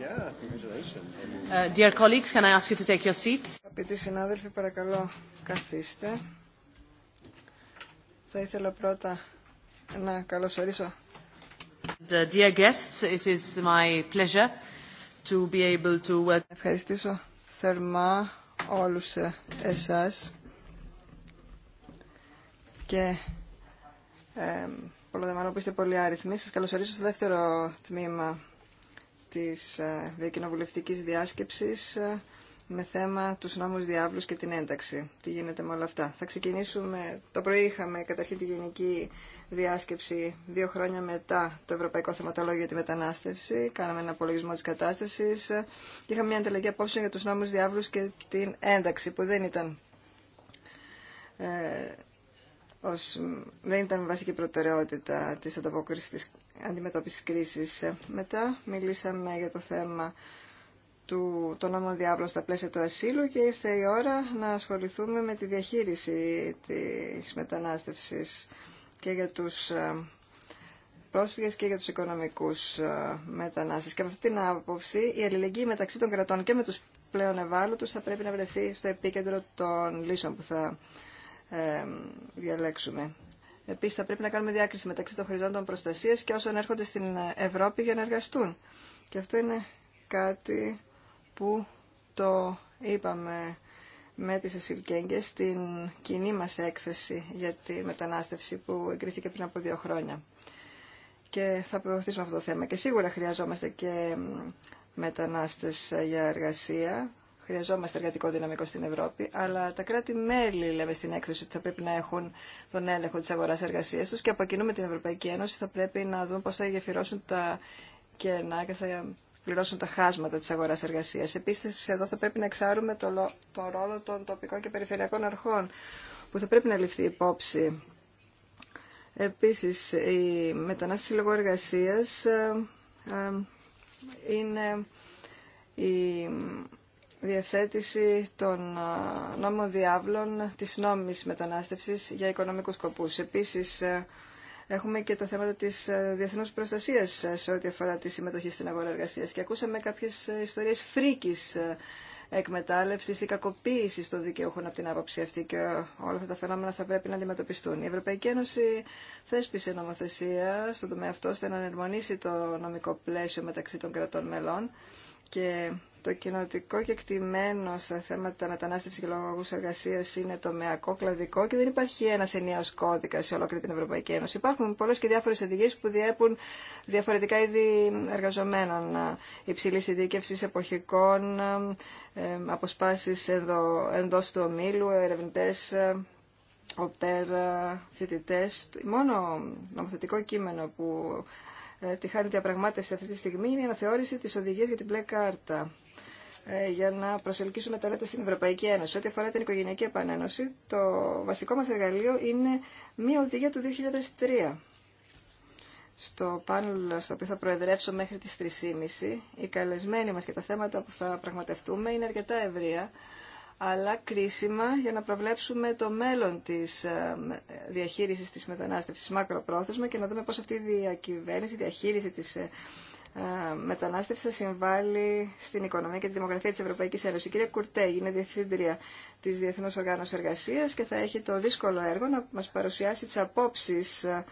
Uh, dear colleagues, can I ask you to take your seats? Αγαπητοί συνάδελφοι, παρακαλώ καθίστε. Θα ήθελα πρώτα να καλωσορίσω. Uh, dear guests, it is my pleasure to be able to welcome. Ευχαριστήσω θερμά όλους εσάς και ε, πολλοδεμανό που είστε πολύ άριθμοι. Σας καλωσορίσω στο δεύτερο τμήμα της ε, διακοινοβουλευτικής διάσκεψης ε, με θέμα τους νόμους διάβλους και την ένταξη. Τι γίνεται με όλα αυτά. Θα ξεκινήσουμε, το πρωί είχαμε καταρχήν τη γενική διάσκεψη δύο χρόνια μετά το Ευρωπαϊκό Θεματολόγιο για τη Μετανάστευση. Κάναμε ένα απολογισμό της κατάστασης. Είχαμε μια ανταλλαγή απόψεων για τους νόμους διάβλους και την ένταξη που δεν ήταν ε, ως, δεν ήταν βασική προτεραιότητα της ανταπόκρισης της αντιμετώπισης κρίσης. Ε, μετά μιλήσαμε για το θέμα του, τον νόμο στα πλαίσια του ασύλου και ήρθε η ώρα να ασχοληθούμε με τη διαχείριση της μετανάστευσης και για τους ε, πρόσφυγες και για τους οικονομικούς ε, μετανάστες. Και με αυτή την άποψη η αλληλεγγύη μεταξύ των κρατών και με τους πλέον ευάλωτους θα πρέπει να βρεθεί στο επίκεντρο των λύσεων που θα διαλέξουμε. Επίση, θα πρέπει να κάνουμε διάκριση μεταξύ των χρηζόντων προστασία και όσων έρχονται στην Ευρώπη για να εργαστούν. Και αυτό είναι κάτι που το είπαμε με τις Κέγκε στην κοινή μας έκθεση για τη μετανάστευση που εγκρίθηκε πριν από δύο χρόνια. Και θα προωθήσουμε αυτό το θέμα. Και σίγουρα χρειαζόμαστε και μετανάστες για εργασία. Χρειαζόμαστε εργατικό δυναμικό στην Ευρώπη, αλλά τα κράτη-μέλη λέμε στην έκθεση ότι θα πρέπει να έχουν τον έλεγχο τη αγορά εργασία του και από κοινού με την Ευρωπαϊκή Ένωση θα πρέπει να δουν πώ θα γεφυρώσουν τα κενά και θα πληρώσουν τα χάσματα τη αγορά εργασία. Επίση εδώ θα πρέπει να εξάρουμε τον ρόλο των τοπικών και περιφερειακών αρχών, που θα πρέπει να ληφθεί υπόψη. Επίση, η μετανάστευση λόγω εργασία ε, ε, είναι η διαθέτηση των νόμων διάβλων της νόμιμης μετανάστευσης για οικονομικούς σκοπούς. Επίσης, ε, έχουμε και τα θέματα της ε, διεθνούς προστασίας ε, σε ό,τι αφορά τη συμμετοχή στην αγορά εργασίας. Και ακούσαμε κάποιες ιστορίες φρίκης εκμετάλλευσης ή κακοποίησης των δικαιούχων από την άποψη αυτή και όλα αυτά τα εκμετάλλευση, Η Ευρωπαϊκή Ένωση θέσπισε νομοθεσία στο τομέα αυτό ώστε να ενερμονίσει το νομικό πλαίσιο μεταξύ των κρατών μελών και το κοινοτικό και εκτιμένο στα θέματα μετανάστευση και λογαγωγού εργασία είναι τομεακό, κλαδικό και δεν υπάρχει ένα ενιαίο κώδικα σε ολόκληρη την Ευρωπαϊκή Ένωση. Υπάρχουν πολλέ και διάφορε οδηγίε που διέπουν διαφορετικά είδη εργαζομένων. Υψηλή ειδίκευση εποχικών, ε, αποσπάσει εντό του ομίλου, ερευνητέ, ε, οπέρ, ε, φοιτητέ. Μόνο νομοθετικό κείμενο που τη χάνει διαπραγμάτευση αυτή τη στιγμή είναι η αναθεώρηση τη οδηγία για την μπλε κάρτα. Ε, για να προσελκύσουμε ταλέντα στην Ευρωπαϊκή Ένωση. Ό,τι αφορά την οικογενειακή επανένωση, το βασικό μας εργαλείο είναι μία οδηγία του 2003. Στο πάνελ στο οποίο θα προεδρεύσω μέχρι τις 3.30, οι καλεσμένοι μας και τα θέματα που θα πραγματευτούμε είναι αρκετά ευρεία, αλλά κρίσιμα για να προβλέψουμε το μέλλον της ε, διαχείρισης της μετανάστευσης μακροπρόθεσμα και να δούμε πώς αυτή η διακυβέρνηση, η διαχείριση της ε, ε, μετανάστευση θα συμβάλλει στην οικονομία και τη δημογραφία της Ευρωπαϊκής Ένωσης. Η κυρία Κουρτέ είναι διευθύντρια της Διεθνούς Οργάνωσης Εργασίας και θα έχει το δύσκολο έργο να μας παρουσιάσει τις απόψεις ε,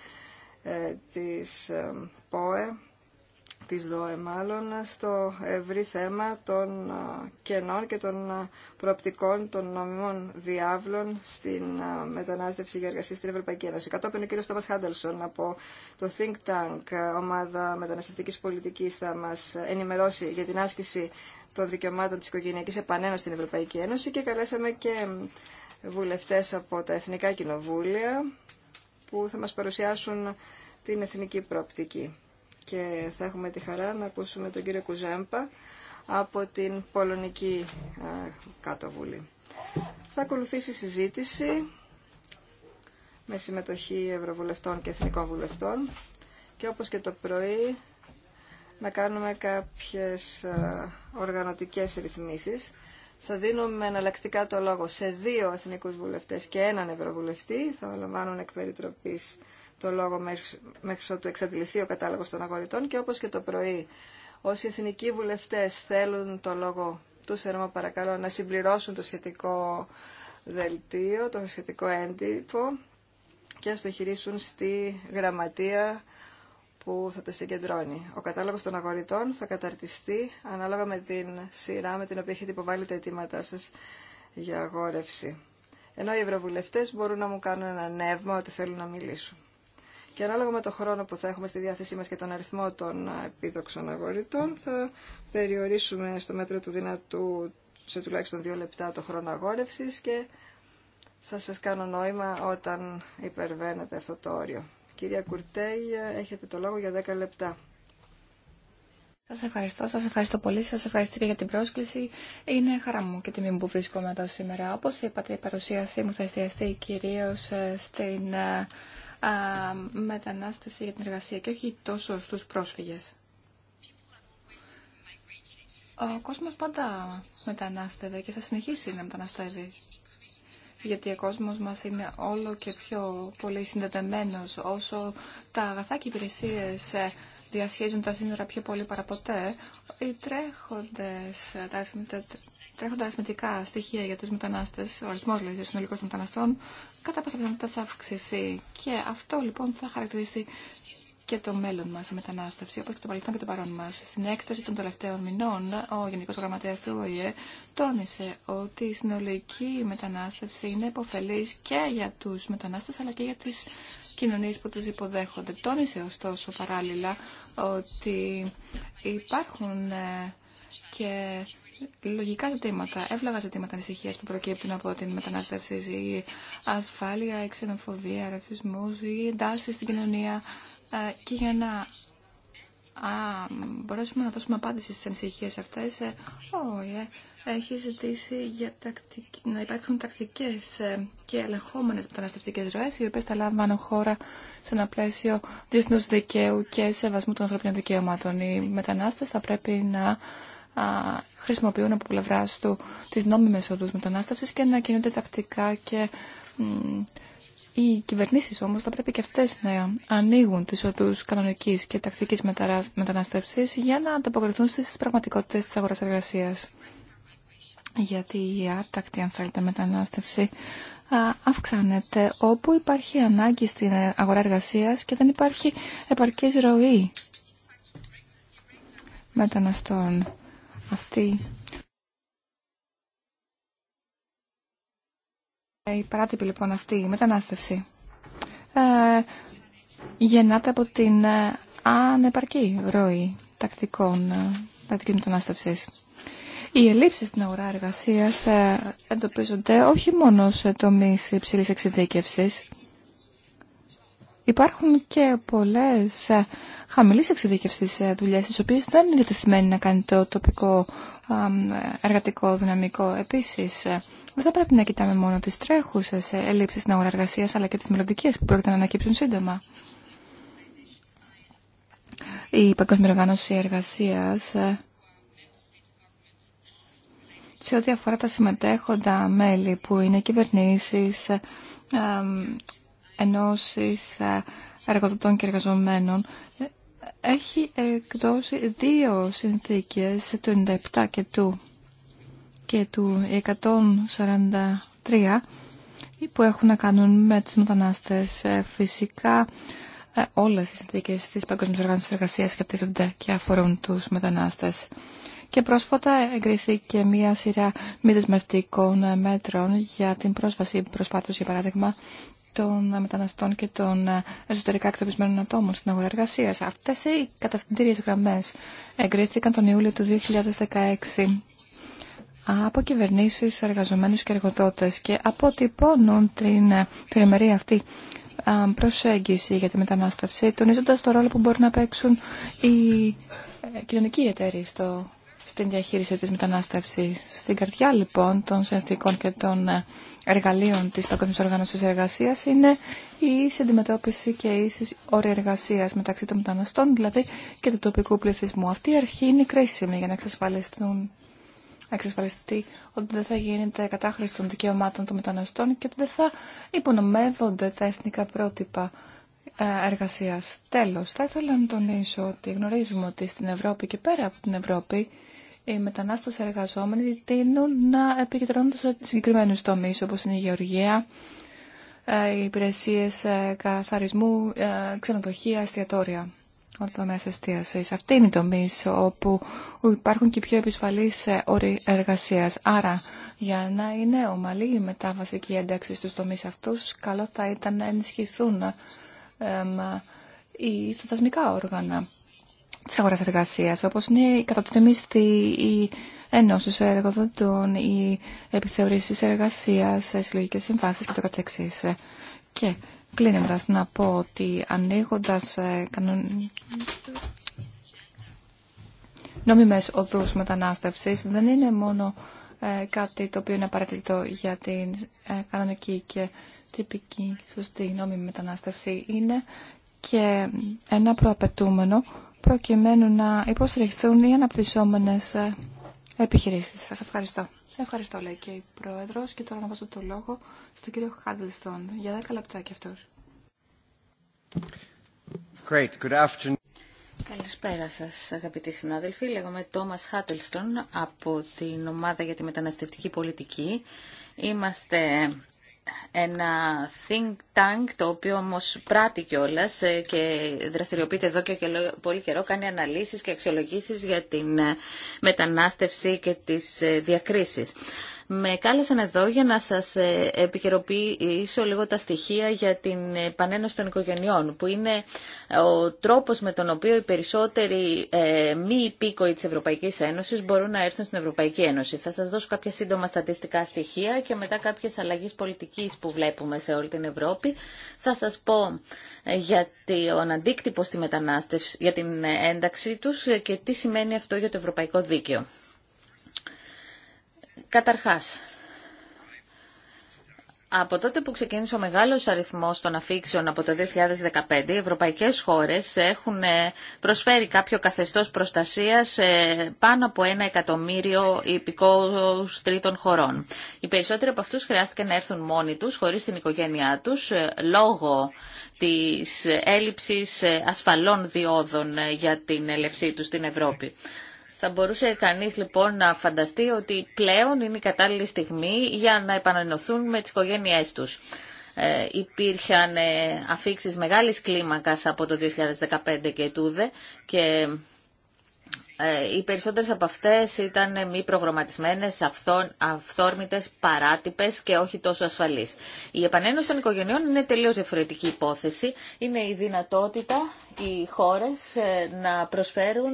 της ε, ΠΟΕ της ΔΟΕ μάλλον στο ευρύ θέμα των κενών και των προοπτικών των νομιμών διάβλων στην μετανάστευση για εργασία στην Ευρωπαϊκή Ένωση. Κατόπιν ο κ. Τόμας Χάντελσον από το Think Tank, ομάδα μεταναστευτικής πολιτικής, θα μας ενημερώσει για την άσκηση των δικαιωμάτων της οικογενειακής επανένωσης στην Ευρωπαϊκή Ένωση και καλέσαμε και βουλευτές από τα Εθνικά Κοινοβούλια που θα μας παρουσιάσουν την εθνική προοπτική και θα έχουμε τη χαρά να ακούσουμε τον κύριο Κουζέμπα από την Πολωνική Κάτω Βουλή. Θα ακολουθήσει συζήτηση με συμμετοχή Ευρωβουλευτών και Εθνικών Βουλευτών και όπως και το πρωί να κάνουμε κάποιες οργανωτικές ρυθμίσεις. Θα δίνουμε εναλλακτικά το λόγο σε δύο εθνικούς βουλευτές και έναν ευρωβουλευτή. Θα λαμβάνουν εκ περιτροπής το λόγο μέχρι ότου εξαντληθεί ο κατάλογος των αγορητών και όπως και το πρωί. Όσοι εθνικοί βουλευτές θέλουν το λόγο του θερμό παρακαλώ να συμπληρώσουν το σχετικό δελτίο, το σχετικό έντυπο και να το χειρίσουν στη γραμματεία που θα τα συγκεντρώνει. Ο κατάλογος των αγορητών θα καταρτιστεί ανάλογα με την σειρά με την οποία έχετε υποβάλει τα αιτήματά σας για αγόρευση. Ενώ οι ευρωβουλευτές μπορούν να μου κάνουν ένα νεύμα ότι θέλουν να μιλήσουν. Και ανάλογα με το χρόνο που θα έχουμε στη διάθεσή μας και τον αριθμό των επίδοξων αγορητών, θα περιορίσουμε στο μέτρο του δυνατού σε τουλάχιστον δύο λεπτά το χρόνο αγόρευσης και θα σας κάνω νόημα όταν υπερβαίνετε αυτό το όριο. Κυρία Κουρτέγια, έχετε το λόγο για 10 λεπτά. Σας ευχαριστώ, σας ευχαριστώ πολύ, σας ευχαριστώ και για την πρόσκληση. Είναι χαρά μου και τιμή μου που βρίσκομαι εδώ σήμερα. Όπως είπατε, η παρουσίασή μου θα εστιαστεί κυρίως ε, στην ε, μετανάστευση για την εργασία και όχι τόσο στους πρόσφυγες. Ο κόσμος πάντα μετανάστευε και θα συνεχίσει να μεταναστεύει. Γιατί ο κόσμος μας είναι όλο και πιο πολύ συνδεδεμένος όσο τα αγαθά και υπηρεσίες ε, διασχίζουν τα σύνορα πιο πολύ παραποτέ, οι ε, τρέχοντες, ε, τα τρέχοντα αριθμητικά στοιχεία για του μετανάστε, ο αριθμό δηλαδή των συνολικών μεταναστών, κατά πάσα πιθανότητα θα αυξηθεί. Και αυτό λοιπόν θα χαρακτηρίσει και το μέλλον μα, η μετανάστευση, όπω και το παρελθόν και το παρόν μα. Στην έκθεση των τελευταίων μηνών, ο Γενικό Γραμματέα του ΟΗΕ τόνισε ότι η συνολική μετανάστευση είναι υποφελή και για του μετανάστε αλλά και για τι κοινωνίε που του υποδέχονται. Τόνισε ωστόσο παράλληλα ότι υπάρχουν ε, και λογικά ζητήματα, εύλογα ζητήματα ανησυχία που προκύπτουν από την μετανάστευση, η ασφάλεια, η ξενοφοβία, ρατσισμό, η εντάσει στην κοινωνία. Ε, και για να α, μπορέσουμε να δώσουμε απάντηση στι ανησυχίε αυτέ, ε, ο ΙΕ έχει ζητήσει για να υπάρξουν τακτικέ ε, και ελεγχόμενε μεταναστευτικέ ροέ, οι οποίε θα λάμβανουν χώρα σε ένα πλαίσιο διεθνού δικαίου και σεβασμού των ανθρωπίνων δικαιωμάτων. Οι μετανάστε θα πρέπει να χρησιμοποιούν από πλευρά του τις νόμιμες οδούς μετανάστευσης και να κινούνται τακτικά και οι κυβερνήσεις όμως θα πρέπει και αυτές να ανοίγουν τις οδούς κανονικής και τακτικής μετανάστευσης για να ανταποκριθούν στις πραγματικότητες της αγοράς εργασίας. Γιατί η άτακτη, αν θέλετε, μετανάστευση αυξάνεται όπου υπάρχει ανάγκη στην αγορά εργασίας και δεν υπάρχει επαρκής ροή μεταναστών αυτή ε, η παράτυπη λοιπόν αυτή η μετανάστευση ε, γεννάται από την ε, ανεπαρκή ροή τακτικών ε, τακτικής μετανάστευσης. Οι ελλείψεις στην αγορά εργασία εντοπίζονται όχι μόνο σε τομείς υψηλής εξειδίκευσης. Υπάρχουν και πολλές χαμηλή εξειδίκευση ε, δουλειέ, τι οποίε δεν είναι διατεθειμένοι να κάνει το τοπικό εργατικό δυναμικό. Επίση, ε, δεν θα πρέπει να κοιτάμε μόνο τι τρέχουσε ελλείψει στην αγορά εργασία, αλλά και τι μελλοντικέ που πρόκειται να ανακύψουν σύντομα. Η Παγκόσμια Οργάνωση Εργασία ε, σε ό,τι αφορά τα συμμετέχοντα μέλη που είναι κυβερνήσεις, ενώσεις εργοδοτών και εργαζομένων έχει εκδώσει δύο συνθήκες του 97 και του, και του 143 που έχουν να κάνουν με τις μετανάστες. Ε, φυσικά ε, όλες οι συνθήκες της Παγκόσμιας Οργάνωσης Εργασίας σχετίζονται και αφορούν τους μετανάστες. Και πρόσφατα εγκρίθηκε μία σειρά μη δεσμευτικών μέτρων για την πρόσβαση προσπάτως, για παράδειγμα, των μεταναστών και των ε, εσωτερικά εκτοπισμένων ατόμων στην αγορά εργασία. Αυτέ οι κατευθυντήριε γραμμέ εγκρίθηκαν τον Ιούλιο του 2016 από κυβερνήσει, εργαζομένου και εργοδότε και αποτυπώνουν την ε, τριμερή αυτή προσέγγιση για τη μετανάστευση, τονίζοντα το ρόλο που μπορεί να παίξουν οι ε, κοινωνικοί εταίροι στο, στην διαχείριση της μετανάστευσης. Στην καρδιά λοιπόν των συνθήκων και των εργαλείων της Παγκόσμιας Οργάνωσης Εργασίας είναι η ίση αντιμετώπιση και η ίση όρια εργασίας μεταξύ των μεταναστών, δηλαδή και του τοπικού πληθυσμού. Αυτή η αρχή είναι κρίσιμη για να εξασφαλιστούν εξασφαλιστεί ότι δεν θα γίνεται κατάχρηση των δικαιωμάτων των μεταναστών και ότι δεν θα υπονομεύονται τα εθνικά πρότυπα ε, εργασίας. Τέλος, θα ήθελα να τονίσω ότι γνωρίζουμε ότι στην Ευρώπη και πέρα από την Ευρώπη οι μετανάστες εργαζόμενοι τείνουν να επικεντρώνονται σε συγκεκριμένους τομείς όπως είναι η γεωργία, οι υπηρεσίες καθαρισμού, ξενοδοχεία, εστιατόρια. Ο τομέα εστίασης. Αυτή είναι η τομή όπου υπάρχουν και πιο επισφαλείς όροι εργασίας. Άρα, για να είναι ομαλή η μετάβαση και η ένταξη στους τομείς αυτούς, καλό θα ήταν να ενισχυθούν οι θεσμικά όργανα Τη αγορά εργασία, όπω είναι η κατατομή οι ενώσει εργοδοτών, οι εργασία σε οι συλλογικέ συμβάσει κ.ο.κ. Και, και κλείνοντας να πω ότι ανοίγοντα, ε, νομιμέ οδού οδούς δεν είναι μόνο ε, κάτι το οποίο είναι απαραίτητο για την ε, κανονική και τυπική σωστή νόμιμη μετανάστευση. Είναι και ένα προαπαιτούμενο προκειμένου να υποστηριχθούν οι αναπτυσσόμενες ε, επιχειρήσεις. Σας ευχαριστώ. Ευχαριστώ, λέει και η Πρόεδρος. Και τώρα να βάζω το λόγο στον κύριο Χάτελστον. Για 10 λεπτά κι αυτός. Καλησπέρα σας αγαπητοί συνάδελφοι. Λέγομαι Τόμας Χάτελστον από την Ομάδα για τη Μεταναστευτική Πολιτική. Είμαστε ένα think tank το οποίο όμως πράττει κιόλα ε, και δραστηριοποιείται εδώ και πολύ καιρό, κάνει αναλύσεις και αξιολογήσεις για την ε, μετανάστευση και τις ε, διακρίσεις. Με κάλεσαν εδώ για να σας ε, επικαιροποιήσω λίγο τα στοιχεία για την επανένωση των οικογενειών, που είναι ε, ο τρόπος με τον οποίο οι περισσότεροι ε, μη υπήκοοι της Ευρωπαϊκής Ένωσης μπορούν να έρθουν στην Ευρωπαϊκή Ένωση. Θα σας δώσω κάποια σύντομα στατιστικά στοιχεία και μετά κάποιες αλλαγές πολιτικής που βλέπουμε σε όλη την Ευρώπη. Θα σας πω για τον αντίκτυπο στη μετανάστευση, για την ένταξή τους και τι σημαίνει αυτό για το ευρωπαϊκό δίκαιο. Καταρχάς, από τότε που ξεκίνησε ο μεγάλος αριθμός των αφήξεων από το 2015, οι ευρωπαϊκές χώρες έχουν ε, προσφέρει κάποιο καθεστώς προστασίας σε πάνω από ένα εκατομμύριο υπηκόους τρίτων χωρών. Οι περισσότεροι από αυτούς χρειάστηκαν να έρθουν μόνοι τους, χωρίς την οικογένειά τους, ε, λόγω της έλλειψης ε, ασφαλών διόδων για την έλευσή τους στην Ευρώπη. Θα μπορούσε κανείς λοιπόν να φανταστεί ότι πλέον είναι η κατάλληλη στιγμή για να επανενωθούν με τις οικογένειές τους. Ε, υπήρχαν ε, αφήξεις μεγάλης κλίμακας από το 2015 και τούδε και ε, οι περισσότερες από αυτές ήταν ε, μη προγραμματισμένες, αυθόρμητες, παράτυπες και όχι τόσο ασφαλείς. Η επανένωση των οικογενειών είναι τελείως διαφορετική υπόθεση. Είναι η δυνατότητα οι χώρες ε, να προσφέρουν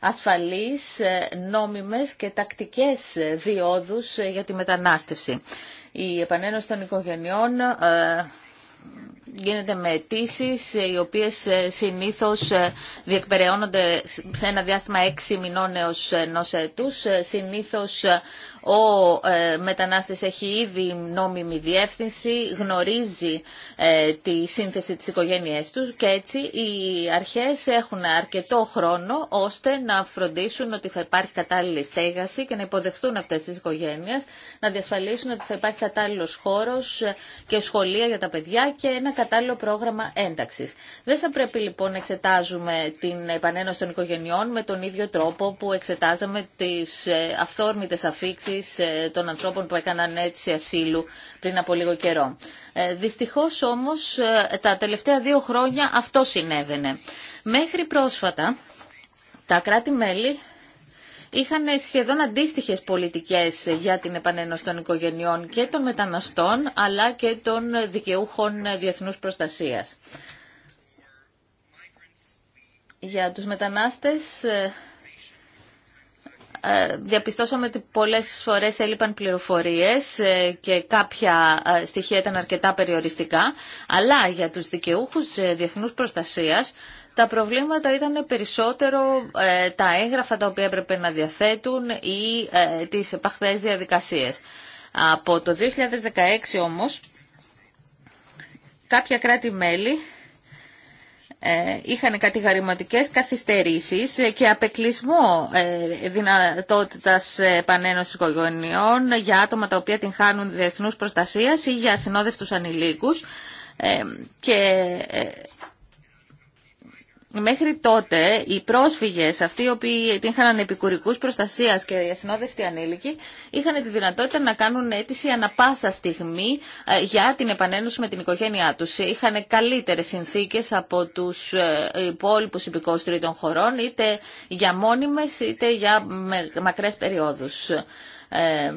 ασφαλείς, ε, νόμιμες και τακτικές διόδους ε, για τη μετανάστευση. Η επανένωση των οικογενειών ε, γίνεται με αιτήσει, ε, οι οποίε συνήθω ε, διεκπεραιώνονται σε ένα διάστημα έξι μηνών έω ενό έτου. Ε, συνήθως ο μετανάστης έχει ήδη νόμιμη διεύθυνση, γνωρίζει τη σύνθεση της οικογένειάς του και έτσι οι αρχές έχουν αρκετό χρόνο ώστε να φροντίσουν ότι θα υπάρχει κατάλληλη στέγαση και να υποδεχθούν αυτές τις οικογένειες, να διασφαλίσουν ότι θα υπάρχει κατάλληλος χώρος και σχολεία για τα παιδιά και ένα κατάλληλο πρόγραμμα ένταξης. Δεν θα πρέπει λοιπόν να εξετάζουμε την επανένωση των οικογενειών με τον ίδιο τρόπο που εξετάζαμε τις ε, αυθόρμητες αφήξει ε, των ανθρώπων που έκαναν αίτηση ασύλου πριν από λίγο καιρό. Ε, δυστυχώς όμως τα τελευταία δύο χρόνια αυτό συνέβαινε. Μέχρι πρόσφατα τα κράτη-μέλη είχαν σχεδόν αντίστοιχε πολιτικές για την επανένωση των οικογενειών και των μεταναστών αλλά και των δικαιούχων διεθνούς προστασίας. Για τους μετανάστες ε, ε, διαπιστώσαμε ότι πολλές φορές έλειπαν πληροφορίες ε, και κάποια στοιχεία ήταν αρκετά περιοριστικά, αλλά για τους δικαιούχους διεθνούς προστασίας τα προβλήματα ήταν περισσότερο ε, τα έγγραφα τα οποία έπρεπε να διαθέτουν ή ε, τις επαχθές διαδικασίες. Από το 2016 όμως, κάποια κράτη-μέλη ε, είχαν κατηγορηματικές καθυστερήσεις και απεκλεισμό ε, δυνατότητας επανένωσης οικογενειών για άτομα τα οποία την χάνουν διεθνούς προστασίας ή για συνόδευτους ανηλίκους και Μέχρι τότε οι πρόσφυγες, αυτοί οι οποίοι είχαν επικουρικούς προστασίας και ασυνόδευτοι ανήλικοι, είχαν τη δυνατότητα να κάνουν αίτηση ανα πάσα στιγμή ε, για την επανένωση με την οικογένειά τους. Είχαν καλύτερες συνθήκες από τους ε, υπόλοιπους υπηκόους τρίτων χωρών, είτε για μόνιμες είτε για μακρές περιόδους. Ε,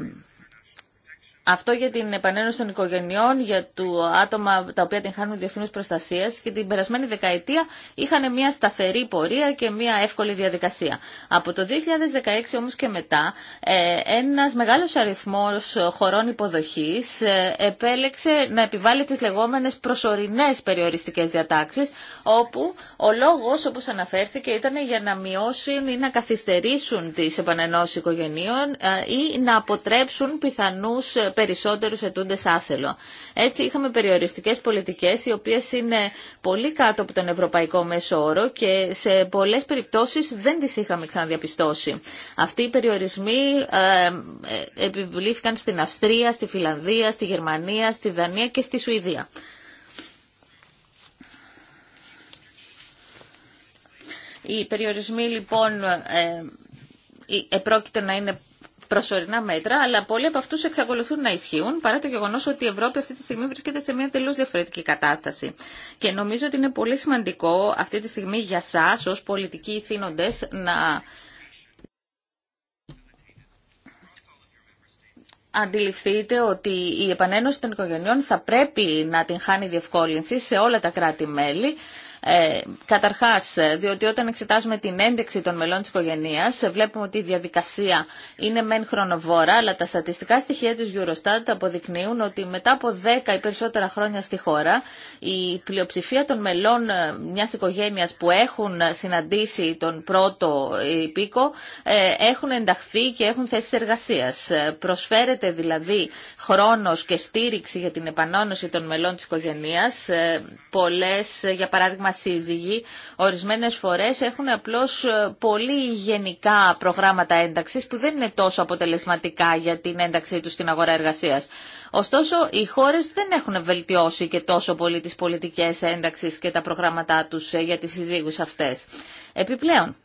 αυτό για την επανένωση των οικογενειών, για του άτομα τα οποία την χάνουν διεθνού προστασία και την περασμένη δεκαετία είχαν μια σταθερή πορεία και μια εύκολη διαδικασία. Από το 2016 όμω και μετά, ε, ένα μεγάλο αριθμό χωρών υποδοχή ε, επέλεξε να επιβάλλει τι λεγόμενε προσωρινέ περιοριστικέ διατάξει, όπου ο λόγο, όπω αναφέρθηκε, ήταν για να μειώσουν ή να καθυστερήσουν τι επανενώσει οικογενείων ε, ή να αποτρέψουν πιθανού περισσότερους ετούντες άσελο. Έτσι είχαμε περιοριστικέ πολιτικέ, οι οποίε είναι πολύ κάτω από τον ευρωπαϊκό μέσο όρο και σε πολλέ περιπτώσει δεν τι είχαμε ξαναδιαπιστώσει. Αυτοί οι περιορισμοί ε, ε, επιβλήθηκαν στην Αυστρία, στη Φιλανδία, στη Γερμανία, στη Δανία και στη Σουηδία. Οι περιορισμοί λοιπόν ε, επρόκειτο να είναι προσωρινά μέτρα, αλλά πολλοί από αυτού εξακολουθούν να ισχύουν, παρά το γεγονό ότι η Ευρώπη αυτή τη στιγμή βρίσκεται σε μια τελείω διαφορετική κατάσταση. Και νομίζω ότι είναι πολύ σημαντικό αυτή τη στιγμή για εσά, ω πολιτικοί ηθήνοντε, να αντιληφθείτε ότι η επανένωση των οικογενειών θα πρέπει να την χάνει διευκόλυνση σε όλα τα κράτη-μέλη ε, καταρχάς, ε, διότι όταν εξετάζουμε την ένδειξη των μελών τη οικογένεια, ε, βλέπουμε ότι η διαδικασία είναι μεν χρονοβόρα, αλλά τα στατιστικά στοιχεία τη Eurostat αποδεικνύουν ότι μετά από 10 ή περισσότερα χρόνια στη χώρα, η πλειοψηφία των μελών ε, μια οικογένεια που έχουν συναντήσει τον πρώτο υπήκο, έχουν ενταχθεί και έχουν θέσει εργασία. Προσφέρεται δηλαδή χρόνο και στήριξη για την επανόνωση των μελών τη οικογένεια. Πολλέ, για παράδειγμα, σύζυγοι ορισμένες φορές έχουν απλώς ε, πολύ γενικά προγράμματα ένταξης που δεν είναι τόσο αποτελεσματικά για την ένταξή τους στην αγορά εργασίας. Ωστόσο, οι χώρες δεν έχουν βελτιώσει και τόσο πολύ τις πολιτικές ένταξης και τα προγράμματά τους ε, για τις συζύγους αυτές. Επιπλέον,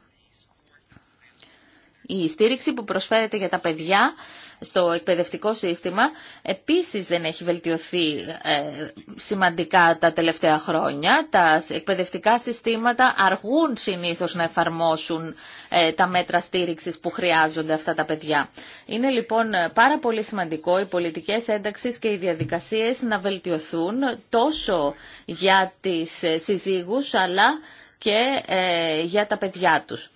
η στήριξη που προσφέρεται για τα παιδιά στο εκπαιδευτικό σύστημα επίσης δεν έχει βελτιωθεί ε, σημαντικά τα τελευταία χρόνια. Τα εκπαιδευτικά συστήματα αργούν συνήθως να εφαρμόσουν ε, τα μέτρα στήριξης που χρειάζονται αυτά τα παιδιά. Είναι λοιπόν πάρα πολύ σημαντικό οι πολιτικές ένταξεις και οι διαδικασίες να βελτιωθούν τόσο για τις ε, συζύγους αλλά και για τα παιδιά τους.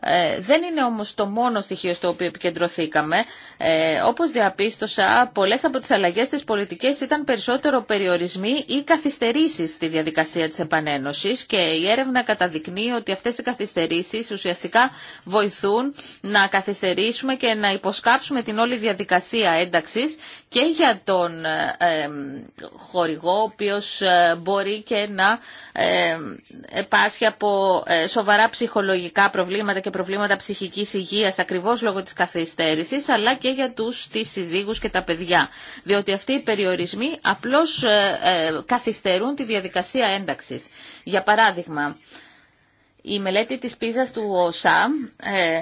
Ε, δεν είναι όμως το μόνο στοιχείο στο οποίο επικεντρωθήκαμε. Ε, όπως διαπίστωσα, πολλές από τις αλλαγές της πολιτικής ήταν περισσότερο περιορισμοί ή καθυστερήσεις στη διαδικασία της επανένωσης και η έρευνα καταδεικνύει ότι αυτές οι καθυστερήσεις ουσιαστικά βοηθούν να καθυστερήσουμε και να υποσκάψουμε την όλη διαδικασία ένταξης και για τον ε, χορηγό, ο οποίος ε, μπορεί και να ε, πάσχει από σοβαρά ψυχολογικά προβλήματα και προβλήματα ψυχικής υγείας ακριβώς λόγω της καθυστερήση, αλλά και για τους τις συζύγους και τα παιδιά. Διότι αυτοί οι περιορισμοί απλώς ε, ε, καθυστερούν τη διαδικασία ένταξης. Για παράδειγμα, η μελέτη της πίζας του ΟΣΑ ε,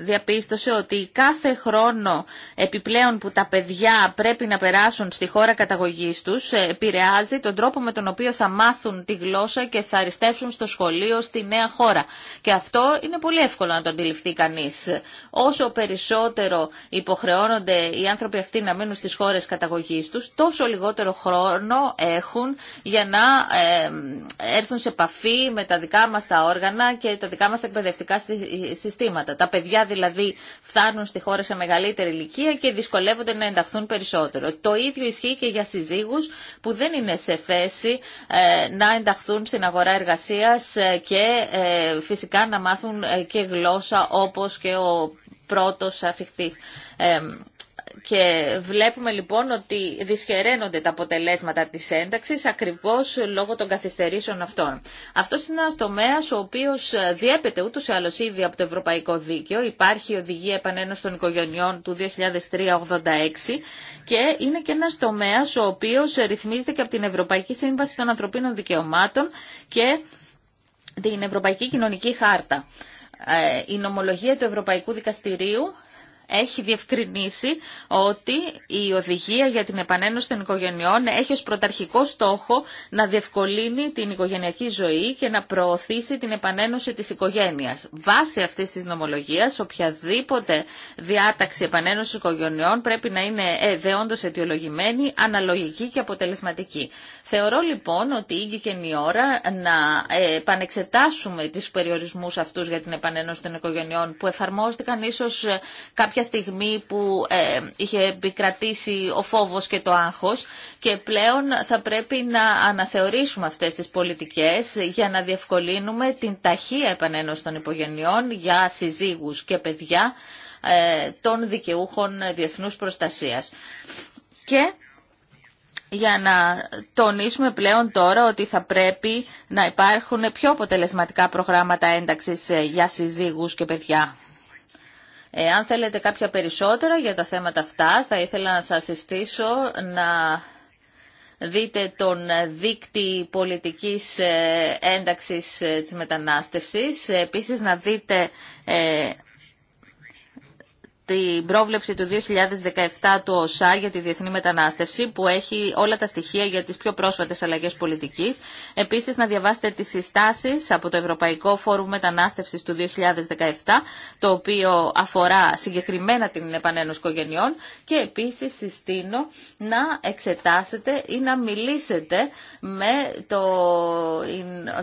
διαπίστωσε ότι κάθε χρόνο επιπλέον που τα παιδιά πρέπει να περάσουν στη χώρα καταγωγής τους ε, επηρεάζει τον τρόπο με τον οποίο θα μάθουν τη γλώσσα και θα αριστεύσουν στο σχολείο στη νέα χώρα. Και αυτό είναι πολύ εύκολο να το αντιληφθεί κανείς. Όσο περισσότερο υποχρεώνονται οι άνθρωποι αυτοί να μείνουν στις χώρες καταγωγής τους, τόσο λιγότερο χρόνο έχουν για να έρθουν σε επαφή με τα δικά μας τα όργανα και τα δικά μας εκπαιδευτικά συστήματα. Τα παιδιά δηλαδή φτάνουν στη χώρα σε μεγαλύτερη ηλικία και δυσκολεύονται να ενταχθούν περισσότερο. Το ίδιο ισχύει και για συζύγους που δεν είναι σε θέση ε, να ενταχθούν στην αγορά εργασίας ε, και ε, φυσικά να μάθουν και γλώσσα όπως και ο πρώτος Ε, και βλέπουμε λοιπόν ότι δυσχεραίνονται τα αποτελέσματα της ένταξης ακριβώς λόγω των καθυστερήσεων αυτών. Αυτό είναι ένας τομέας ο οποίος διέπεται ούτως ή άλλως ήδη από το Ευρωπαϊκό Δίκαιο. Υπάρχει η Οδηγία Επανένωση των Οικογενειών του 2003-86 και είναι και ένας τομέας ο οποίος ρυθμίζεται και από την Ευρωπαϊκή Σύμβαση των Ανθρωπίνων Δικαιωμάτων και την Ευρωπαϊκή Κοινωνική Χάρτα. Ε, η νομολογία του Ευρωπαϊκού Δικαστηρίου έχει διευκρινίσει ότι η οδηγία για την επανένωση των οικογενειών έχει ως πρωταρχικό στόχο να διευκολύνει την οικογενειακή ζωή και να προωθήσει την επανένωση της οικογένειας. Βάσει αυτής της νομολογίας, οποιαδήποτε διάταξη επανένωσης οικογενειών πρέπει να είναι ε, δεόντως αιτιολογημένη, αναλογική και αποτελεσματική. Θεωρώ λοιπόν ότι ήγηκε η ώρα να ε, επανεξετάσουμε τις περιορισμούς αυτούς για την επανένωση των οικογενειών που εφαρμόστηκαν ίσως ε, κάποια στιγμή που ε, είχε επικρατήσει ο φόβος και το άγχος και πλέον θα πρέπει να αναθεωρήσουμε αυτές τις πολιτικές για να διευκολύνουμε την ταχεία επανένωση των οικογενειών για συζύγους και παιδιά των δικαιούχων διεθνούς προστασίας. Και για να τονίσουμε πλέον τώρα ότι θα πρέπει να υπάρχουν πιο αποτελεσματικά προγράμματα ένταξης ε, για συζύγους και παιδιά. Ε, αν θέλετε κάποια περισσότερα για τα θέματα αυτά, θα ήθελα να σας συστήσω να δείτε τον δίκτυ πολιτικής ε, ένταξης ε, της μετανάστευσης. Επίσης να δείτε την πρόβλεψη του 2017 του ΟΣΑ για τη διεθνή μετανάστευση που έχει όλα τα στοιχεία για τις πιο πρόσφατες αλλαγές πολιτικής. Επίσης να διαβάσετε τις συστάσεις από το Ευρωπαϊκό Φόρουμ Μετανάστευσης του 2017 το οποίο αφορά συγκεκριμένα την επανένωση οικογενειών και επίσης συστήνω να εξετάσετε ή να μιλήσετε με το,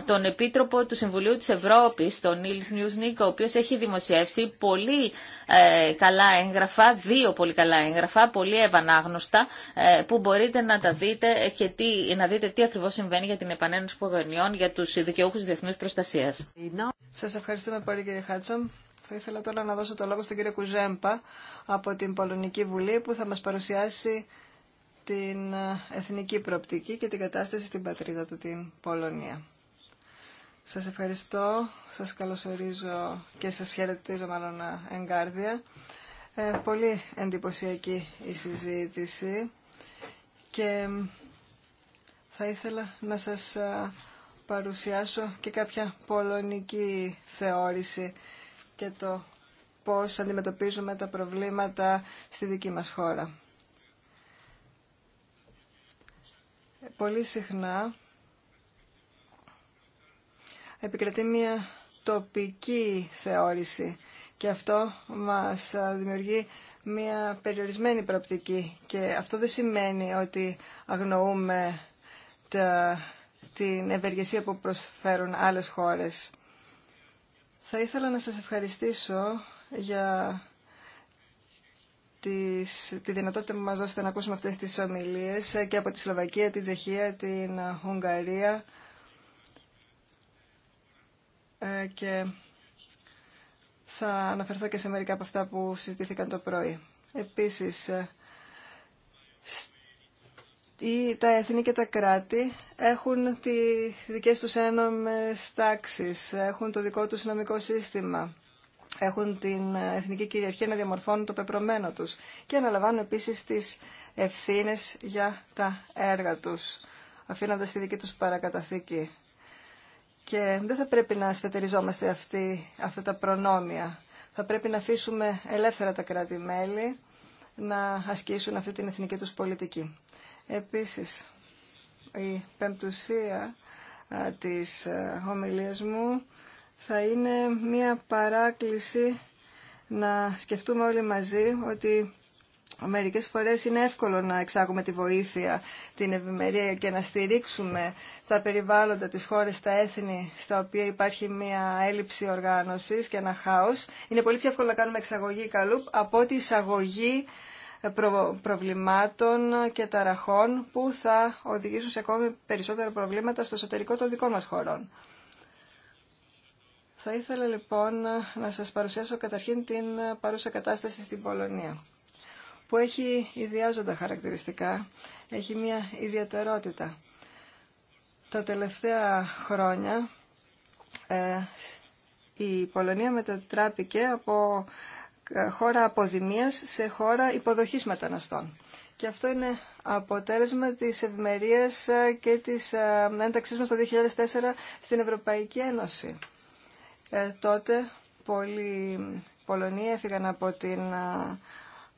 τον Επίτροπο του Συμβουλίου της Ευρώπης, τον Νίλ Νιούσνικ, ο οποίος έχει δημοσιεύσει πολύ ε, καλά έγγραφα, δύο πολύ καλά έγγραφα, πολύ ευανάγνωστα, ε, που μπορείτε να τα δείτε και τι, να δείτε τι ακριβώς συμβαίνει για την επανένωση οικογενειών για τους δικαιούχους διεθνούς προστασίας. Σας ευχαριστούμε πολύ κύριε Χάτσομ. Θα ήθελα τώρα να δώσω το λόγο στον κύριο Κουζέμπα από την Πολωνική Βουλή που θα μας παρουσιάσει την ε, εθνική προοπτική και την κατάσταση στην πατρίδα του, την Πολωνία. Σας ευχαριστώ, σας καλωσορίζω και σας χαιρετίζω μάλλον ε, εγκάρδια. Ε, πολύ εντυπωσιακή η συζήτηση και θα ήθελα να σας παρουσιάσω και κάποια πολωνική θεώρηση και το πώς αντιμετωπίζουμε τα προβλήματα στη δική μας χώρα. Πολύ συχνά επικρατεί μια τοπική θεώρηση και αυτό μας δημιουργεί μια περιορισμένη προοπτική και αυτό δεν σημαίνει ότι αγνοούμε την ευεργεσία που προσφέρουν άλλες χώρες. Θα ήθελα να σας ευχαριστήσω για τις, τη δυνατότητα που μας δώσετε να ακούσουμε αυτές τις ομιλίες ε, και από τη Σλοβακία, την Τσεχία, την Ουγγαρία ε, και θα αναφερθώ και σε μερικά από αυτά που συζητήθηκαν το πρωί. Επίσης, ε, τα έθνη και τα κράτη έχουν τις δικές τους ένομες τάξεις, έχουν το δικό τους νομικό σύστημα, έχουν την ε, εθνική κυριαρχία να διαμορφώνουν το πεπρωμένο τους και αναλαμβάνουν επίσης τις ευθύνες για τα έργα τους, αφήνοντας τη δική τους παρακαταθήκη και δεν θα πρέπει να σφετεριζόμαστε αυτή, αυτά τα προνόμια. Θα πρέπει να αφήσουμε ελεύθερα τα κράτη-μέλη να ασκήσουν αυτή την εθνική τους πολιτική. Επίσης, η πεμπτουσία της ομιλίας μου θα είναι μια παράκληση να σκεφτούμε όλοι μαζί ότι Μερικές φορές είναι εύκολο να εξάγουμε τη βοήθεια, την ευημερία και να στηρίξουμε τα περιβάλλοντα, τις χώρες, τα έθνη στα οποία υπάρχει μια έλλειψη οργάνωσης και ένα χάος. Είναι πολύ πιο εύκολο να κάνουμε εξαγωγή καλού από ότι εισαγωγή ε, προβλημάτων και ταραχών που θα οδηγήσουν σε ακόμη περισσότερα προβλήματα στο εσωτερικό των δικών μας χωρών. Θα ήθελα λοιπόν να σας παρουσιάσω καταρχήν την παρούσα κατάσταση στην Πολωνία που έχει ιδιάζοντα χαρακτηριστικά, έχει μια ιδιαιτερότητα. Τα τελευταία χρόνια ε, η Πολωνία μετατράπηκε από ε, χώρα αποδημίας σε χώρα υποδοχής μεταναστών. Και αυτό είναι αποτέλεσμα της ευημερίας ε, και της ένταξής μας το 2004 στην Ευρωπαϊκή Ένωση. τότε πολλοί Πολωνοί έφυγαν από την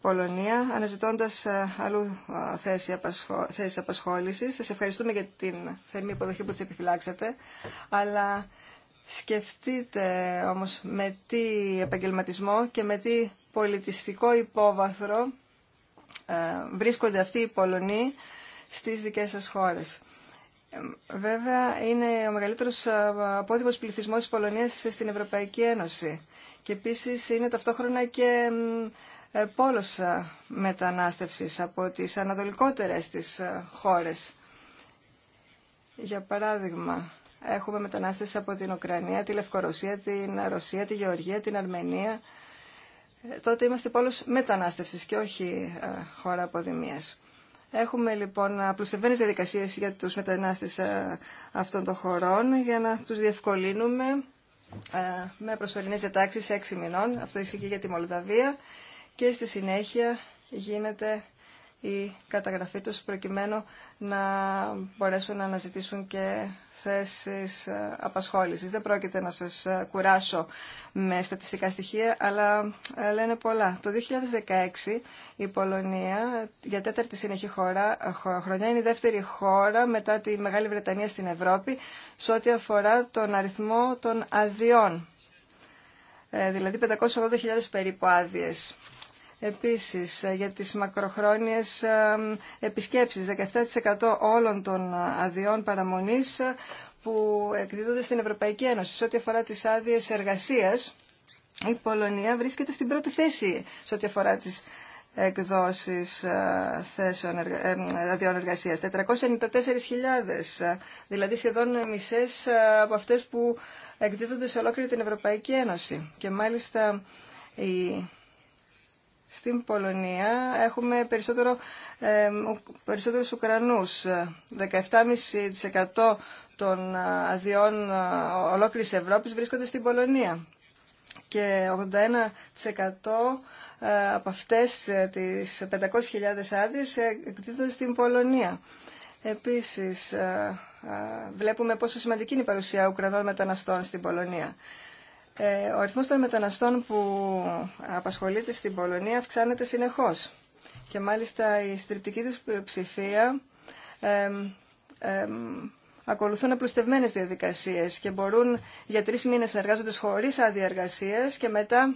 Πολωνία, αναζητώντας ε, αλλού ε, θέση, απασχόληση. Σα απασχόλησης. Σας ευχαριστούμε για την θερμή υποδοχή που τη επιφυλάξατε, αλλά σκεφτείτε όμως με τι επαγγελματισμό και με τι πολιτιστικό υπόβαθρο ε, βρίσκονται αυτοί οι Πολωνοί στις δικές σας χώρες. Βέβαια, είναι ο μεγαλύτερος απόδημος πληθυσμός της Πολωνίας στην Ευρωπαϊκή Ένωση. Και επίσης είναι ταυτόχρονα και ε, πόλος ε, μετανάστευσης από τις ανατολικότερες της ε, χώρες. Για παράδειγμα, έχουμε μετανάστες από την Ουκρανία, τη Λευκορωσία, την Ρωσία, τη Γεωργία, την Αρμενία. Τότε είμαστε πόλος μετανάστευσης και όχι χώρα αποδημίας. Έχουμε λοιπόν απλουστευμένες διαδικασίες για τους μετανάστες αυτών των χωρών για να τους διευκολύνουμε με προσωρινές διατάξεις έξι μηνών. Αυτό έχει και για τη Μολδαβία και στη συνέχεια γίνεται η καταγραφή τους προκειμένου να μπορέσουν να αναζητήσουν και θέσεις ε, απασχόλησης. Δεν πρόκειται να σας ε, κουράσω με στατιστικά στοιχεία, αλλά ε, λένε πολλά. Το 2016 η Πολωνία για τέταρτη συνεχή χώρα, χρονιά είναι η δεύτερη χώρα μετά τη Μεγάλη Βρετανία στην Ευρώπη σε ό,τι αφορά τον αριθμό των αδειών, δηλαδή 580.000 περίπου άδειες Επίσης, ε, για τις μακροχρόνιες ε, επισκέψεις, 17% όλων των αδειών παραμονής ε, που εκδίδονται στην Ευρωπαϊκή Ένωση. Σε ό,τι αφορά τις άδειες εργασίας, η Πολωνία βρίσκεται στην πρώτη θέση σε ό,τι αφορά τις εκδόσεις θέσεων αδειών εργασίας. 494.000, δηλαδή σχεδόν μισές από αυτές που εκδίδονται σε ολόκληρη την Ευρωπαϊκή Ένωση. Και μάλιστα η στην Πολωνία έχουμε περισσότερο, ε, περισσότερους Ουκρανούς. 17,5% των ε, αδειών ε, ολόκληρης Ευρώπης βρίσκονται στην Πολωνία. Και 81% ε, από αυτές τις 500.000 άδειες εκδίδονται στην Πολωνία. Επίσης, βλέπουμε πόσο σημαντική είναι η παρουσία Ουκρανών μεταναστών στην Πολωνία. Ε, ο αριθμός των μεταναστών που απασχολείται στην Πολωνία αυξάνεται συνεχώς. Και μάλιστα η στριπτική της ψηφία ε, ε, ακολουθούν απλουστευμένες διαδικασίες και μπορούν για τρεις μήνες να εργάζονται χωρίς άδεια και μετά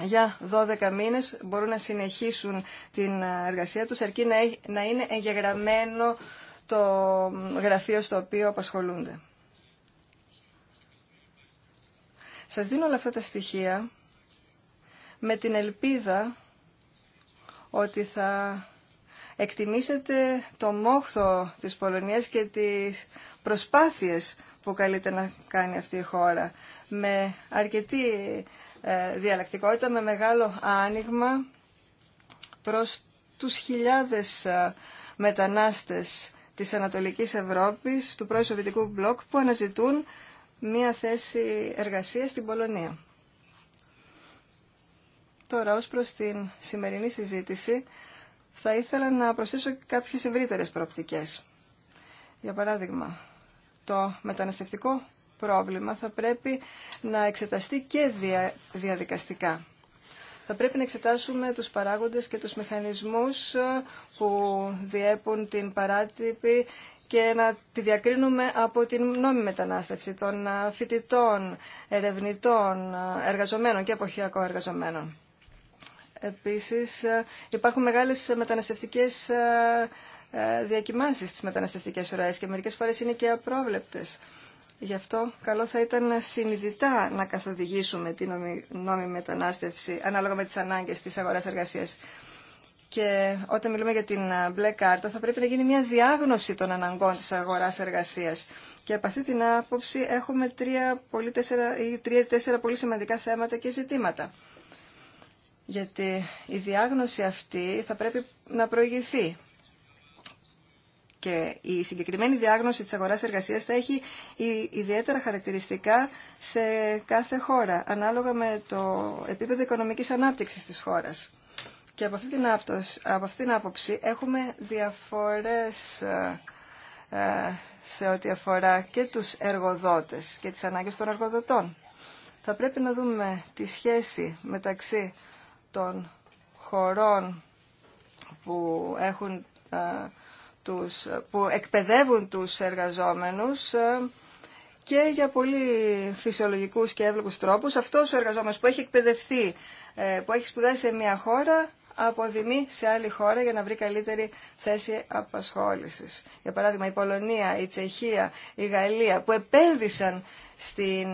για 12 μήνες μπορούν να συνεχίσουν την εργασία τους αρκεί να είναι εγγεγραμμένο το γραφείο στο οποίο απασχολούνται. Σας δίνω όλα αυτά τα στοιχεία με την ελπίδα ότι θα εκτιμήσετε το μόχθο της Πολωνίας και τις προσπάθειες που καλείται να κάνει αυτή η χώρα με αρκετή ε, διαλλακτικότητα, με μεγάλο άνοιγμα προς τους χιλιάδες ε, μετανάστες της Ανατολικής Ευρώπης, του πρώην Σοβιτικού Μπλοκ, που αναζητούν μία θέση εργασίας στην Πολωνία. Τώρα, ως προς την σημερινή συζήτηση, θα ήθελα να προσθέσω κάποιες ευρύτερε προοπτικές. Για παράδειγμα, το μεταναστευτικό πρόβλημα θα πρέπει να εξεταστεί και διαδικαστικά. Θα πρέπει να εξετάσουμε τους παράγοντες και τους μηχανισμούς ε, που διέπουν την παράτυπη και να τη διακρίνουμε από την νόμιμη μετανάστευση των φοιτητών, ερευνητών, εργαζομένων και εποχιακών εργαζομένων. Επίσης υπάρχουν μεγάλες μεταναστευτικές διακυμάνσεις στις μεταναστευτικές ουραίες και μερικές φορές είναι και απρόβλεπτες. Γι' αυτό καλό θα ήταν συνειδητά να καθοδηγήσουμε την νόμιμη μετανάστευση ανάλογα με τις ανάγκες της αγοράς εργασίας. Και όταν μιλούμε για την ε, μπλε κάρτα θα πρέπει να γίνει μια διάγνωση των αναγκών της αγοράς εργασίας. Και από αυτή την άποψη έχουμε τρία πολύ, τέσσερα, ή τρία, τέσσερα πολύ σημαντικά θέματα και ζητήματα. Γιατί η διάγνωση αυτή θα πρέπει να προηγηθεί. Και η συγκεκριμένη διάγνωση της αγοράς εργασίας θα έχει ιδιαίτερα χαρακτηριστικά σε κάθε χώρα, ανάλογα με το επίπεδο οικονομικής ανάπτυξης της χώρας. Και από αυτή την, άπτωση, από αυτή την άποψη έχουμε διαφορές ε, ε, σε ό,τι αφορά και τους εργοδότες και τις ανάγκες των εργοδοτών. Θα πρέπει να δούμε τη σχέση μεταξύ των χωρών που, έχουν, ε, τους, που εκπαιδεύουν τους εργαζόμενους και για πολύ φυσιολογικούς και εύλογους τρόπους. Αυτός ο εργαζόμενος που έχει εκπαιδευτεί, που έχει σπουδάσει σε μια χώρα, αποδημεί σε άλλη χώρα για να βρει καλύτερη θέση απασχόλησης. Για παράδειγμα η Πολωνία, η Τσεχία, η Γαλλία που επένδυσαν στην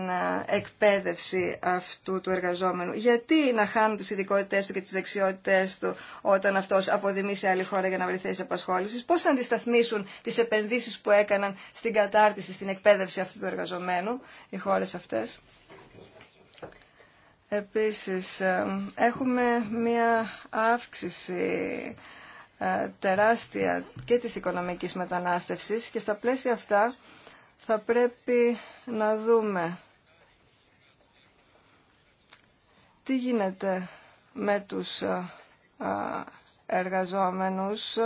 εκπαίδευση αυτού του εργαζόμενου. Γιατί να χάνουν τις ειδικότητές του και τις δεξιότητές του όταν αυτός αποδημεί σε άλλη χώρα για να βρει θέση απασχόλησης. Πώς θα αντισταθμίσουν τις επενδύσεις που έκαναν στην κατάρτιση, στην εκπαίδευση αυτού του εργαζομένου οι χώρες αυτές. Επίσης, ε, έχουμε μία αύξηση ε, τεράστια και της οικονομικής μετανάστευσης και στα πλαίσια αυτά θα πρέπει να δούμε τι γίνεται με τους ε, εργαζόμενους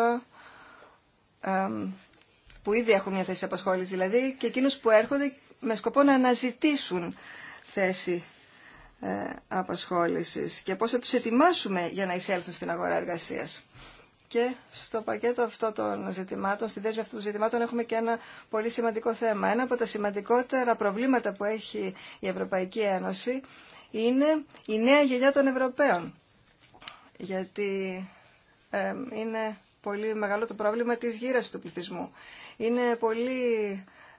που ήδη έχουν μια θέση απασχόληση δηλαδή και εκείνους που έρχονται με σκοπό να αναζητήσουν θέση ε, απασχόλησης και πώς θα τους ετοιμάσουμε για να εισέλθουν στην αγορά εργασίας. Και στο πακέτο αυτό των ζητημάτων, στη δέσμη αυτών των ζητημάτων έχουμε και ένα πολύ σημαντικό θέμα. Ένα από τα σημαντικότερα προβλήματα που έχει η Ευρωπαϊκή Ένωση είναι η νέα γενιά των Ευρωπαίων. Γιατί είναι πολύ μεγάλο το πρόβλημα της γύρας του πληθυσμού. Είναι πολύ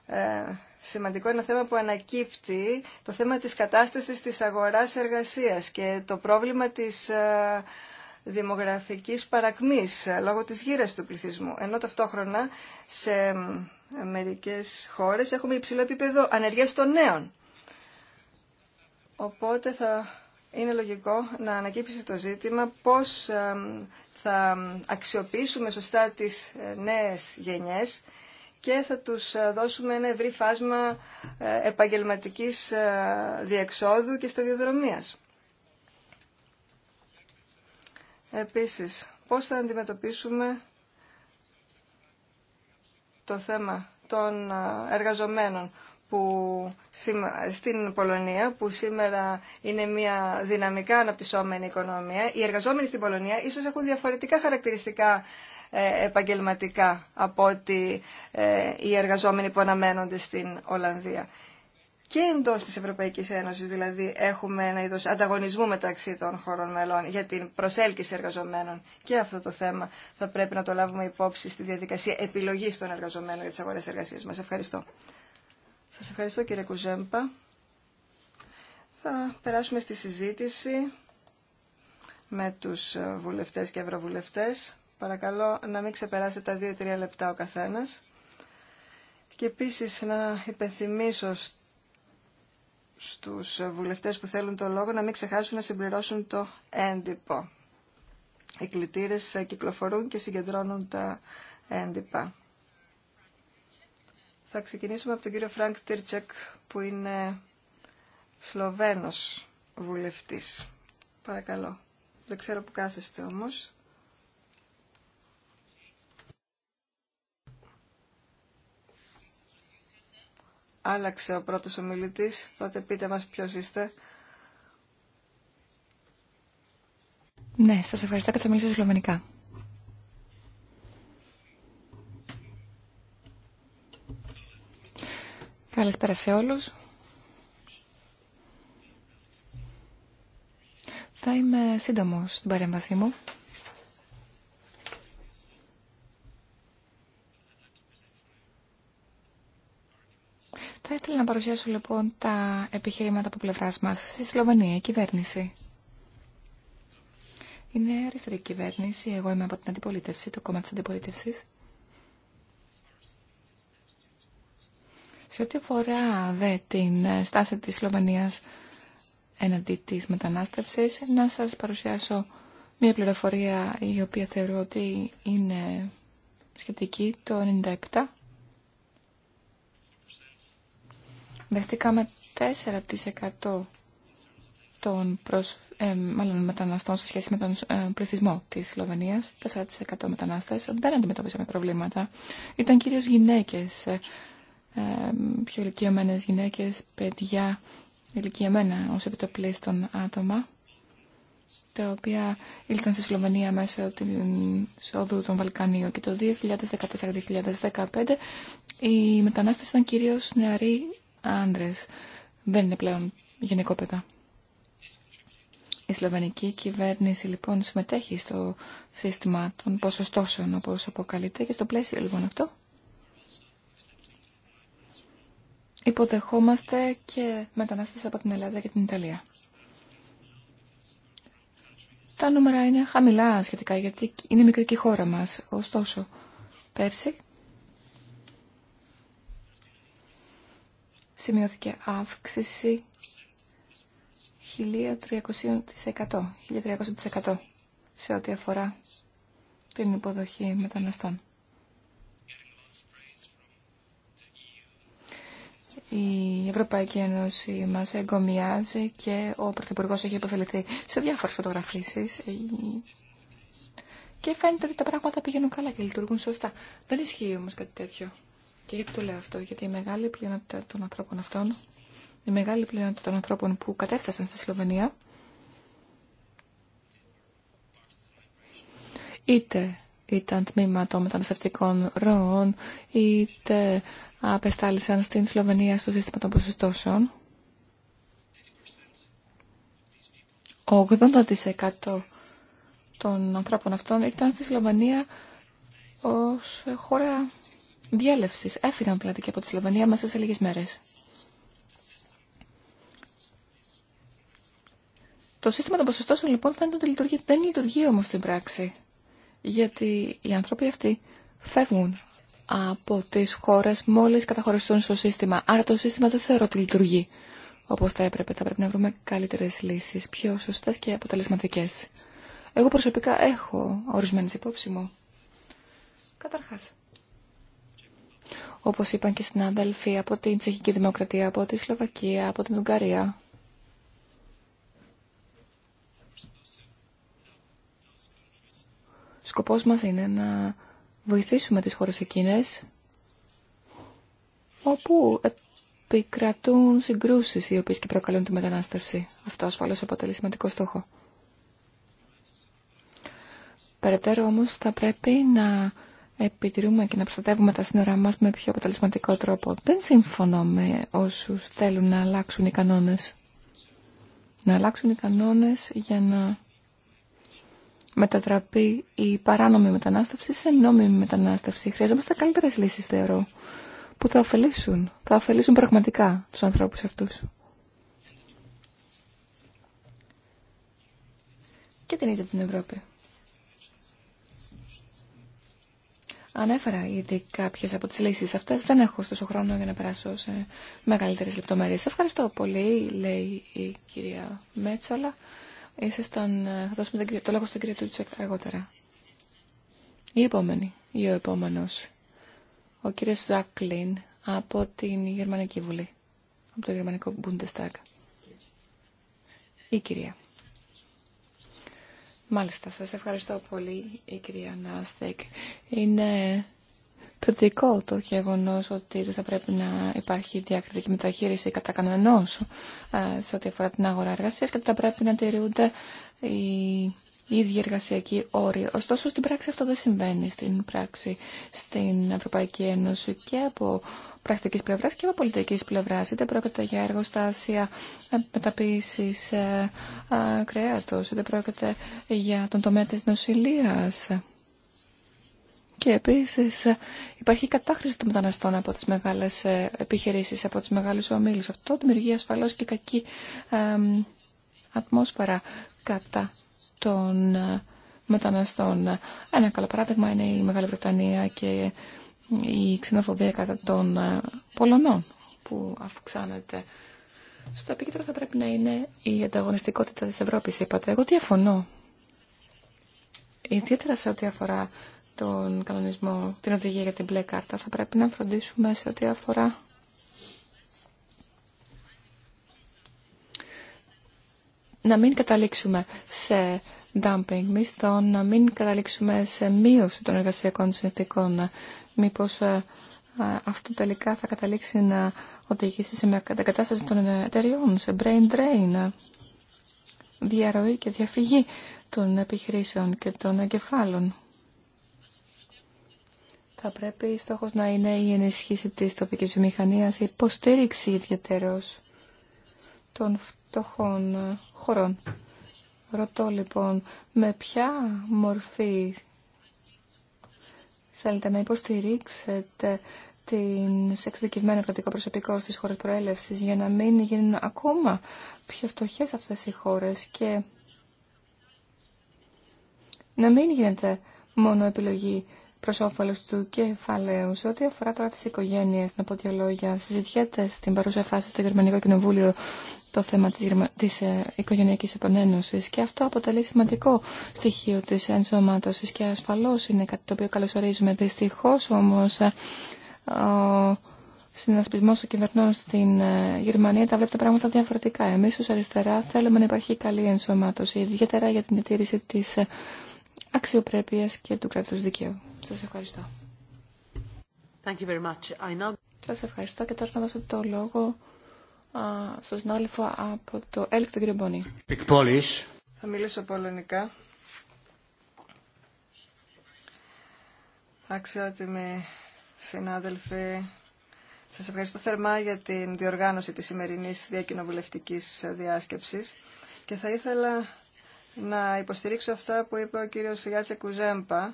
ε, σημαντικό, ένα θέμα που ανακύπτει, το θέμα της κατάστασης της αγοράς εργασίας και το πρόβλημα της ε, δημογραφικής παρακμής ε, λόγω της γύρας του πληθυσμού. Ενώ ταυτόχρονα σε μερικές χώρες έχουμε υψηλό επίπεδο ανεργίας των νέων. Οπότε θα είναι λογικό να ανακύψει το ζήτημα πώς ε, θα αξιοποιήσουμε σωστά τις νέες γενιές και θα τους ε, δώσουμε ένα ευρύ φάσμα ε, επαγγελματικής ε, διεξόδου και σταδιοδρομίας. Επίσης, πώς θα αντιμετωπίσουμε το θέμα των εργαζομένων που στην Πολωνία, που σήμερα είναι μια δυναμικά αναπτυσσόμενη οικονομία, οι εργαζόμενοι στην Πολωνία ίσως έχουν διαφορετικά χαρακτηριστικά ε, επαγγελματικά από ότι ε, οι εργαζόμενοι που αναμένονται στην Ολλανδία. Και εντός της Ευρωπαϊκής Ένωσης δηλαδή έχουμε ένα είδος ανταγωνισμού μεταξύ των χωρών μελών για την προσέλκυση εργαζομένων. Και αυτό το θέμα θα πρέπει να το λάβουμε υπόψη στη διαδικασία επιλογής των εργαζομένων για τις αγορές εργασία. μας. Ευχαριστώ. Σας ευχαριστώ κύριε Κουζέμπα. Θα περάσουμε στη συζήτηση με τους βουλευτές και ευρωβουλευτές. Παρακαλώ να μην ξεπεράσετε τα δύο-τρία λεπτά ο καθένας. Και επίσης να υπενθυμίσω στους βουλευτές που θέλουν το λόγο να μην ξεχάσουν να συμπληρώσουν το έντυπο. Οι κλητήρες κυκλοφορούν και συγκεντρώνουν τα έντυπα. Θα ξεκινήσουμε από τον κύριο Φρανκ Τιρτσεκ που είναι Σλοβαίνος βουλευτής. Παρακαλώ. Δεν ξέρω που κάθεστε όμως. άλλαξε ο πρώτος ομιλητής, τότε πείτε μας ποιος είστε. Ναι, σας ευχαριστώ και θα μιλήσω Καλησπέρα σε όλους. Θα είμαι σύντομος στην παρέμβασή μου. να παρουσιάσω λοιπόν τα επιχειρήματα από πλευρά μα. Στη Σλοβενία, η κυβέρνηση. Είναι αριστερή κυβέρνηση. Εγώ είμαι από την αντιπολίτευση, το κόμμα τη αντιπολίτευση. Σε ό,τι αφορά δε την στάση της Σλοβενίας εναντί της μετανάστευσης, να σας παρουσιάσω μια πληροφορία η οποία θεωρώ ότι είναι σχετική το 97 Δεχτήκαμε 4% των ε, μάλλον μεταναστών σε σχέση με τον ε, πληθυσμό τη Σλοβενία, 4% μετανάστε. δεν αντιμετωπίσαμε προβλήματα. Ήταν κυρίω γυναίκε, ε, ε, πιο ηλικιωμένε γυναίκε, παιδιά, ηλικιωμένα ως επιτοπλίστων άτομα, τα οποία ήλθαν στη Σλοβενία μέσω την οδού των Βαλκανίων και το 2014-2015 οι μετανάστες ήταν κυρίως νεαροί άντρε, Δεν είναι πλέον γυναικόπαιδα. Η σλοβανική κυβέρνηση λοιπόν συμμετέχει στο σύστημα των ποσοστώσεων όπως αποκαλείται και στο πλαίσιο λοιπόν αυτό υποδεχόμαστε και μετανάστες από την Ελλάδα και την Ιταλία. Τα νούμερα είναι χαμηλά σχετικά γιατί είναι μικρή η χώρα μας. Ωστόσο, πέρσι σημειώθηκε αύξηση 1300%, 1300 σε ό,τι αφορά την υποδοχή μεταναστών. Η Ευρωπαϊκή Ένωση μας εγκομιάζει και ο Πρωθυπουργός έχει υποφεληθεί σε διάφορες φωτογραφίσεις και φαίνεται ότι τα πράγματα πηγαίνουν καλά και λειτουργούν σωστά. Δεν ισχύει όμως κάτι τέτοιο. Και γιατί το λέω αυτό, γιατί η μεγάλη πλειονότητα των ανθρώπων αυτών, η μεγάλη πλειονότητα των ανθρώπων που κατέφτασαν στη Σλοβενία, είτε ήταν τμήμα των μεταναστευτικών ροών, είτε απεστάλησαν στην Σλοβενία στο σύστημα των ποσοστώσεων. 80% των ανθρώπων αυτών ήταν στη Σλοβενία ως χώρα Διέλευση. Έφυγαν δηλαδή και από τη Σλοβενία μέσα σε λίγε μέρε. Το σύστημα των ποσοστώσεων λοιπόν φαίνεται ότι λειτουργεί. Δεν λειτουργεί όμω στην πράξη. Γιατί οι άνθρωποι αυτοί φεύγουν από τι χώρε μόλι καταχωριστούν στο σύστημα. Άρα το σύστημα δεν θεωρώ ότι λειτουργεί όπω θα έπρεπε. Θα πρέπει να βρούμε καλύτερε λύσει πιο σωστέ και αποτελεσματικέ. Εγώ προσωπικά έχω ορισμένε υπόψη μου. Καταρχάς, όπως είπαν και συνάδελφοι από την Τσεχική Δημοκρατία, από τη Σλοβακία, από την Ουγγαρία. Σκοπός μας είναι να βοηθήσουμε τις χώρες εκείνες όπου επικρατούν συγκρούσεις οι οποίες και προκαλούν τη μετανάστευση. Αυτό ασφαλώς αποτελεί σημαντικό στόχο. Περαιτέρω όμως θα πρέπει να επιτηρούμε και να προστατεύουμε τα σύνορά μας με πιο αποτελεσματικό τρόπο. Δεν συμφωνώ με όσους θέλουν να αλλάξουν οι κανόνες. Να αλλάξουν οι κανόνες για να μετατραπεί η παράνομη μετανάστευση σε νόμιμη μετανάστευση. Χρειαζόμαστε καλύτερε λύσει, θεωρώ, που θα ωφελήσουν, θα ωφελήσουν πραγματικά τους ανθρώπους αυτούς. Και την ίδια την Ευρώπη. Ανέφερα ήδη κάποιε από τι λύσει αυτέ. Δεν έχω ωστόσο χρόνο για να περάσω σε μεγαλύτερε λεπτομέρειε. Ευχαριστώ πολύ, λέει η κυρία Μέτσολα. Ήσασταν, θα δώσουμε το λόγο στον κύριο Τούτσεκ αργότερα. Η επόμενη ή ο επόμενο. Ο κύριο Ζάκλιν από την Γερμανική Βουλή. Από το Γερμανικό Bundestag. Η κυρία. Μάλιστα, σας ευχαριστώ πολύ η κυρία Νάστεκ. Είναι θετικό το γεγονό ότι δεν θα πρέπει να υπάρχει διακριτική μεταχείριση κατά κανενό ε, σε ό,τι αφορά την αγορά εργασίας και ότι θα πρέπει να τηρούνται οι ίδιοι εργασιακοί όροι. Ωστόσο, στην πράξη αυτό δεν συμβαίνει στην πράξη στην Ευρωπαϊκή Ένωση και από Πρακτική πλευρά και από πολιτική πλευρά, Είτε πρόκειται για εργοστάσια μεταποίηση ε, ε είτε πρόκειται για τον τομέα τη νοσηλείας. Και επίση ε, υπάρχει η κατάχρηση των μεταναστών από τις μεγάλες ε, επιχειρήσεις, από του μεγάλου ομίλους. Αυτό δημιουργεί ασφαλώ και κακή ε, ατμόσφαιρα κατά των μεταναστών. Ένα καλό παράδειγμα είναι η Μεγάλη Βρετανία και η ξενοφοβία κατά των ε, Πολωνών που αυξάνεται. Στο επίκεντρο θα πρέπει να είναι η ανταγωνιστικότητα της Ευρώπης, είπατε. Εγώ διαφωνώ. Ιδιαίτερα σε ό,τι αφορά τον κανονισμό, την οδηγία για την μπλε κάρτα, θα πρέπει να φροντίσουμε σε ό,τι αφορά να μην καταλήξουμε σε dumping μισθών, να μην καταλήξουμε σε μείωση των εργασιακών συνθήκων Μήπως ε, ε, αυτό τελικά θα καταλήξει να οδηγήσει σε μια κατάσταση των ε, εταιριών, σε brain drain, διαρροή και διαφυγή των επιχειρήσεων και των εγκεφάλων. Θα πρέπει στόχος να είναι η ενισχύση της τοπικής μηχανίας, η υποστήριξη ιδιαίτερως των φτωχών χωρών. Ρωτώ λοιπόν με ποια μορφή θέλετε να υποστηρίξετε την εξειδικευμένο εργατικό προσωπικό στις χώρες προέλευσης για να μην γίνουν ακόμα πιο φτωχές αυτές οι χώρες και να μην γίνεται μόνο επιλογή προς όφελος του κεφαλαίου. Σε ό,τι αφορά τώρα τις οικογένειες, να πω δύο λόγια, συζητιέται στην παρούσα φάση στο Γερμανικό Κοινοβούλιο το θέμα της, της ε, οικογενειακής επανένωσης και αυτό αποτελεί σημαντικό στοιχείο της ενσωμάτωσης και ασφαλώς είναι κάτι το οποίο καλωσορίζουμε. Δυστυχώς όμως ε, ο συνασπισμός των κυβερνών στην ε, Γερμανία τα βλέπει τα πράγματα διαφορετικά. Εμείς ως αριστερά θέλουμε να υπάρχει καλή ενσωμάτωση, ιδιαίτερα για την ετήρηση της αξιοπρέπειας και του κράτους δικαίου. Σας ευχαριστώ. Thank you very much. I Σας ευχαριστώ και τώρα να δώσω το λόγο στον συνάδελφο από το ΕΛΚ, τον κύριο Μπονή. Θα μιλήσω πολωνικά. Αξιότιμοι συνάδελφοι, σας ευχαριστώ θερμά για την διοργάνωση της σημερινής διακοινοβουλευτικής διάσκεψης και θα ήθελα να υποστηρίξω αυτά που είπε ο κύριος Γιάτσε Κουζέμπα,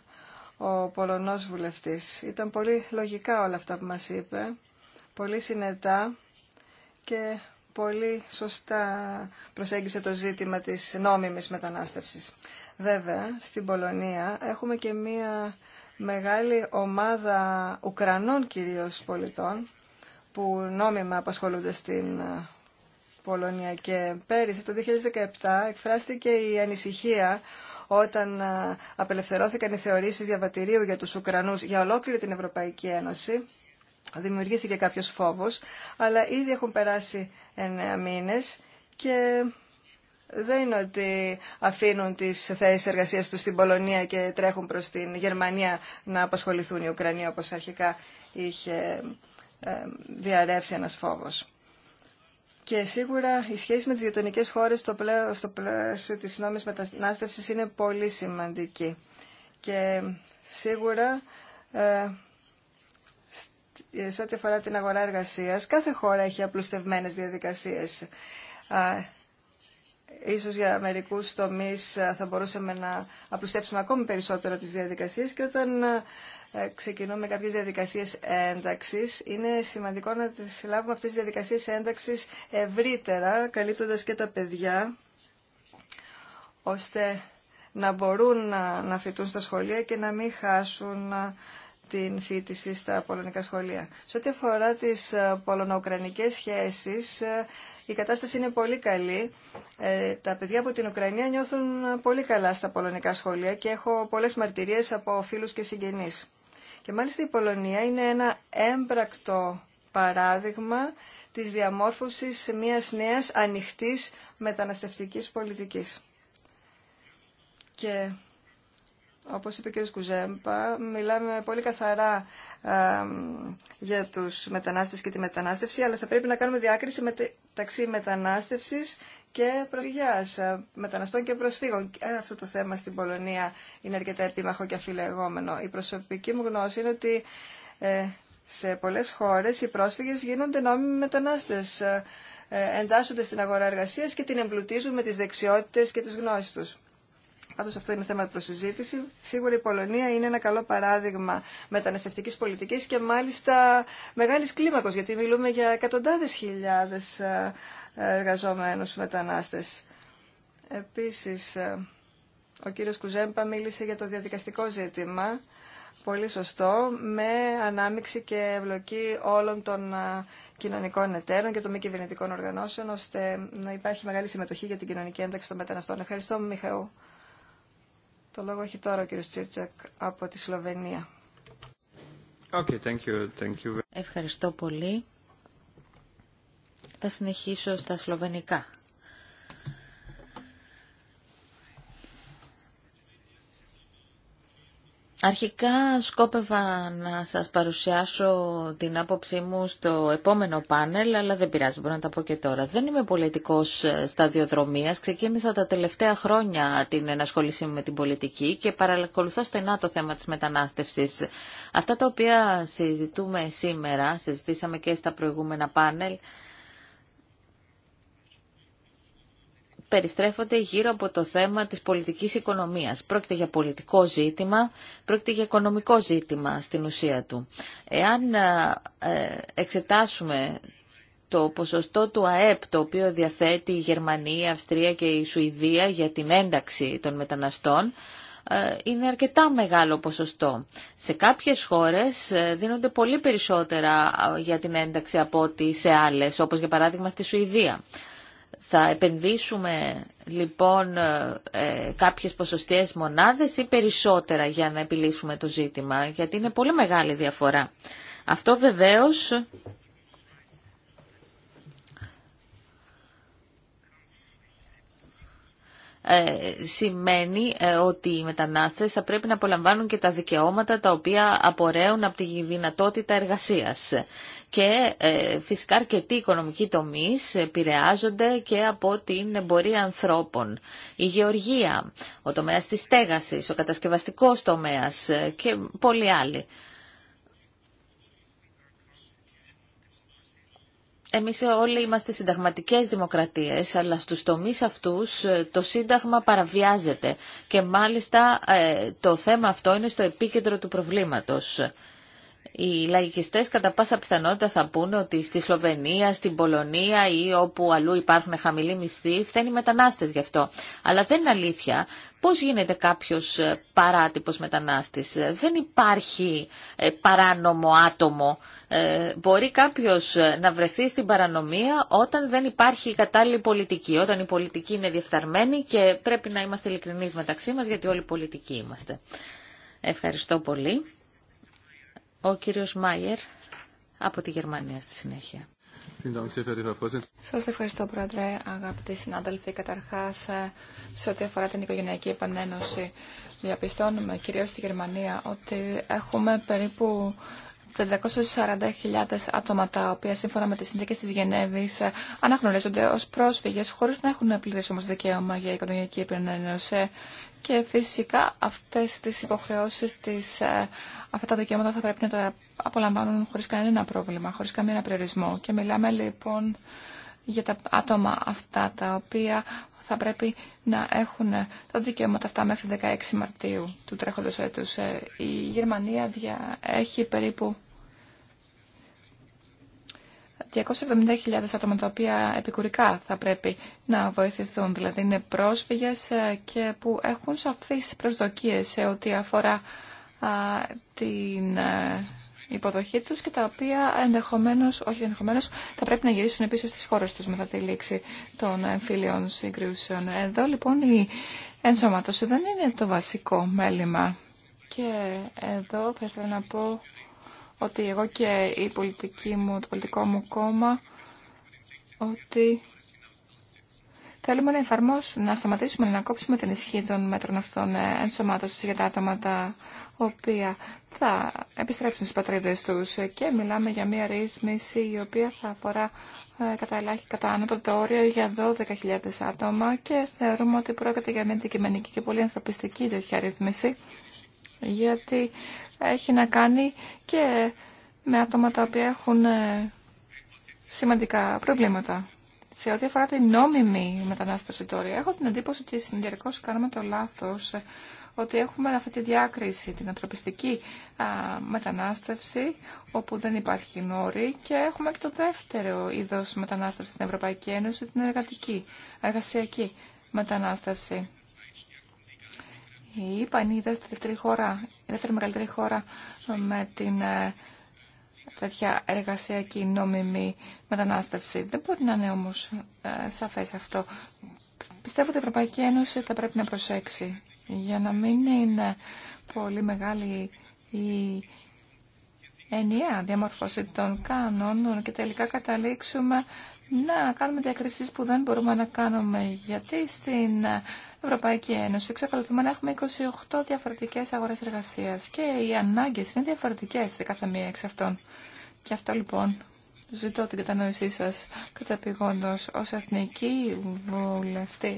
ο Πολωνός βουλευτής. Ήταν πολύ λογικά όλα αυτά που μας είπε, πολύ συνετά και πολύ σωστά προσέγγισε το ζήτημα της νόμιμης μετανάστευσης. Βέβαια, στην Πολωνία έχουμε και μία μεγάλη ομάδα Ουκρανών κυρίως πολιτών που νόμιμα απασχολούνται στην ε, Πολωνία και πέρυσι το 2017 εκφράστηκε η ανησυχία όταν ε, απελευθερώθηκαν οι θεωρήσεις διαβατηρίου για τους Ουκρανούς για ολόκληρη την Ευρωπαϊκή Ένωση δημιουργήθηκε κάποιος φόβος, αλλά ήδη έχουν περάσει εννέα μήνες και δεν είναι ότι αφήνουν τις θέσεις εργασίας τους στην Πολωνία και τρέχουν προς την Γερμανία να απασχοληθούν οι Ουκρανοί όπως αρχικά είχε ε, διαρρεύσει ένας φόβος. Και σίγουρα η σχέση με τις γειτονικέ χώρες στο, πλαίσιο, στο πλαίσιο της νόμιμης μετανάστευσης είναι πολύ σημαντική. Και σίγουρα ε, ε, σε ό,τι αφορά την αγορά εργασίας, κάθε χώρα έχει απλουστευμένες διαδικασίες. Ίσως για μερικούς τομείς ε, θα μπορούσαμε να απλουστεύσουμε ακόμη περισσότερο τις διαδικασίες και όταν ε, ξεκινούμε κάποιες διαδικασίες ένταξης, είναι σημαντικό να τις λάβουμε αυτές τις διαδικασίες ένταξης ευρύτερα, καλύπτοντας και τα παιδιά, ώστε να μπορούν να φοιτούν στα σχολεία και να μην χάσουν την φοιτησή στα πολωνικά σχολεία. Σε ό,τι αφορά τις ε, πολωνοουκρανικές σχέσεις, ε, η κατάσταση είναι πολύ καλή. Ε, τα παιδιά από την Ουκρανία νιώθουν πολύ καλά στα πολωνικά σχολεία και έχω πολλές μαρτυρίες από φίλους και συγγενείς. Και μάλιστα η Πολωνία είναι ένα έμπρακτο παράδειγμα της διαμόρφωσης μιας νέας ανοιχτής μεταναστευτικής πολιτικής. Και όπως είπε ο κ. Κουζέμπα, μιλάμε πολύ καθαρά α, για τους μετανάστες και τη μετανάστευση, αλλά θα πρέπει να κάνουμε διάκριση μεταξύ μετανάστευσης και προσφυγιάς, μεταναστών και προσφύγων. Αυτό το θέμα στην Πολωνία είναι αρκετά επίμαχο και αφιλεγόμενο. Η προσωπική μου γνώση είναι ότι ε, σε πολλές χώρες οι πρόσφυγες γίνονται νόμιμοι μετανάστες, ε, ε, εντάσσονται στην αγορά εργασίας και την εμπλουτίζουν με τις δεξιότητες και τις γνώσεις τους. Πάντω αυτό είναι θέμα προσυζήτηση. Σίγουρα η Πολωνία είναι ένα καλό παράδειγμα μεταναστευτική πολιτική και μάλιστα μεγάλη κλίμακο, γιατί μιλούμε για εκατοντάδε. χιλιάδες ε, εργαζόμενου μετανάστε. Επίσης, ε, ο κύριος Κουζέμπα μίλησε για το διαδικαστικό ζήτημα, πολύ σωστό, με ανάμειξη και ευλοκή όλων των ε, κοινωνικών εταίρων και των μη κυβερνητικών οργανώσεων, ώστε να υπάρχει μεγάλη συμμετοχή για την κοινωνική ένταξη των μεταναστών. Ευχαριστώ, Μιχαήλ. Το λόγο έχει τώρα ο κ. Τσίρτσακ από τη Σλοβενία. Okay, thank you, thank you. Ευχαριστώ πολύ. Θα συνεχίσω στα σλοβενικά. Αρχικά σκόπευα να σας παρουσιάσω την άποψή μου στο επόμενο πάνελ, αλλά δεν πειράζει, μπορώ να τα πω και τώρα. Δεν είμαι πολιτικός ε, σταδιοδρομίας, ξεκίνησα τα τελευταία χρόνια την ενασχόλησή μου με την πολιτική και παρακολουθώ στενά το θέμα της μετανάστευσης. Αυτά τα οποία συζητούμε σήμερα, συζητήσαμε και στα προηγούμενα πάνελ, περιστρέφονται γύρω από το θέμα της πολιτικής οικονομίας. Πρόκειται για πολιτικό ζήτημα, πρόκειται για οικονομικό ζήτημα στην ουσία του. Εάν ε, εξετάσουμε το ποσοστό του ΑΕΠ το οποίο διαθέτει η Γερμανία, η Αυστρία και η Σουηδία για την ένταξη των μεταναστών, ε, είναι αρκετά μεγάλο ποσοστό. Σε κάποιες χώρες ε, δίνονται πολύ περισσότερα για την ένταξη από ό,τι σε άλλες, όπως για παράδειγμα στη Σουηδία. Θα επενδύσουμε λοιπόν ε, ε, κάποιες ποσοστιαίες μονάδες ή περισσότερα για να επιλύσουμε το ζήτημα, γιατί είναι πολύ μεγάλη διαφορά. Αυτό βεβαίως ε, σημαίνει ότι οι μετανάστες θα πρέπει να απολαμβάνουν και τα δικαιώματα τα οποία απορρέουν από τη δυνατότητα εργασίας και ε, φυσικά αρκετοί οικονομικοί τομείς επηρεάζονται και από την εμπορία ανθρώπων. Η γεωργία, ο τομέας της στέγασης, ο κατασκευαστικός τομέας ε, και πολλοί άλλοι. Εμείς όλοι είμαστε συνταγματικές δημοκρατίες, αλλά στους τομείς αυτούς ε, το Σύνταγμα παραβιάζεται. Και μάλιστα το θέμα αυτό είναι στο επίκεντρο του προβλήματος. Οι λαϊκιστές κατά πάσα πιθανότητα θα πούνε ότι στη Σλοβενία, στην Πολωνία ή όπου αλλού υπάρχουν χαμηλοί μισθοί, φταίνουν οι μετανάστες γι' αυτό. Αλλά δεν είναι αλήθεια. Πώς γίνεται κάποιος ε, παράτυπος μετανάστης. Ε, δεν υπάρχει ε, παράνομο άτομο. Μπορεί κάποιος να βρεθεί στην παρανομία όταν δεν υπάρχει η κατάλληλη χαμηλοι μισθοι φταινει μεταναστες γι η πολιτική είναι διεφθαρμένη και πρέπει να βρεθει στην παρανομια οταν δεν υπαρχει ειλικρινείς μεταξύ μας γιατί όλοι πολιτικοί είμαστε. Ευχαριστώ πολύ. Ο κύριος Μάιερ από τη Γερμανία στη συνέχεια. Σα ευχαριστώ Πρόεδρε, αγαπητοί συνάδελφοι. καταρχά σε ό,τι αφορά την οικογενειακή επανένωση, διαπιστώνουμε κυρίω στη Γερμανία ότι έχουμε περίπου 540.000 άτομα τα οποία σύμφωνα με τις συνθήκες της Γενέβης ε, αναγνωρίζονται ως πρόσφυγες χωρίς να έχουν πλήρες όμως δικαίωμα για οικονομική επινένωση και φυσικά αυτές τις υποχρεώσεις, τις, ε, αυτά τα δικαιώματα θα πρέπει να τα απολαμβάνουν χωρίς κανένα πρόβλημα, χωρίς κανένα περιορισμό. Και μιλάμε λοιπόν για τα άτομα αυτά τα οποία θα πρέπει να έχουν τα δικαιώματα αυτά μέχρι 16 Μαρτίου του τρέχοντος έτους. Ε, η Γερμανία έχει περίπου 270.000 άτομα τα οποία επικουρικά θα πρέπει να βοηθηθούν, δηλαδή είναι πρόσφυγες ε, και που έχουν σαφείς προσδοκίες σε ό,τι αφορά την ε, υποδοχή τους και τα οποία ενδεχομένως, όχι ενδεχομένως, θα πρέπει να γυρίσουν επίσης στις χώρες τους μετά τη λήξη των εμφύλιων συγκρούσεων. Εδώ λοιπόν η ενσωμάτωση δεν είναι το βασικό μέλημα. Και εδώ θα ήθελα να πω ότι εγώ και η πολιτική μου, το πολιτικό μου κόμμα, ότι θέλουμε να εφαρμόσουμε, να σταματήσουμε να κόψουμε την ισχύ των μέτρων αυτών ενσωμάτωσης για τα άτομα τα οποία θα επιστρέψουν στις πατρίδες τους και μιλάμε για μια ρύθμιση η οποία θα αφορά ε, κατά ελάχιστη κατά το όριο για 12.000 άτομα και θεωρούμε ότι πρόκειται για μια αντικειμενική και πολύ ανθρωπιστική τέτοια ρύθμιση γιατί έχει να κάνει και με άτομα τα οποία έχουν ε, σημαντικά προβλήματα. Σε ό,τι αφορά την νόμιμη μετανάστευση τώρα, έχω την εντύπωση ότι συνδυαρκώς κάνουμε το λάθος ε, ότι έχουμε αυτή τη διάκριση, την ανθρωπιστική μετανάστευση, όπου δεν υπάρχει νόρη, και έχουμε και το δεύτερο είδος μετανάστευση στην Ευρωπαϊκή Ένωση, την εργατική, εργασιακή μετανάστευση. Η ΕΠΑ ΕΕ είναι η δεύτερη, χώρα, η δεύτερη μεγαλύτερη χώρα ε, με την ε, τέτοια εργασιακή νόμιμη μετανάστευση. Δεν μπορεί να είναι όμως ε, σαφές αυτό. Πιστεύω ότι η Ευρωπαϊκή Ένωση θα πρέπει να προσέξει για να μην είναι πολύ μεγάλη η ενιαία διαμορφώση των κανόνων και τελικά καταλήξουμε να κάνουμε διακρίσεις που δεν μπορούμε να κάνουμε γιατί στην Ευρωπαϊκή Ένωση εξακολουθούμε να έχουμε 28 διαφορετικές αγορέ εργασία. και οι ανάγκες είναι διαφορετικές σε κάθε μία εξ αυτών. Και αυτό λοιπόν ζητώ την κατανόησή σας καταπηγόντως ω εθνικοί βουλευτή,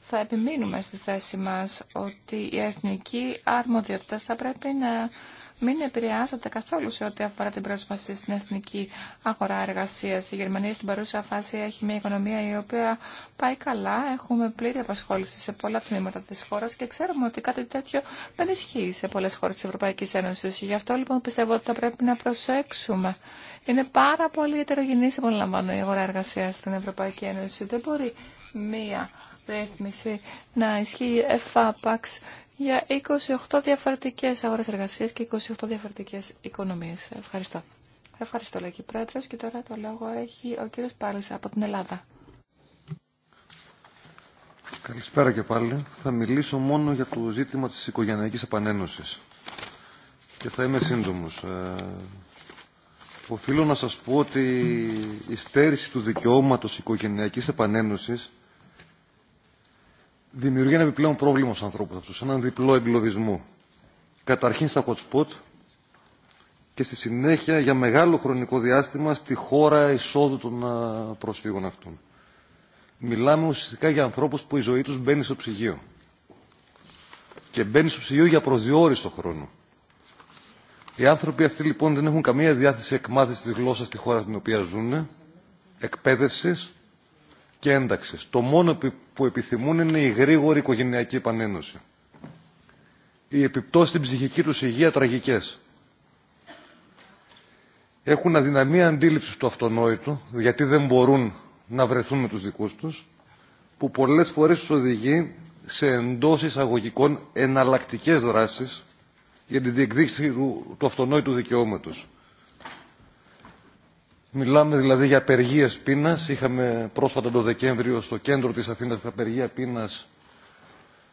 θα επιμείνουμε στη θέση μας ότι η εθνική αρμοδιότητα θα πρέπει να μην επηρεάζεται καθόλου σε ό,τι αφορά την πρόσβαση στην εθνική αγορά εργασία. Η Γερμανία στην παρούσα φάση έχει μια οικονομία η οποία πάει καλά. Έχουμε πλήρη απασχόληση σε πολλά τμήματα τη χώρα και ξέρουμε ότι κάτι τέτοιο δεν ισχύει σε πολλέ χώρε τη Ευρωπαϊκή Ένωση. Γι' αυτό λοιπόν πιστεύω ότι θα πρέπει να προσέξουμε. Είναι πάρα πολύ ετερογενή, επαναλαμβάνω, η αγορά εργασία στην Ευρωπαϊκή Ένωση. Δεν μπορεί μία ρύθμιση να ισχύει εφάπαξ για 28 διαφορετικές αγορές εργασίας και 28 διαφορετικές οικονομίες. Ευχαριστώ. Ευχαριστώ, λέει και Πρόεδρος. Και τώρα το λόγο έχει ο κύριος Πάλης από την Ελλάδα. Καλησπέρα και πάλι. Θα μιλήσω μόνο για το ζήτημα της οικογενειακής επανένωσης. Και θα είμαι σύντομος. Ε, οφείλω να σας πω ότι η στέρηση του δικαιώματος οικογενειακής επανένωσης δημιουργεί ένα επιπλέον πρόβλημα στους ανθρώπους αυτούς, έναν διπλό εγκλωβισμό. Καταρχήν στα hotspot και στη συνέχεια για μεγάλο χρονικό διάστημα στη χώρα εισόδου των προσφύγων αυτών. Μιλάμε ουσιαστικά για ανθρώπους που η ζωή τους μπαίνει στο ψυγείο. Και μπαίνει στο ψυγείο για προσδιορίστο χρόνο. Οι άνθρωποι αυτοί λοιπόν δεν έχουν καμία διάθεση εκμάθηση της γλώσσας στη χώρα στην οποία ζουν, εκπαίδευση και ένταξη. Το μόνο που επιθυμούν είναι η γρήγορη οικογενειακή επανένωση. Οι επιπτώσεις στην ψυχική τους υγεία τραγικές. Έχουν αδυναμία αντίληψη του αυτονόητου, γιατί δεν μπορούν να βρεθούν με τους δικούς τους, που πολλές φορές τους οδηγεί σε εντός εισαγωγικών εναλλακτικές δράσεις για την διεκδίκηση του, του αυτονόητου δικαιώματος. Μιλάμε δηλαδή για απεργίε πείνα. Είχαμε πρόσφατα το Δεκέμβριο στο κέντρο της Αθήνας απεργία Πείνα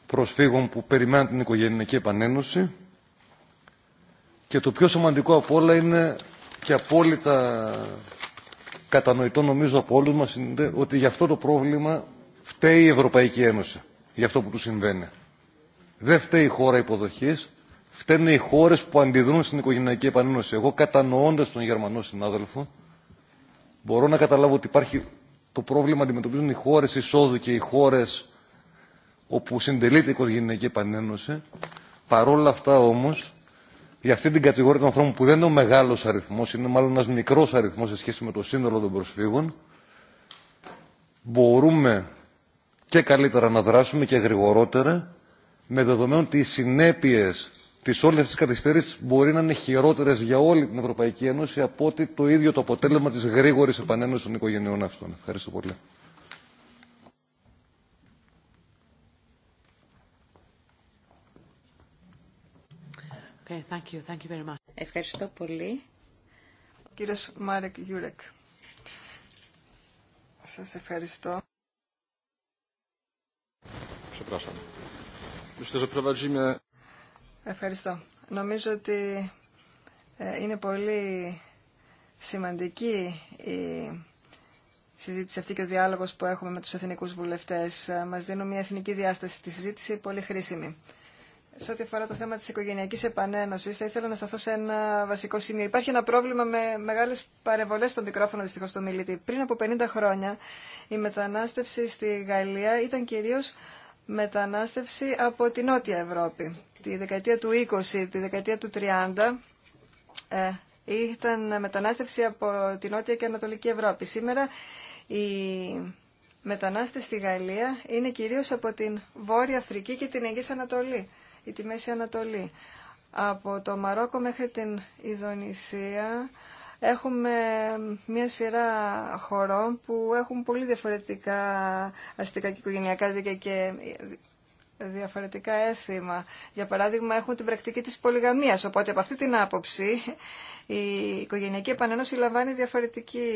προσφύγων που περιμένουν την οικογενειακή επανένωση. Και το πιο σημαντικό από όλα είναι και απόλυτα κατανοητό νομίζω από όλους μας είναι ότι γι' αυτό το πρόβλημα φταίει η Ευρωπαϊκή Ένωση γι' αυτό που του συμβαίνει. Δεν φταίει η χώρα υποδοχής, φταίνε οι χώρες που αντιδρούν στην οικογενειακή επανένωση. Εγώ κατανοώντας τον Γερμανό συνάδελφο, Μπορώ να καταλάβω ότι υπάρχει το πρόβλημα αντιμετωπίζουν οι χώρε εισόδου και οι χώρε όπου συντελείται η οικογενειακή επανένωση. Παρόλα αυτά όμω, για αυτή την κατηγορία των ανθρώπων που δεν είναι ο μεγάλο αριθμό, είναι μάλλον ένα μικρό αριθμό σε σχέση με το σύνολο των προσφύγων, μπορούμε και καλύτερα να δράσουμε και γρηγορότερα με δεδομένο ότι οι συνέπειε τι όλε τι καθυστερήσει μπορεί να είναι χειρότερε για όλη την Ευρωπαϊκή Ένωση από ότι το ίδιο το αποτέλεσμα τη γρήγορη επανένωση των οικογενειών αυτών. Ευχαριστώ πολύ. Okay, thank you. Thank you very much. Ευχαριστώ πολύ. Κύριος Μάρεκ Γιούρεκ, σας ευχαριστώ. Przepraszam. prowadzimy Ευχαριστώ. Νομίζω ότι ε, είναι πολύ σημαντική η συζήτηση αυτή και ο διάλογος που έχουμε με τους εθνικούς βουλευτές. Ε, μας δίνουν μια εθνική διάσταση στη συζήτηση, πολύ χρήσιμη. Σε ό,τι αφορά το θέμα της οικογενειακής επανένωσης, θα ήθελα να σταθώ σε ένα βασικό σημείο. Υπάρχει ένα πρόβλημα με μεγάλες παρεμβολές στο μικρόφωνο, δυστυχώς, στο μιλητή. Πριν από 50 χρόνια, η μετανάστευση στη Γαλλία ήταν κυρίως μετανάστευση από τη Νότια Ευρώπη τη δεκαετία του 20, τη δεκαετία του 30, ε, ήταν μετανάστευση από την Νότια και Ανατολική Ευρώπη. Σήμερα οι μετανάστες στη Γαλλία είναι κυρίως από την Βόρεια Αφρική και την Αιγής Ανατολή, ή τη Μέση Ανατολή. Από το Μαρόκο μέχρι την Ιδονησία έχουμε μια σειρά χωρών που έχουν πολύ διαφορετικά αστικά και οικογενειακά δίκαια και διαφορετικά έθιμα. Για παράδειγμα, έχουν την πρακτική της πολυγαμίας, οπότε από αυτή την άποψη η οικογενειακή επανένωση λαμβάνει διαφορετική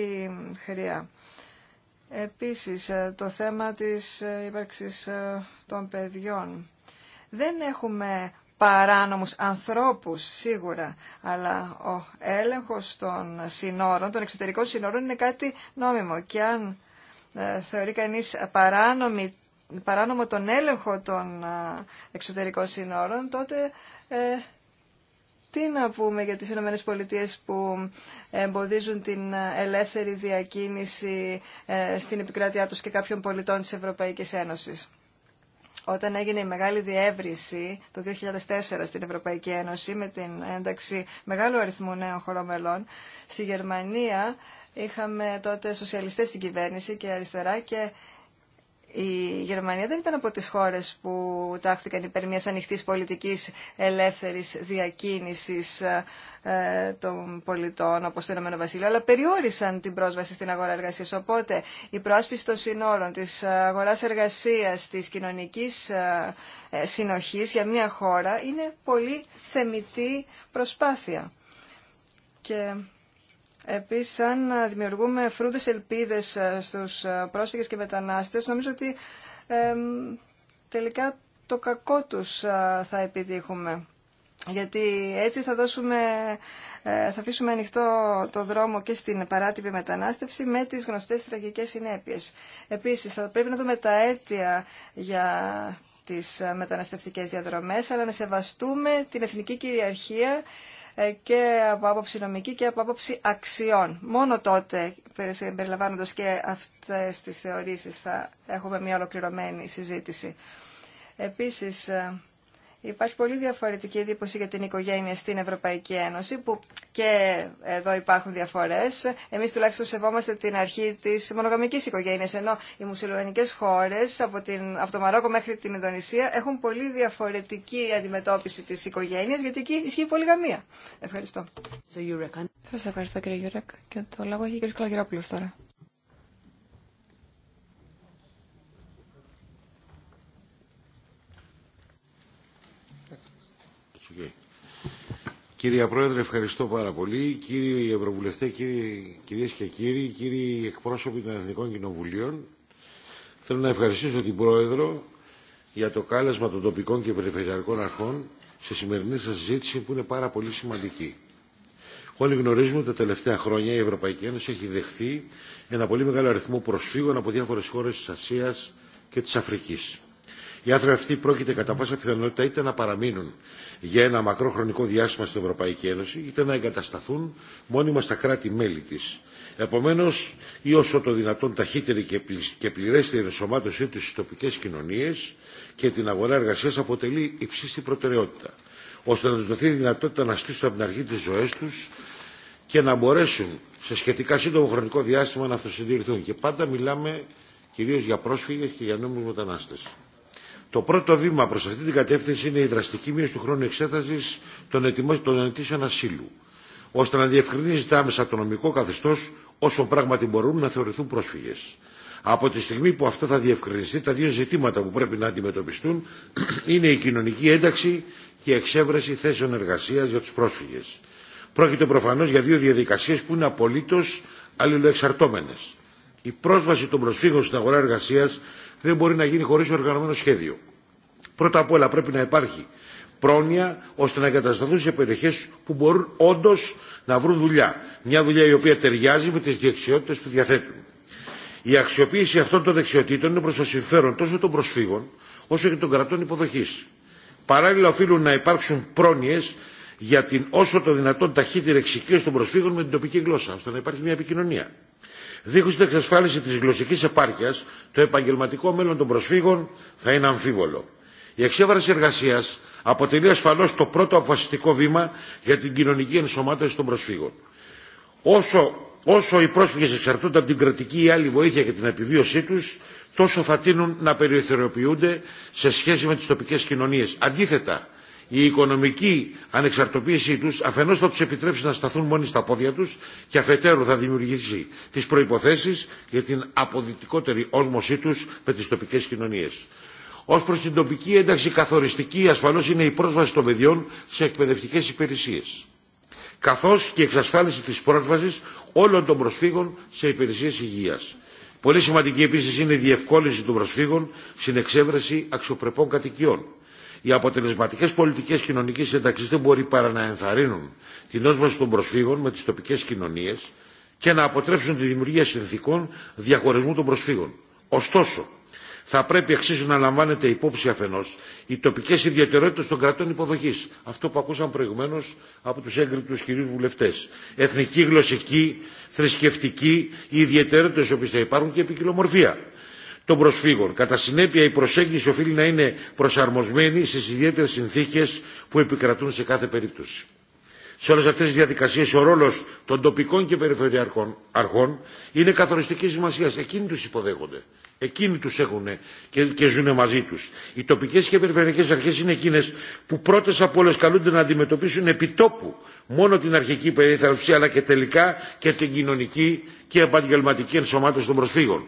χρειά. Επίσης, το θέμα της ύπαρξης ε, των παιδιών. Δεν έχουμε παράνομους ανθρώπους σίγουρα, αλλά ο έλεγχος των συνόρων, των εξωτερικών συνόρων είναι κάτι νόμιμο και αν ε, θεωρεί κανείς παράνομη παράνομο τον έλεγχο των εξωτερικών σύνορων, τότε ε, τι να πούμε για τις Ηνωμένες Πολιτείες που εμποδίζουν την ελεύθερη διακίνηση ε, στην επικράτειά τους και κάποιων πολιτών της Ευρωπαϊκής Ένωσης. Όταν έγινε η μεγάλη διεύρυνση το 2004 στην Ευρωπαϊκή Ένωση με την ένταξη μεγάλου αριθμού νέων χωρών μελών, στη Γερμανία είχαμε τότε σοσιαλιστές στην κυβέρνηση και αριστερά και η Γερμανία δεν ήταν από τις χώρες που τάχθηκαν υπέρ μιας ανοιχτής πολιτικής ελεύθερης διακίνησης ε, των πολιτών όπως το Ηνωμένο Βασίλειο, αλλά περιόρισαν την πρόσβαση στην αγορά εργασίας. Οπότε η προάσπιση των συνόρων, της αγοράς εργασίας, της κοινωνικής ε, ε, συνοχής για μια χώρα είναι πολύ θεμητή προσπάθεια. Και Επίσης, αν δημιουργούμε φρούδες ελπίδες στους πρόσφυγες και μετανάστες, νομίζω ότι τελικά το κακό τους θα επιτύχουμε. Γιατί έτσι θα, δώσουμε, ε, θα αφήσουμε ανοιχτό το δρόμο και στην παράτυπη μετανάστευση με τις γνωστές τραγικές συνέπειες. Επίσης, θα πρέπει να δούμε τα αίτια για τις μεταναστευτικές διαδρομές, αλλά να σεβαστούμε την εθνική κυριαρχία ε, και από άποψη νομική και από άποψη αξιών. Μόνο τότε, περιλαμβάνοντας και αυτές τις θεωρήσεις, θα έχουμε μια ολοκληρωμένη συζήτηση. Επίσης, ε, Υπάρχει πολύ διαφορετική εντύπωση για την οικογένεια στην Ευρωπαϊκή Ένωση που και εδώ υπάρχουν διαφορές. Εμείς τουλάχιστον σεβόμαστε την αρχή της μονογαμικής οικογένεια, ενώ οι μουσουλμανικέ χώρες από, την, από το Μαρόκο μέχρι την Ινδονησία έχουν πολύ διαφορετική αντιμετώπιση της οικογένεια γιατί εκεί ισχύει πολυγαμία. Ευχαριστώ. Σα ευχαριστώ κύριε Γιουρέκ και το λόγο έχει ο τώρα. Κύριε Πρόεδρε, ευχαριστώ πάρα πολύ. Κύριοι Ευρωβουλευτέ, κύριε κυρίες και κύριοι, κύριοι εκπρόσωποι των Εθνικών Κοινοβουλίων, θέλω να ευχαριστήσω την Πρόεδρο για το κάλεσμα των τοπικών και περιφερειακών αρχών σε σημερινή σας συζήτηση που είναι πάρα πολύ σημαντική. Όλοι γνωρίζουμε ότι τα τελευταία χρόνια η Ευρωπαϊκή Ένωση έχει δεχθεί ένα πολύ μεγάλο αριθμό προσφύγων από διάφορε χώρε τη Ασία και τη Αφρική. Οι άνθρωποι αυτοί πρόκειται κατά πάσα πιθανότητα είτε να παραμείνουν για ένα μακρό χρονικό διάστημα στην Ευρωπαϊκή Ένωση, είτε να εγκατασταθούν μόνιμα στα κράτη-μέλη τη. Επομένω, ή όσο το δυνατόν ταχύτερη και πληρέστερη ενσωμάτωσή του στι τοπικέ κοινωνίε και την αγορά εργασία αποτελεί υψίστη προτεραιότητα, ώστε να του δοθεί η δυνατότητα να στήσουν από την αρχή τι ζωέ του και να μπορέσουν σε σχετικά σύντομο χρονικό διάστημα να αυτοσυντηρηθούν. Και πάντα μιλάμε κυρίω για πρόσφυγε και για νόμιμου μετανάστε. Το πρώτο βήμα προς αυτή την κατεύθυνση είναι η δραστική μείωση του χρόνου εξέτασης των, ετοιμών, των ασύλου, ώστε να διευκρινίζεται άμεσα το νομικό καθεστώς όσων πράγματι μπορούν να θεωρηθούν πρόσφυγες. Από τη στιγμή που αυτό θα διευκρινιστεί, τα δύο ζητήματα που πρέπει να αντιμετωπιστούν είναι η κοινωνική ένταξη και η εξέβρεση θέσεων εργασίας για τους πρόσφυγες. Πρόκειται προφανώς για δύο διαδικασίες που είναι απολύτω αλληλοεξαρτώμενες. Η πρόσβαση των προσφύγων στην αγορά εργασίας δεν μπορεί να γίνει χωρίς οργανωμένο σχέδιο. Πρώτα απ' όλα πρέπει να υπάρχει πρόνοια ώστε να εγκατασταθούν σε περιοχές που μπορούν όντως να βρουν δουλειά. Μια δουλειά η οποία ταιριάζει με τις δεξιότητες που διαθέτουν. Η αξιοποίηση αυτών των δεξιοτήτων είναι προς το συμφέρον τόσο των προσφύγων όσο και των κρατών υποδοχής. Παράλληλα οφείλουν να υπάρξουν πρόνοιες για την όσο το δυνατόν ταχύτερη εξοικείωση των προσφύγων με την τοπική γλώσσα, ώστε να υπάρχει μια επικοινωνία. Δίχως την εξασφάλιση της γλωσσικής επάρκειας, το επαγγελματικό μέλλον των προσφύγων θα είναι αμφίβολο. Η εξέβραση εργασίας αποτελεί ασφαλώς το πρώτο αποφασιστικό βήμα για την κοινωνική ενσωμάτωση των προσφύγων. Όσο, όσο οι πρόσφυγες εξαρτούνται από την κρατική ή άλλη βοήθεια για την επιβίωσή τους, τόσο θα τείνουν να περιοθεροποιούνται σε σχέση με τις τοπικές κοινωνίες. Αντίθετα, η οικονομική ανεξαρτοποίησή τους αφενός θα τους επιτρέψει να σταθούν μόνοι στα πόδια τους και αφετέρου θα δημιουργήσει τις προϋποθέσεις για την αποδυτικότερη όσμωσή τους με τις τοπικές κοινωνίες. Ω προ την τοπική ένταξη καθοριστική ασφαλώς είναι η πρόσβαση των παιδιών σε εκπαιδευτικές υπηρεσίες καθώς και η εξασφάλιση της πρόσβασης όλων των προσφύγων σε υπηρεσίες υγείας. Πολύ σημαντική επίσης είναι η διευκόλυνση των προσφύγων στην εξέβρεση αξιοπρεπών κατοικιών. Οι αποτελεσματικέ πολιτικέ κοινωνική ένταξη δεν μπορεί παρά να ενθαρρύνουν την όσβαση των προσφύγων με τι τοπικέ κοινωνίε και να αποτρέψουν τη δημιουργία συνθήκων διαχωρισμού των προσφύγων. Ωστόσο, θα πρέπει εξίσου να λαμβάνεται υπόψη αφενό οι τοπικέ ιδιαιτερότητε των κρατών υποδοχή. Αυτό που ακούσαμε προηγουμένω από του έγκριτους κυρίου βουλευτέ. Εθνική, γλωσσική, θρησκευτική, οι ιδιαιτερότητε οι οποίε θα υπάρχουν και επικοινομορφία των προσφύγων. Κατά συνέπεια, η προσέγγιση οφείλει να είναι προσαρμοσμένη στι ιδιαίτερε συνθήκε που επικρατούν σε κάθε περίπτωση. Σε όλε αυτέ τι διαδικασίε, ο ρόλο των τοπικών και περιφερειακών αρχών είναι καθοριστική σημασία. Εκείνοι του υποδέχονται. Εκείνοι του έχουν και, και ζουν μαζί του. Οι τοπικέ και περιφερειακέ αρχέ είναι εκείνε που πρώτε από όλε καλούνται να αντιμετωπίσουν επιτόπου μόνο την αρχική περίθαλψη αλλά και τελικά και την κοινωνική και επαγγελματική ενσωμάτωση των προσφύγων.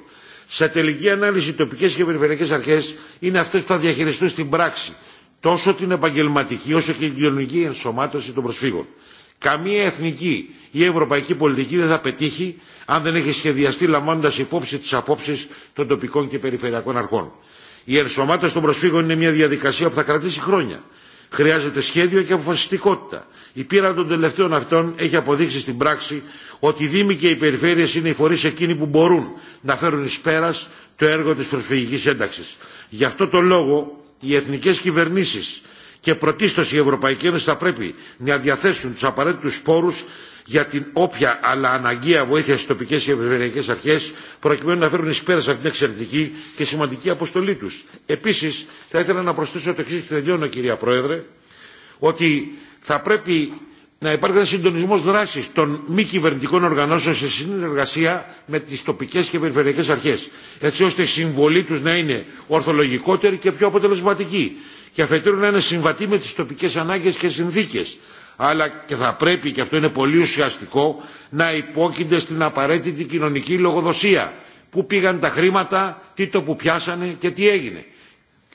Σε τελική ανάλυση, οι τοπικέ και περιφερειακέ αρχέ είναι αυτέ που θα διαχειριστούν στην πράξη τόσο την επαγγελματική όσο και την κοινωνική ενσωμάτωση των προσφύγων. Καμία εθνική ή ευρωπαϊκή πολιτική δεν θα πετύχει αν δεν έχει σχεδιαστεί λαμβάνοντα υπόψη τι απόψει των τοπικών και περιφερειακών αρχών. Η ενσωμάτωση των προσφύγων είναι μια διαδικασία που θα κρατήσει χρόνια. Χρειάζεται σχέδιο και αποφασιστικότητα. Η πείρα των τελευταίων αυτών έχει αποδείξει στην πράξη ότι οι Δήμοι και οι Περιφέρειες είναι οι φορείς εκείνοι που μπορούν να φέρουν εις πέρας το έργο της προσφυγικής ένταξης. Γι' αυτό το λόγο οι εθνικές κυβερνήσεις και πρωτίστως η Ευρωπαϊκή Ένωση θα πρέπει να διαθέσουν τους απαραίτητους πόρους για την όποια αλλά αναγκαία βοήθεια στι τοπικέ και ευρωπαϊκές αρχέ, προκειμένου να φέρουν ει πέρα αυτήν την εξαιρετική και σημαντική αποστολή του. Επίση, θα ήθελα να προσθέσω το εξή και τελειώνω, κυρία Πρόεδρε, ότι θα πρέπει να υπάρχει ένα συντονισμό δράση των μη κυβερνητικών οργανώσεων σε συνεργασία με τι τοπικέ και περιφερειακές αρχές, έτσι ώστε η συμβολή του να είναι ορθολογικότερη και πιο αποτελεσματική και αφετέρου να είναι συμβατή με τι τοπικέ ανάγκε και συνθήκε, Αλλά και θα πρέπει, και αυτό είναι πολύ ουσιαστικό, να υπόκεινται στην απαραίτητη κοινωνική λογοδοσία. Πού πήγαν τα χρήματα, τι το που πιάσανε και τι έγινε.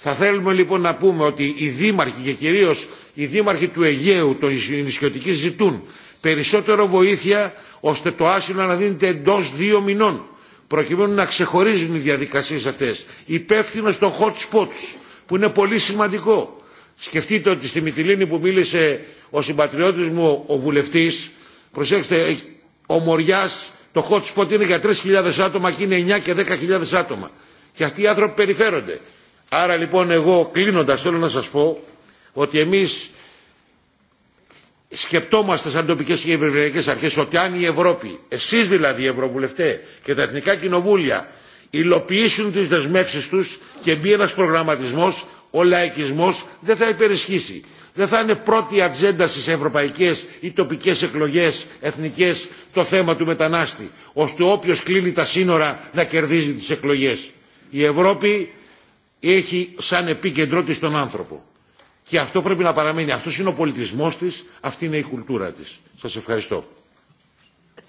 Θα θέλουμε λοιπόν να πούμε ότι οι δήμαρχοι και κυρίως οι δήμαρχοι του Αιγαίου, των νησιωτικής ζητούν περισσότερο βοήθεια ώστε το άσυλο να δίνεται εντός δύο μηνών προκειμένου να ξεχωρίζουν οι διαδικασίες αυτές. υπεύθυνο στο hot spots που είναι πολύ σημαντικό. Σκεφτείτε ότι στη Μυτιλίνη που μίλησε ο συμπατριώτης μου ο βουλευτής προσέξτε ο Μοριάς το hot spot είναι για 3.000 άτομα και είναι 9 και 10.000 άτομα. Και αυτοί οι άνθρωποι περιφέρονται. Άρα λοιπόν εγώ κλείνοντας θέλω να σας πω ότι εμείς σκεπτόμαστε σαν τοπικές και ευρωπαϊκές αρχές ότι αν η Ευρώπη, εσείς δηλαδή οι Ευρωβουλευτέ και τα Εθνικά Κοινοβούλια υλοποιήσουν τις δεσμεύσεις τους και μπει ένας προγραμματισμός, ο λαϊκισμός δεν θα υπερισχύσει. Δεν θα είναι πρώτη ατζέντα στις ευρωπαϊκές ή τοπικές εκλογές, εθνικές, το θέμα του μετανάστη, ώστε όποιος κλείνει τα σύνορα να κερδίζει τις εκλογές. Η Ευρώπη έχει σαν επίκεντρό τη τον άνθρωπο. Και αυτό πρέπει να παραμείνει. Αυτός είναι ο πολιτισμός της, αυτή είναι η κουλτούρα της. Σας ευχαριστώ.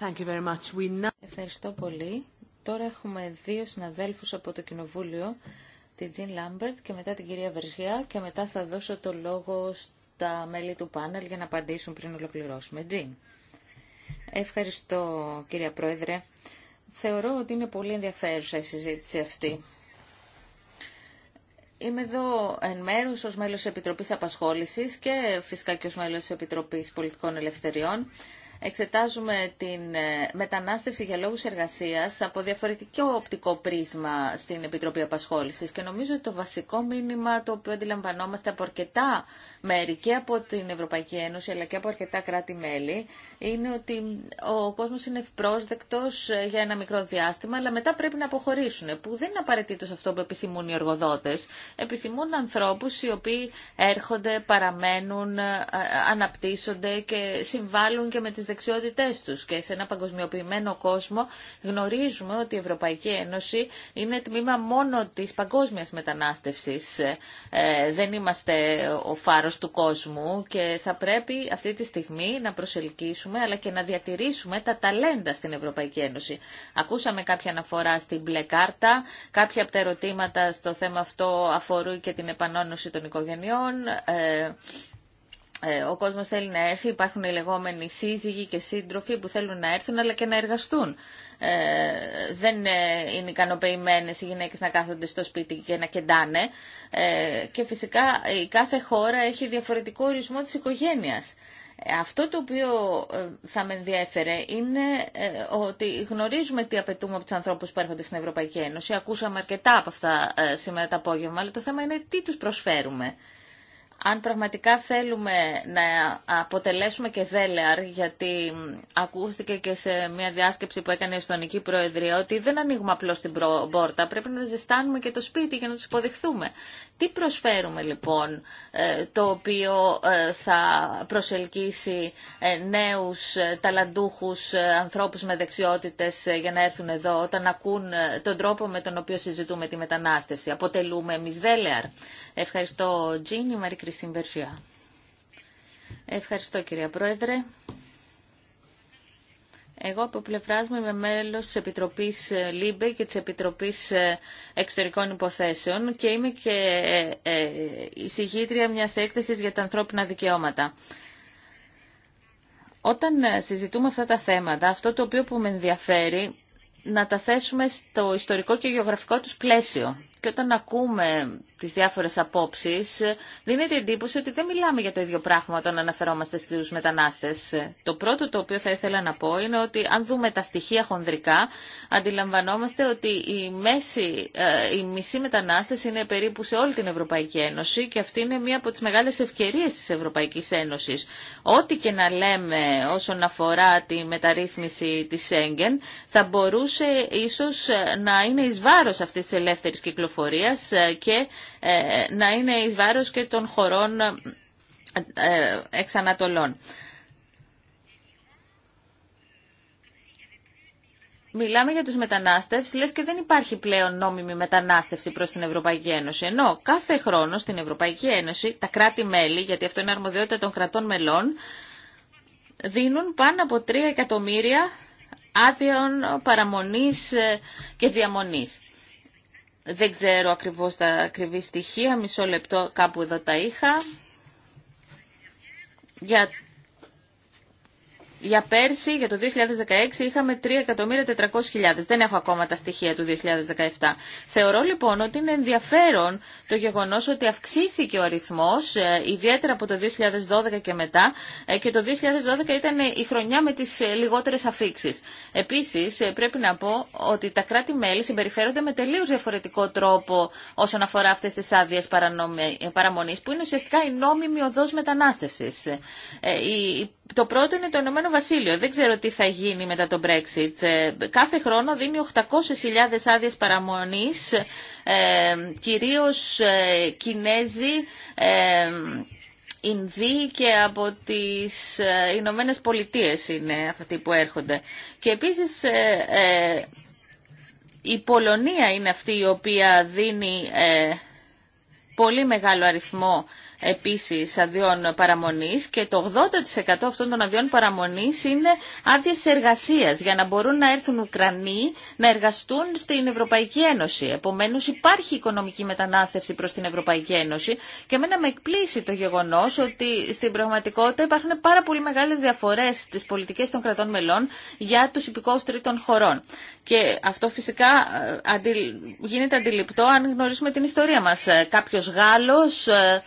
Thank you very much. We... Ευχαριστώ πολύ. Τώρα έχουμε δύο συναδέλφους από το Κοινοβούλιο, την Τζιν Λάμπερτ και μετά την κυρία Βερζιά και μετά θα δώσω το λόγο στα μέλη του πάνελ για να απαντήσουν πριν ολοκληρώσουμε. Τζιν. Ευχαριστώ κυρία Πρόεδρε. Θεωρώ ότι είναι πολύ ενδιαφέρουσα η συζήτηση αυτή. Είμαι εδώ εν μέρους ως μέλος της Επιτροπής Απασχόλησης και φυσικά και ως μέλος τη Επιτροπής Πολιτικών Ελευθεριών. Εξετάζουμε την ε, μετανάστευση για λόγους εργασίας από διαφορετικό οπτικό πρίσμα στην Επιτροπή Απασχόλησης και νομίζω ότι το βασικό μήνυμα το οποίο αντιλαμβανόμαστε από αρκετά μέρη και από την Ευρωπαϊκή Ένωση αλλά και από αρκετά κράτη-μέλη είναι ότι ο κόσμος είναι ευπρόσδεκτος ε, για ένα μικρό διάστημα αλλά μετά πρέπει να αποχωρήσουν που δεν είναι απαραίτητο αυτό που επιθυμούν οι εργοδότες. Επιθυμούν ανθρώπους οι οποίοι έρχονται, παραμένουν, ε, αναπτύσσονται και συμβάλλουν και με τις δεξιότητές τους και σε ένα παγκοσμιοποιημένο κόσμο γνωρίζουμε ότι η Ευρωπαϊκή Ένωση είναι τμήμα μόνο της παγκόσμιας μετανάστευση. Ε, δεν είμαστε ο φάρος μέρος του κόσμου και θα πρέπει αυτή τη στιγμή να προσελκύσουμε αλλά και να διατηρήσουμε τα ταλέντα στην Ευρωπαϊκή Ένωση. Ακούσαμε κάποια αναφορά στην μπλε κάρτα, κάποια από τα ερωτήματα στο θέμα αυτό αφορούν και την επανόνωση των οικογενειών, ε, ε, ο κόσμος θέλει να έρθει, υπάρχουν οι λεγόμενοι σύζυγοι και σύντροφοι που θέλουν να έρθουν αλλά και να εργαστούν. Ε, δεν ε, είναι ικανοποιημένες οι γυναίκες να κάθονται στο σπίτι και να κεντάνε. Ε, και φυσικά η κάθε χώρα έχει διαφορετικό ορισμό της οικογένειας. Αυτό το οποίο θα με ενδιέφερε είναι ότι γνωρίζουμε τι απαιτούμε από τους ανθρώπους που έρχονται στην Ευρωπαϊκή Ένωση. Ακούσαμε αρκετά από αυτά σήμερα το απόγευμα, αλλά το θέμα είναι τι τους προσφέρουμε αν πραγματικά θέλουμε να αποτελέσουμε και δέλεαρ, γιατί ακούστηκε και σε μια διάσκεψη που έκανε η Εστονική Προεδρία, ότι δεν ανοίγουμε απλώς την πόρτα, πρέπει να ζεστάνουμε και το σπίτι για να τους υποδεχθούμε. Τι προσφέρουμε λοιπόν ε, το οποίο ε, θα προσελκύσει ε, νέους ταλαντούχους ανθρώπους με δεξιότητες για να έρθουν εδώ όταν ακούν τον τρόπο με τον οποίο συζητούμε τη μετανάστευση. Αποτελούμε εμείς δέλεαρ. Ευχαριστώ, Τζίνι, Μαρή Κριστίν Βερζιά. Ευχαριστώ, κυρία Πρόεδρε. Εγώ από πλευρά μου είμαι μέλο τη Επιτροπή ε, ΛΥΜΠΕ και τη Επιτροπή ε, Εξωτερικών Υποθέσεων και είμαι και η ε, εισηγήτρια μια έκθεση για τα ανθρώπινα δικαιώματα. Όταν συζητούμε αυτά τα θέματα, αυτό το οποίο που με ενδιαφέρει να τα θέσουμε στο ιστορικό και γεωγραφικό τους πλαίσιο και όταν ακούμε τις διάφορες απόψεις, δίνεται εντύπωση ότι δεν μιλάμε για το ίδιο πράγμα όταν αναφερόμαστε στους μετανάστες. Το πρώτο το οποίο θα ήθελα να πω είναι ότι αν δούμε τα στοιχεία χονδρικά, αντιλαμβανόμαστε ότι η, μέση, η ε, μισή μετανάστες είναι περίπου σε όλη την Ευρωπαϊκή Ένωση και αυτή είναι μία από τις μεγάλες ευκαιρίες της Ευρωπαϊκής Ένωσης. Ό,τι και να λέμε όσον αφορά τη μεταρρύθμιση της Σέγγεν, θα μπορούσε ίσως ε, να είναι εις βάρος αυτής της ελεύθερης κυκλοφορίας ε, και ε, να είναι εις βάρος και των χωρών ε, Ανατολών. Μιλάμε για τους μετανάστευς, λες και δεν υπάρχει πλέον νόμιμη μετανάστευση προς την Ευρωπαϊκή Ένωση. Ενώ κάθε χρόνο στην Ευρωπαϊκή Ένωση τα κράτη-μέλη, γιατί αυτό είναι αρμοδιότητα των κρατών μελών, δίνουν πάνω από 3 εκατομμύρια άδειων παραμονής και διαμονής. Δεν ξέρω ακριβώς τα ακριβή στοιχεία, μισό λεπτό κάπου εδώ τα είχα. Για για πέρσι, για το 2016, είχαμε 3.400.000. Δεν έχω ακόμα τα στοιχεία του 2017. Θεωρώ λοιπόν ότι είναι ενδιαφέρον το γεγονός ότι αυξήθηκε ο αριθμός, ε, ιδιαίτερα από το 2012 και μετά, ε, και το 2012 ήταν η χρονιά με τις ε, λιγότερες αφήξεις. Επίσης, πρέπει να πω ότι τα κράτη-μέλη συμπεριφέρονται με τελείως διαφορετικό τρόπο όσον αφορά αυτές τις άδειες παραμονής, που είναι ουσιαστικά η νόμιμη οδός μετανάστευσης. Η το πρώτο είναι το Ηνωμένο Βασίλειο. Δεν ξέρω τι θα γίνει μετά το Brexit. Ε, κάθε χρόνο δίνει 800.000 άδειε παραμονής, ε, κυρίως ε, Κινέζοι, Ινδοί και από τις Ηνωμένε Πολιτείες είναι αυτοί που έρχονται. Και επίσης η Πολωνία είναι αυτή η οποία δίνει πολύ μεγάλο αριθμό επίσης αδειών παραμονής και το 80% αυτών των αδειών παραμονής είναι άδειε εργασίας για να μπορούν να έρθουν Ουκρανοί να εργαστούν στην Ευρωπαϊκή Ένωση. Επομένως υπάρχει οικονομική μετανάστευση προς την Ευρωπαϊκή Ένωση και εμένα με εκπλήσει το γεγονός ότι στην πραγματικότητα υπάρχουν πάρα πολύ μεγάλες διαφορές στις πολιτικές των κρατών μελών για τους υπηκόους τρίτων χωρών. Και αυτό φυσικά ε, γίνεται αντιληπτό αν γνωρίζουμε την ιστορία μας. Ε, Κάποιο Γάλλος ε,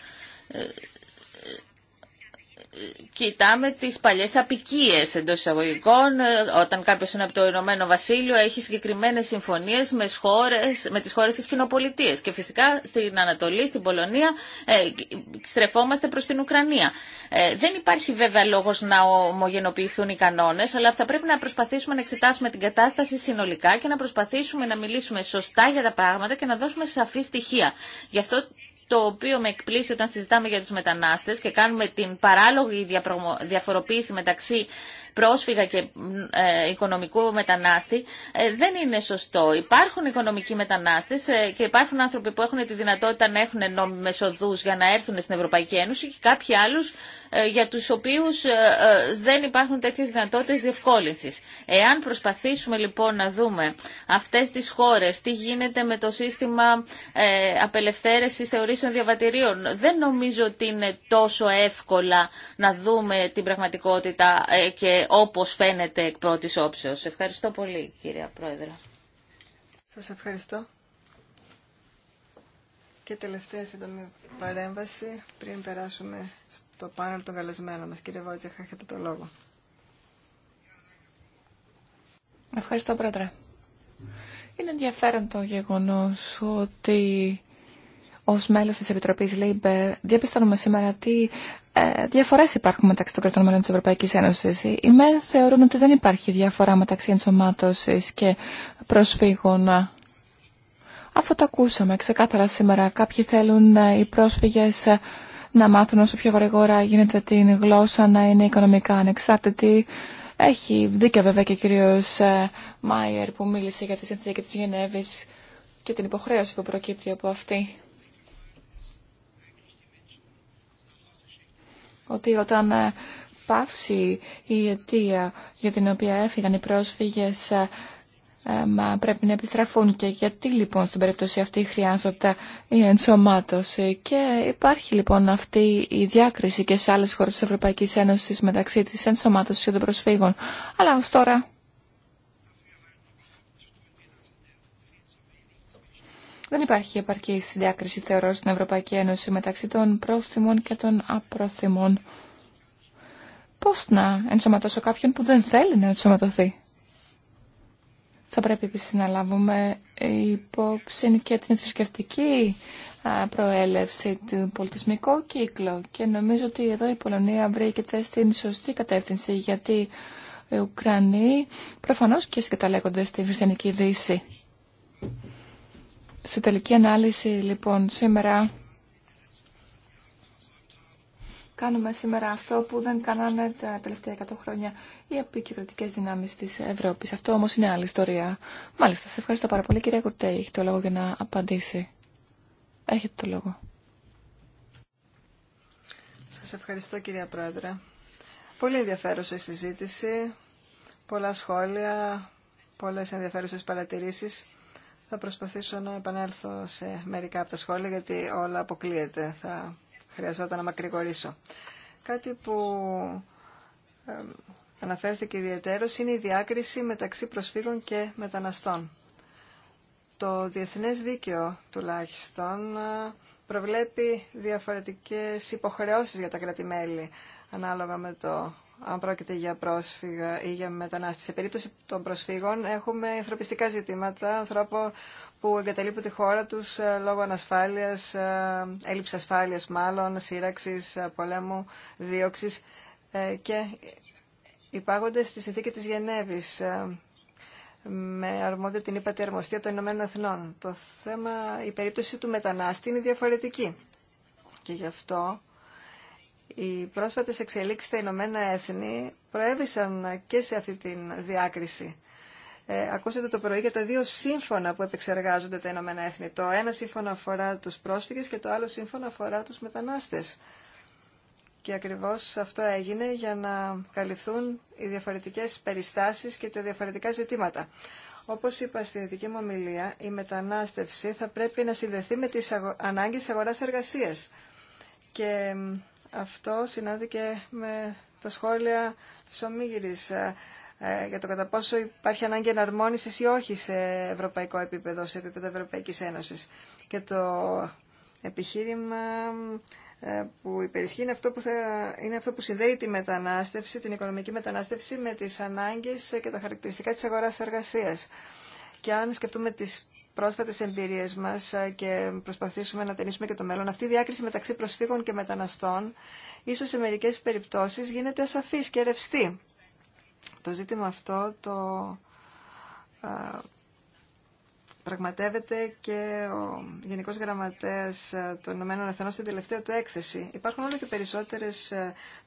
κοιτάμε τις παλιές απικίες εντό εισαγωγικών ε, όταν κάποιος είναι από το Ηνωμένο Βασίλειο έχει συγκεκριμένες συμφωνίες με, χώρες, με τις χώρες της κοινοπολιτείας και φυσικά στην Ανατολή, στην Πολωνία ε, στρεφόμαστε προς την Ουκρανία. Ε, δεν υπάρχει βέβαια λόγος να ομογενοποιηθούν οι κανόνες αλλά θα πρέπει να προσπαθήσουμε να εξετάσουμε την κατάσταση συνολικά και να προσπαθήσουμε να μιλήσουμε σωστά για τα πράγματα και να δώσουμε σαφή στοιχεία. Γι' αυτό το οποίο με εκπλήσει όταν συζητάμε για τους μετανάστες και κάνουμε την παράλογη διαφοροποίηση μεταξύ πρόσφυγα και ε, οικονομικού μετανάστη, ε, δεν είναι σωστό. Υπάρχουν οικονομικοί μετανάστες ε, και υπάρχουν άνθρωποι που έχουν τη δυνατότητα να έχουν νόμιμες οδούς για να έρθουν στην Ευρωπαϊκή Ένωση και κάποιοι άλλους για τους οποίους δεν υπάρχουν τέτοιες δυνατότητες διευκόλυνσης. Εάν προσπαθήσουμε λοιπόν να δούμε αυτές τις χώρες, τι γίνεται με το σύστημα απελευθέρωση θεωρήσεων διαβατηρίων, δεν νομίζω ότι είναι τόσο εύκολα να δούμε την πραγματικότητα και όπως φαίνεται εκ πρώτης όψεως. Ευχαριστώ πολύ κυρία Πρόεδρε. Σας ευχαριστώ. Και τελευταία σύντομη παρέμβαση πριν περάσουμε στο πάνελ των καλεσμένων μας. Κύριε Βότσεχα, έχετε το λόγο. Ευχαριστώ πρόεδρε. Είναι ενδιαφέρον το γεγονός ότι ως μέλος της Επιτροπής ΛΥΜΠΕ διαπιστώνουμε σήμερα τι ε, διαφορές υπάρχουν μεταξύ των κρατών μελών της Ευρωπαϊκής Ένωσης. Οι ΜΕ θεωρούν ότι δεν υπάρχει διαφορά μεταξύ ενσωμάτωσης και προσφύγων. Αφού το ακούσαμε ξεκάθαρα σήμερα. Κάποιοι θέλουν ε, οι πρόσφυγες ε, να μάθουν όσο πιο γρήγορα γίνεται την γλώσσα, να είναι οικονομικά ανεξάρτητη. Έχει δίκιο βέβαια και ο κύριος Μάιερ που μίλησε για τη συνθήκη της Γενέβης και την υποχρέωση που προκύπτει από αυτή. ότι όταν ε, πάυσει η αιτία για την οποία έφυγαν οι πρόσφυγες ε, μα ε, πρέπει να επιστραφούν και γιατί λοιπόν στην περίπτωση αυτή χρειάζεται η ενσωμάτωση και υπάρχει λοιπόν αυτή η διάκριση και σε άλλες χώρες της Ευρωπαϊκής Ένωσης μεταξύ της ενσωμάτωσης και των προσφύγων αλλά ως τώρα Δεν υπάρχει επαρκή συνδιάκριση, θεωρώ, στην Ευρωπαϊκή Ένωση μεταξύ των πρόθυμων και των απρόθυμων. Πώς να ενσωματώσω κάποιον που δεν θέλει να ενσωματωθεί. Θα πρέπει επίσης να λάβουμε υπόψη και την θρησκευτική προέλευση του πολιτισμικού κύκλου και νομίζω ότι εδώ η Πολωνία βρήκεται στην σωστή κατεύθυνση γιατί οι Ουκρανοί προφανώς και συγκαταλέγονται στη χριστιανική δύση. Σε τελική ανάλυση, λοιπόν, σήμερα κάνουμε σήμερα αυτό που δεν κάνανε τα τελευταία 100 χρόνια οι επικοινωνικές δυνάμεις της Ευρώπης. Αυτό όμως είναι άλλη ιστορία. Μάλιστα, σε ευχαριστώ πάρα πολύ. Κυρία Κουρτέ, έχει το λόγο για να απαντήσει. Έχετε το λόγο. Σας ευχαριστώ κυρία Πρόεδρε. Πολύ ενδιαφέρουσα η συζήτηση, πολλά σχόλια, πολλές ενδιαφέρουσες παρατηρήσεις. Θα προσπαθήσω να επανέλθω σε μερικά από τα σχόλια γιατί όλα αποκλείεται. Θα χρειαζόταν να μακρηγορήσω. Κάτι που αναφέρθηκε ιδιαίτερος είναι η διάκριση μεταξύ προσφύγων και μεταναστών. Το διεθνές δίκαιο τουλάχιστον προβλέπει διαφορετικές υποχρεώσεις για τα κρατημέλη ανάλογα με το αν πρόκειται για πρόσφυγα ή για μετανάστη. Σε περίπτωση των προσφύγων έχουμε ανθρωπιστικά ζητήματα, ανθρώπων που εγκαταλείπουν τη χώρα τους ε, λόγω ανασφάλειας, ε, έλλειψη ασφάλειας μάλλον, σύραξης, ε, πολέμου, δίωξης και υπάγονται στη συνθήκη της Γενέβης με αρμόδια την ύπατη αρμοστία των Ηνωμένων Εθνών. Το θέμα, η για μεταναστη σε περιπτωση των προσφυγων εχουμε ανθρωπιστικα ζητηματα ανθρωπων που εγκαταλειπουν τη χωρα τους λογω ανασφαλεια ελλειψη ασφαλεια μαλλον συραξη πολεμου διωξη και υπαγονται στη συνθηκη τη γενεβη με αρμοδια την υπατη αρμοστια των ηνωμενων εθνων το θεμα η περιπτωση του μετανάστη είναι διαφορετική και γι' αυτό οι πρόσφατες εξελίξεις στα Ηνωμένα Έθνη προέβησαν και σε αυτή τη διάκριση. Ε, ακούσατε το πρωί για τα δύο σύμφωνα που επεξεργάζονται τα Ηνωμένα Έθνη. Το ένα σύμφωνο αφορά τους πρόσφυγες και το άλλο σύμφωνο αφορά τους μετανάστες. Και ακριβώς αυτό έγινε για να καλυφθούν οι διαφορετικές περιστάσεις και τα διαφορετικά ζητήματα. Όπως είπα στην δική μου ομιλία, η μετανάστευση θα πρέπει να συνδεθεί με τις ανάγκες της αγοράς εργασίας. Και αυτό συνάδει με τα σχόλια της Ομίγυρης ε, ε, για το κατά πόσο υπάρχει ανάγκη εναρμόνισης ή όχι σε ευρωπαϊκό επίπεδο, σε επίπεδο Ευρωπαϊκής Ένωσης. Και το επιχείρημα ε, που υπερισχύει είναι αυτό που, θα, είναι αυτό που συνδέει τη μετανάστευση, την οικονομική μετανάστευση με τις ανάγκες και τα χαρακτηριστικά της αγοράς εργασίας. Και αν σκεφτούμε τις πρόσφατε εμπειρίες μα ε, και προσπαθήσουμε να ταινίσουμε και το μέλλον, αυτή η διάκριση μεταξύ προσφύγων και μεταναστών ίσω σε μερικέ περιπτώσει γίνεται ασαφή και ρευστή. Το ζήτημα αυτό το ε, πραγματεύεται και ο Γενικό Γραμματέα των Ηνωμένων Εθνών στην τελευταία του έκθεση. Υπάρχουν όλο και περισσότερε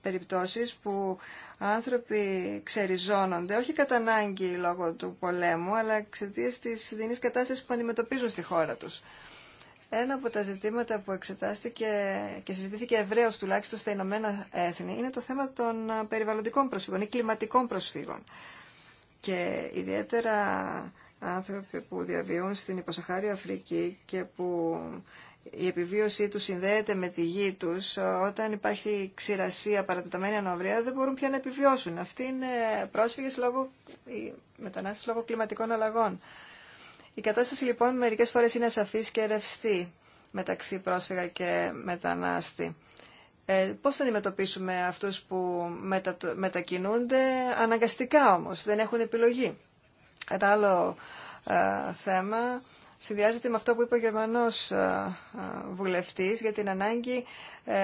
περιπτώσει που άνθρωποι ξεριζώνονται, όχι κατά ανάγκη λόγω του πολέμου, αλλά εξαιτία τη δινή κατάσταση που αντιμετωπίζουν στη χώρα του. Ένα από τα ζητήματα που εξετάστηκε και συζητήθηκε ευρέω τουλάχιστον στα Ηνωμένα Έθνη είναι το θέμα των περιβαλλοντικών προσφύγων ή κλιματικών προσφύγων. Και ιδιαίτερα άνθρωποι που διαβιούν στην υποσαχάριο Αφρική και που η επιβίωσή τους συνδέεται με τη γη τους, όταν υπάρχει ξηρασία, παρατεταμένη ανοβρία, δεν μπορούν πια να επιβιώσουν. Αυτοί είναι πρόσφυγες λόγω, μετανάστες λόγω κλιματικών αλλαγών. Η κατάσταση λοιπόν μερικές φορές είναι σαφής και ρευστή μεταξύ πρόσφυγα και μετανάστη. Ε, πώς θα αντιμετωπίσουμε αυτούς που μετα, μετακινούνται αναγκαστικά όμως, δεν έχουν επιλογή. Ένα άλλο ε, θέμα συνδυάζεται με αυτό που είπε ο Γερμανός ε, ε, βουλευτής για την ανάγκη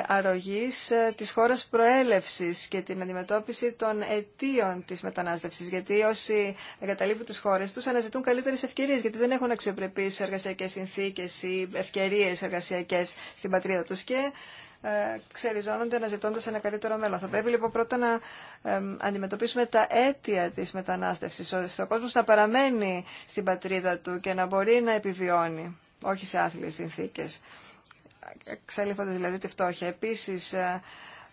αρρωγής της χώρας προέλευσης και την αντιμετώπιση των αιτίων της μετανάστευσης. Γιατί όσοι εγκαταλείπουν τις χώρες τους αναζητούν καλύτερες ευκαιρίες, γιατί δεν έχουν αξιοπρεπείς εργασιακές συνθήκες ή ευκαιρίες εργασιακές στην πατρίδα τους. Και ε, ξεριζώνονται αναζητώντα ένα καλύτερο μέλλον. Θα πρέπει λοιπόν πρώτα να ε, αντιμετωπίσουμε τα αίτια τη μετανάστευση, ώστε ο κόσμο να παραμένει στην πατρίδα του και να μπορεί να επιβιώνει, όχι σε άθλιε συνθήκε. Ξέλιφοντα δηλαδή τη φτώχεια. Επίση,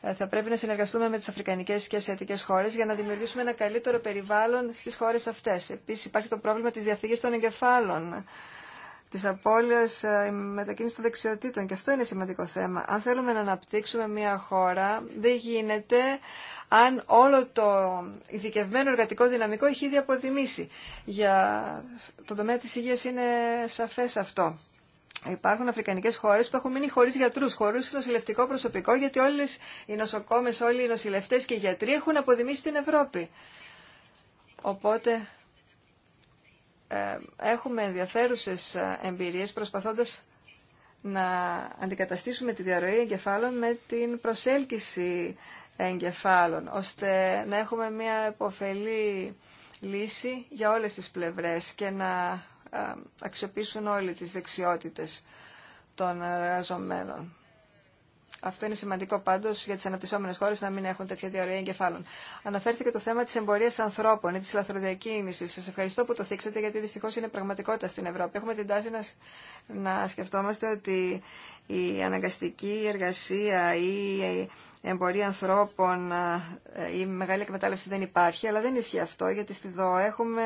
ε, θα πρέπει να συνεργαστούμε με τι αφρικανικέ και ασιατικέ χώρε για να δημιουργήσουμε ένα καλύτερο περιβάλλον στι χώρε αυτέ. Επίση, υπάρχει το πρόβλημα τη διαφυγή των εγκεφάλων τη απώλεια ε, μετακίνηση των δεξιοτήτων. Και αυτό είναι σημαντικό θέμα. Αν θέλουμε να αναπτύξουμε μια χώρα, δεν γίνεται αν όλο το ειδικευμένο εργατικό δυναμικό έχει ήδη αποδημήσει. Για τον τομέα της Υγεία είναι σαφές αυτό. Υπάρχουν αφρικανικέ χώρε που έχουν μείνει χωρί γιατρού, χωρί νοσηλευτικό προσωπικό, γιατί όλε οι νοσοκόμε, όλοι οι νοσηλευτέ και οι γιατροί έχουν αποδημήσει την Ευρώπη. Οπότε ε, έχουμε ενδιαφέρουσες ε, εμπειρίες προσπαθώντας να αντικαταστήσουμε τη διαρροή εγκεφάλων με την προσέλκυση εγκεφάλων, ώστε να έχουμε μια υποφελή λύση για όλες τις πλευρές και να ε, αξιοποιήσουν όλοι τις δεξιότητες των εργαζομένων. Αυτό είναι σημαντικό πάντω για τι αναπτυσσόμενε χώρε να μην έχουν τέτοια διαρροή εγκεφάλων. Αναφέρθηκε το θέμα τη εμπορία ανθρώπων ή τη λαθροδιακίνηση. Σα ευχαριστώ που το θίξατε γιατί δυστυχώ είναι πραγματικότητα στην Ευρώπη. Έχουμε την τάση να, σκεφτόμαστε ότι η αναγκαστική εργασία ή η εμπορία ανθρώπων ή ε, μεγάλη εκμετάλλευση δεν υπάρχει, αλλά δεν ισχύει αυτό, γιατί στη ΔΟ έχουμε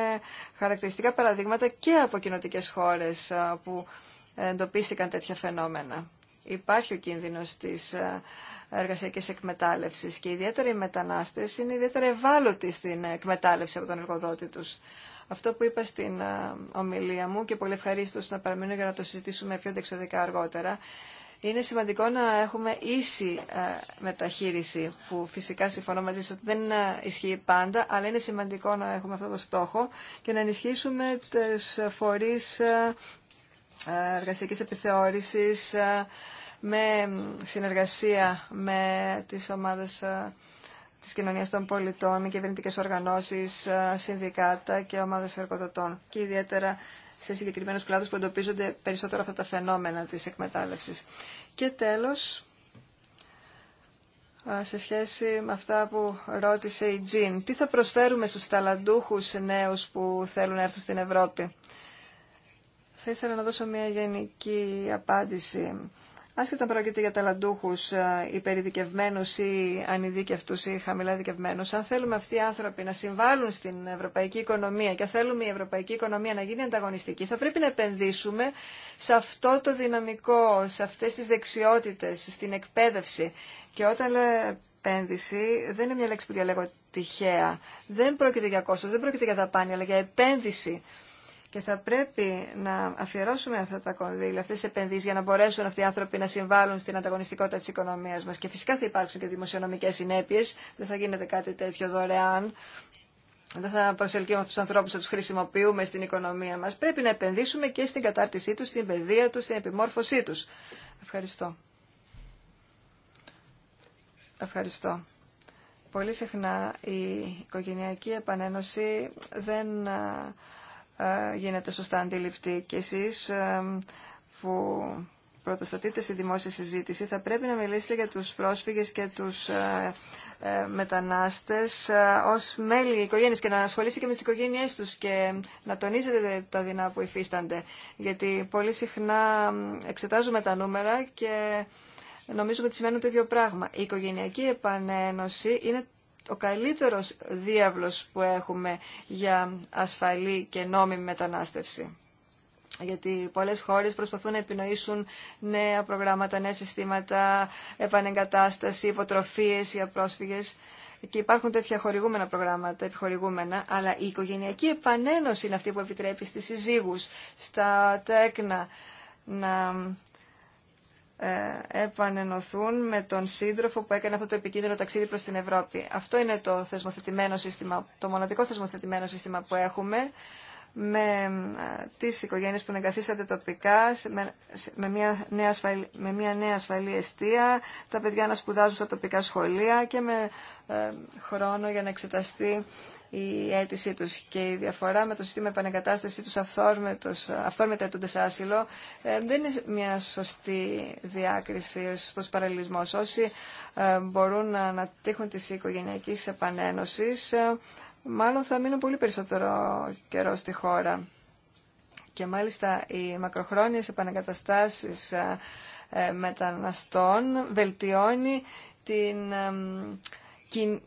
χαρακτηριστικά παραδείγματα και από κοινοτικέ χώρες που εντοπίστηκαν τέτοια φαινόμενα υπάρχει ο κίνδυνος της ε, εργασιακής εκμετάλλευσης και ιδιαίτερα οι μετανάστες είναι ιδιαίτερα ευάλωτοι στην εκμετάλλευση από τον εργοδότη τους. Αυτό που είπα στην ε, ομιλία μου και πολύ ευχαρίστω να παραμείνω για να το συζητήσουμε πιο δεξιωτικά αργότερα, είναι σημαντικό να έχουμε ίση ε, μεταχείριση, που φυσικά συμφωνώ μαζί σας ότι δεν ισχύει πάντα, αλλά είναι σημαντικό να έχουμε αυτό το στόχο και να ενισχύσουμε τους φορείς εργασιακής επιθεώρησης, με συνεργασία με τις ομάδες ε, της κοινωνίας των πολιτών, κυβερνητικέ κυβερνητικές οργανώσεις, ε, συνδικάτα και ομάδες εργοδοτών και ιδιαίτερα σε συγκεκριμένους κλάδους που εντοπίζονται περισσότερο αυτά τα φαινόμενα της εκμετάλλευσης. Και τέλος, ε, σε σχέση με αυτά που ρώτησε η Τζιν, τι θα προσφέρουμε στους ταλαντούχους νέους που θέλουν να έρθουν στην Ευρώπη. Θα ήθελα να δώσω μια γενική απάντηση άσχετα πρόκειται για ταλαντούχους ε, υπερειδικευμένους ή ανειδίκευτους ή χαμηλά ειδικευμένους, αν θέλουμε αυτοί οι άνθρωποι να συμβάλλουν στην ευρωπαϊκή οικονομία και θέλουμε η ανειδικευτου η χαμηλα ειδικευμενου αν οικονομία να γίνει ανταγωνιστική, θα πρέπει να επενδύσουμε σε αυτό το δυναμικό, σε αυτές τις δεξιότητες, στην εκπαίδευση. Και όταν να επενδυσουμε σε αυτο το δυναμικο σε αυτε τι δεξιοτητε στην εκπαιδευση και οταν λεω επενδυση δεν είναι μια λέξη που διαλέγω τυχαία. Δεν πρόκειται για κόστο, δεν πρόκειται για δαπάνη, αλλά για επένδυση και θα πρέπει να αφιερώσουμε αυτά τα κονδύλια, αυτέ τι επενδύσει, για να μπορέσουν αυτοί οι άνθρωποι να συμβάλλουν στην ανταγωνιστικότητα τη οικονομία μα. Και φυσικά θα υπάρξουν και δημοσιονομικέ συνέπειε. Δεν θα γίνεται κάτι τέτοιο δωρεάν. Δεν θα προσελκύουμε αυτού του ανθρώπου, θα του χρησιμοποιούμε στην οικονομία μα. Πρέπει να επενδύσουμε και στην κατάρτισή του, στην παιδεία του, στην επιμόρφωσή του. Ευχαριστώ. Ευχαριστώ. Πολύ συχνά η οικογενειακή επανένωση δεν ε, γίνεται σωστά αντιληπτή. Και εσείς ε, που πρωτοστατείτε στη δημόσια συζήτηση θα πρέπει να μιλήσετε για τους πρόσφυγες και τους ε, μετανάστες ως μέλη οικογένειας και να ασχολήσετε και με τις οικογένειές τους και να τονίζετε τα δεινά που υφίστανται. Γιατί πολύ συχνά εξετάζουμε τα νούμερα και νομίζουμε ότι σημαίνουν το ίδιο πράγμα. Η οικογενειακή επανένωση είναι ο καλύτερο διάβλος που έχουμε για ασφαλή και νόμιμη μετανάστευση. Γιατί πολλές χώρες προσπαθούν να επινοήσουν νέα προγράμματα, νέα συστήματα, επανεγκατάσταση, υποτροφίες για πρόσφυγες και υπάρχουν τέτοια χορηγούμενα προγράμματα, επιχορηγούμενα, αλλά η οικογενειακή επανένωση είναι αυτή που επιτρέπει στις συζύγους, στα τέκνα να ε, επανενωθούν με τον σύντροφο που έκανε αυτό το επικίνδυνο ταξίδι προς την Ευρώπη. Αυτό είναι το θεσμοθετημένο σύστημα, το μοναδικό θεσμοθετημένο σύστημα που έχουμε με ε, τις οικογένειες που εγκαθίστανται τοπικά, με μια, νέα ασφαλή, με μια νέα ασφαλή αιστεία, τα παιδιά να σπουδάζουν στα τοπικά σχολεία και με ε, χρόνο για να εξεταστεί η αίτησή τους και η διαφορά με το σύστημα επανεγκατάστασή τους αυθόρμετους αυθόρμητα του άσυλο ε, δεν είναι μια σωστή διάκριση, σωστός παραλληλισμό, Όσοι ε, μπορούν να, ανατύχουν τη της οικογενειακής επανένωσης ε, μάλλον θα μείνουν πολύ περισσότερο καιρό στη χώρα. Και μάλιστα οι μακροχρόνιες επανεγκαταστάσεις μεταναστών βελτιώνει την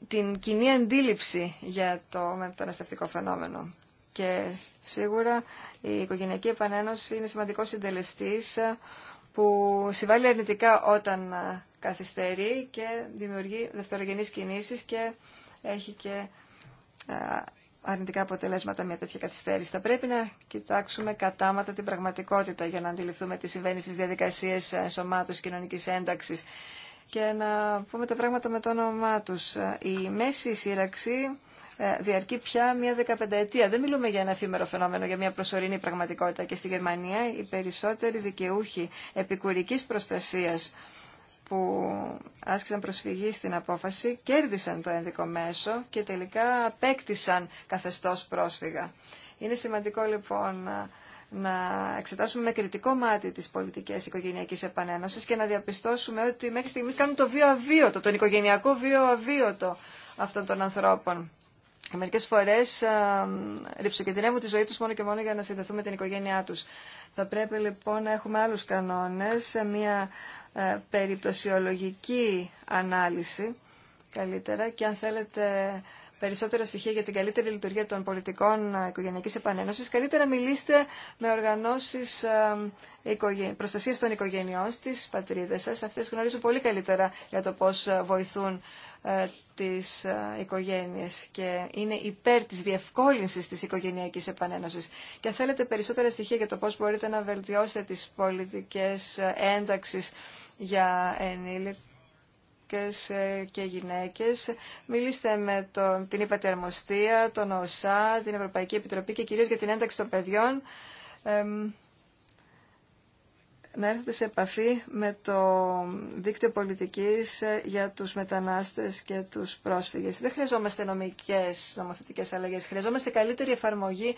την κοινή αντίληψη για το μεταναστευτικό φαινόμενο. Και σίγουρα η οικογενειακή επανένωση είναι σημαντικός συντελεστής που συμβάλλει αρνητικά όταν καθυστερεί και δημιουργεί δευτερογενείς κινήσεις και έχει και αρνητικά αποτελέσματα μια τέτοια καθυστέρηση. Θα πρέπει να κοιτάξουμε κατάματα την πραγματικότητα για να αντιληφθούμε τι συμβαίνει στις διαδικασίες ενσωμάτωσης κοινωνικής ένταξης και να πούμε τα πράγματα με το όνομά τους. Η μέση σύραξη ε, διαρκεί πια μια δεκαπενταετία. Δεν μιλούμε για ένα εφήμερο φαινόμενο, για μια προσωρινή πραγματικότητα. Και στη Γερμανία οι περισσότεροι δικαιούχοι επικουρικής προστασίας που άσκησαν προσφυγή στην απόφαση κέρδισαν το ένδικο μέσο και τελικά απέκτησαν καθεστώς πρόσφυγα. Είναι σημαντικό λοιπόν να εξετάσουμε με κριτικό μάτι τις πολιτικές οικογενειακής επανένωσης και να διαπιστώσουμε ότι μέχρι στιγμής κάνουν το βίο αβίωτο, τον οικογενειακό βίο αβίωτο αυτών των ανθρώπων. Μερικές φορές α, τη ζωή τους μόνο και μόνο για να συνδεθούμε με την οικογένειά τους. Θα πρέπει λοιπόν να έχουμε άλλους κανόνες, μια ε, περιπτωσιολογική ανάλυση καλύτερα και αν θέλετε περισσότερα στοιχεία για την καλύτερη λειτουργία των πολιτικών ε, οικογενειακής επανένωσης, καλύτερα μιλήστε με οργανώσεις ε, προστασίας των οικογενειών στις πατρίδες σας. Αυτές γνωρίζουν πολύ καλύτερα για το πώς ε, βοηθούν τις οικογένειες και είναι υπέρ της διευκόλυνσης της οικογενειακής επανένωσης. Και θέλετε περισσότερα στοιχεία για το πώς μπορείτε να βελτιώσετε τις πολιτικές ένταξης για ενήλικες ε, και γυναίκες. Μιλήστε με τον, την υπατερμοστία τον ΟΣΑ, την Ευρωπαϊκή Επιτροπή και κυρίως για την ένταξη των παιδιών. να έρθετε σε επαφή με το δίκτυο πολιτικής ε, για τους μετανάστες και τους πρόσφυγες. Δεν χρειαζόμαστε νομικές νομοθετικές αλλαγές, χρειαζόμαστε καλύτερη εφαρμογή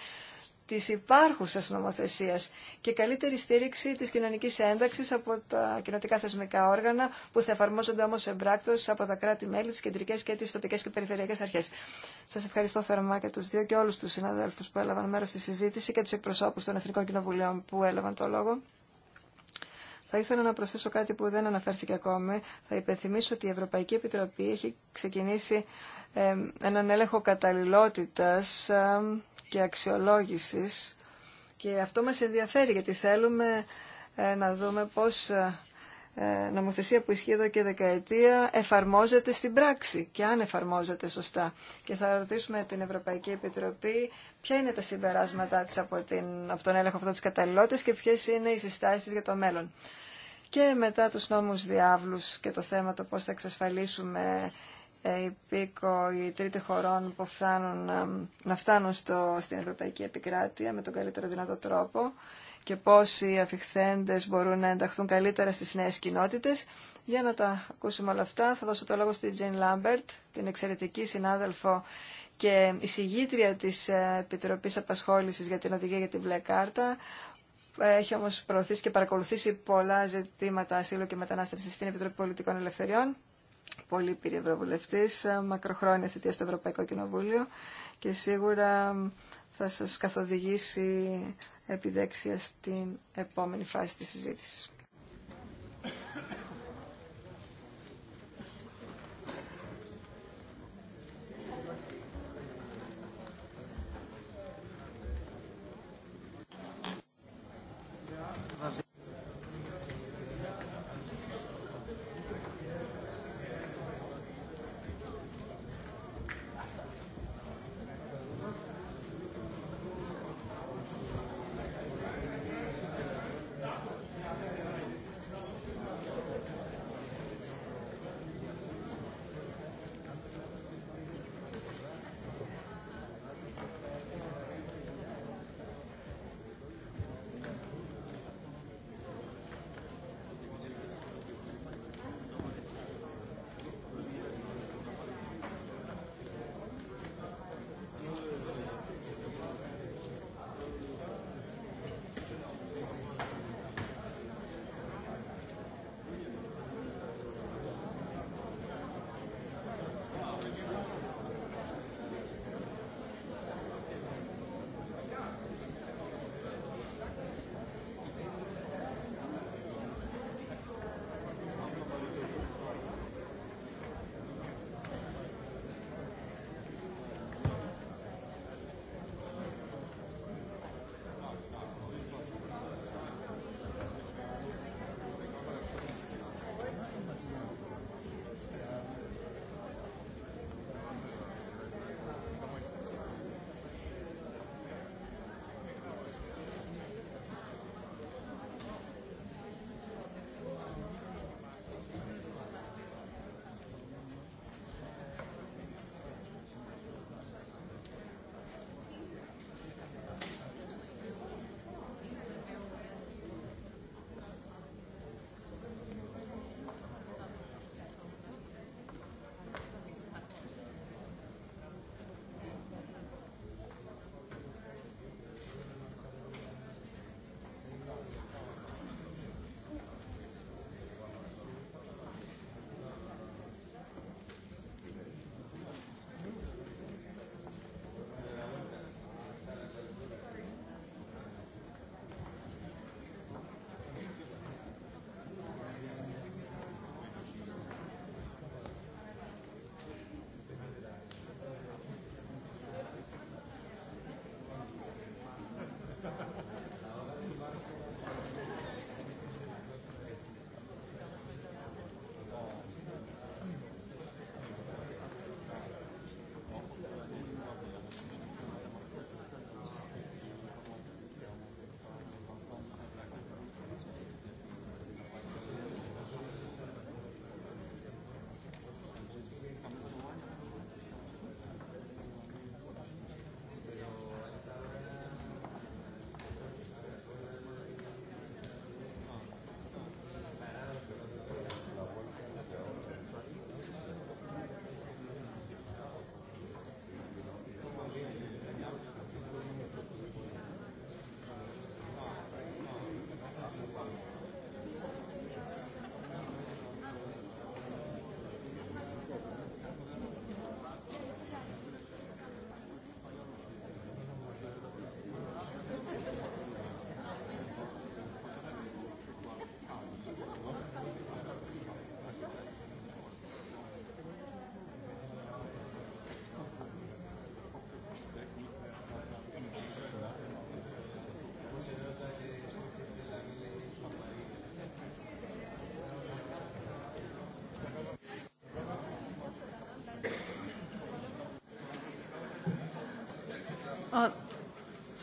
της υπάρχουσας νομοθεσίας και καλύτερη στήριξη της κοινωνικής ένταξης από τα κοινοτικά θεσμικά όργανα που θα εφαρμόζονται όμως εμπράκτος από τα κράτη-μέλη, τις κεντρικές και τις τοπικές και περιφερειακές αρχές. Σας ευχαριστώ θερμά και τους δύο και όλους τους συναδέλφους που έλαβαν μέρος στη συζήτηση και τους εκπροσώπους των Εθνικών Κοινοβουλίων που έλαβαν το λόγο. Θα ήθελα να προσθέσω κάτι που δεν αναφέρθηκε ακόμη. Θα υπενθυμίσω ότι η Ευρωπαϊκή Επιτροπή έχει ξεκινήσει ε, έναν έλεγχο καταλληλότητας ε, και αξιολόγησης και αυτό μας ενδιαφέρει γιατί θέλουμε ε, να δούμε πώς ε, ε, νομοθεσία που ισχύει εδώ και δεκαετία εφαρμόζεται στην πράξη και αν εφαρμόζεται σωστά. Και θα ρωτήσουμε την Ευρωπαϊκή Επιτροπή ποια είναι τα συμπεράσματά της από, την, από τον έλεγχο αυτών της καταλληλότητας και ποιες είναι οι συστάσεις της για το μέλλον. Και μετά τους νόμους διάβλους και το θέμα το πώς θα εξασφαλίσουμε ε, οι Τρίτοι χωρών που φτάνουν, ε, να φτάνουν στο, στην Ευρωπαϊκή Επικράτεια με τον καλύτερο δυνατό τρόπο και πώς οι αφιχθέντες μπορούν να ενταχθούν καλύτερα στις νέες κοινότητες. Για να τα ακούσουμε όλα αυτά θα δώσω το λόγο στην Τζέιν Λάμπερτ, την εξαιρετική συνάδελφο και εισηγήτρια της ε, Επιτροπής Απασχόλησης για την Οδηγία για την Μπλε Κάρτα, έχει όμως προωθήσει και παρακολουθήσει πολλά ζητήματα ασύλου και μετανάστευση στην Επιτροπή Πολιτικών Ελευθεριών πολύ πήρε ευρωβουλευτής, ε, μακροχρόνια θητεία στο Ευρωπαϊκό Κοινοβούλιο και σίγουρα θα σας καθοδηγήσει επιδέξια στην επόμενη φάση της συζήτησης.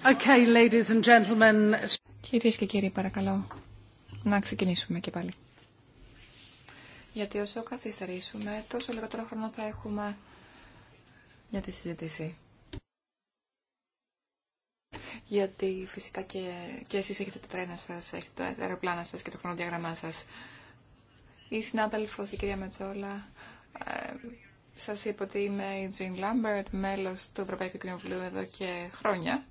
Okay, Κυρίες και κύριοι, παρακαλώ να ξεκινήσουμε και πάλι. Γιατί όσο καθυστερήσουμε, τόσο λιγότερο χρόνο θα έχουμε για τη συζήτηση. Γιατί φυσικά και, και εσείς έχετε τα τρένα σας, έχετε τα αεροπλάνα σας και το χρονοδιαγραμμά σας. Η συνάδελφος, η κυρία Μετσόλα, ε, σας είπε ότι είμαι η Τζιν Λάμπερτ, μέλος του Ευρωπαϊκού Κοινοβουλίου εδώ και χρόνια.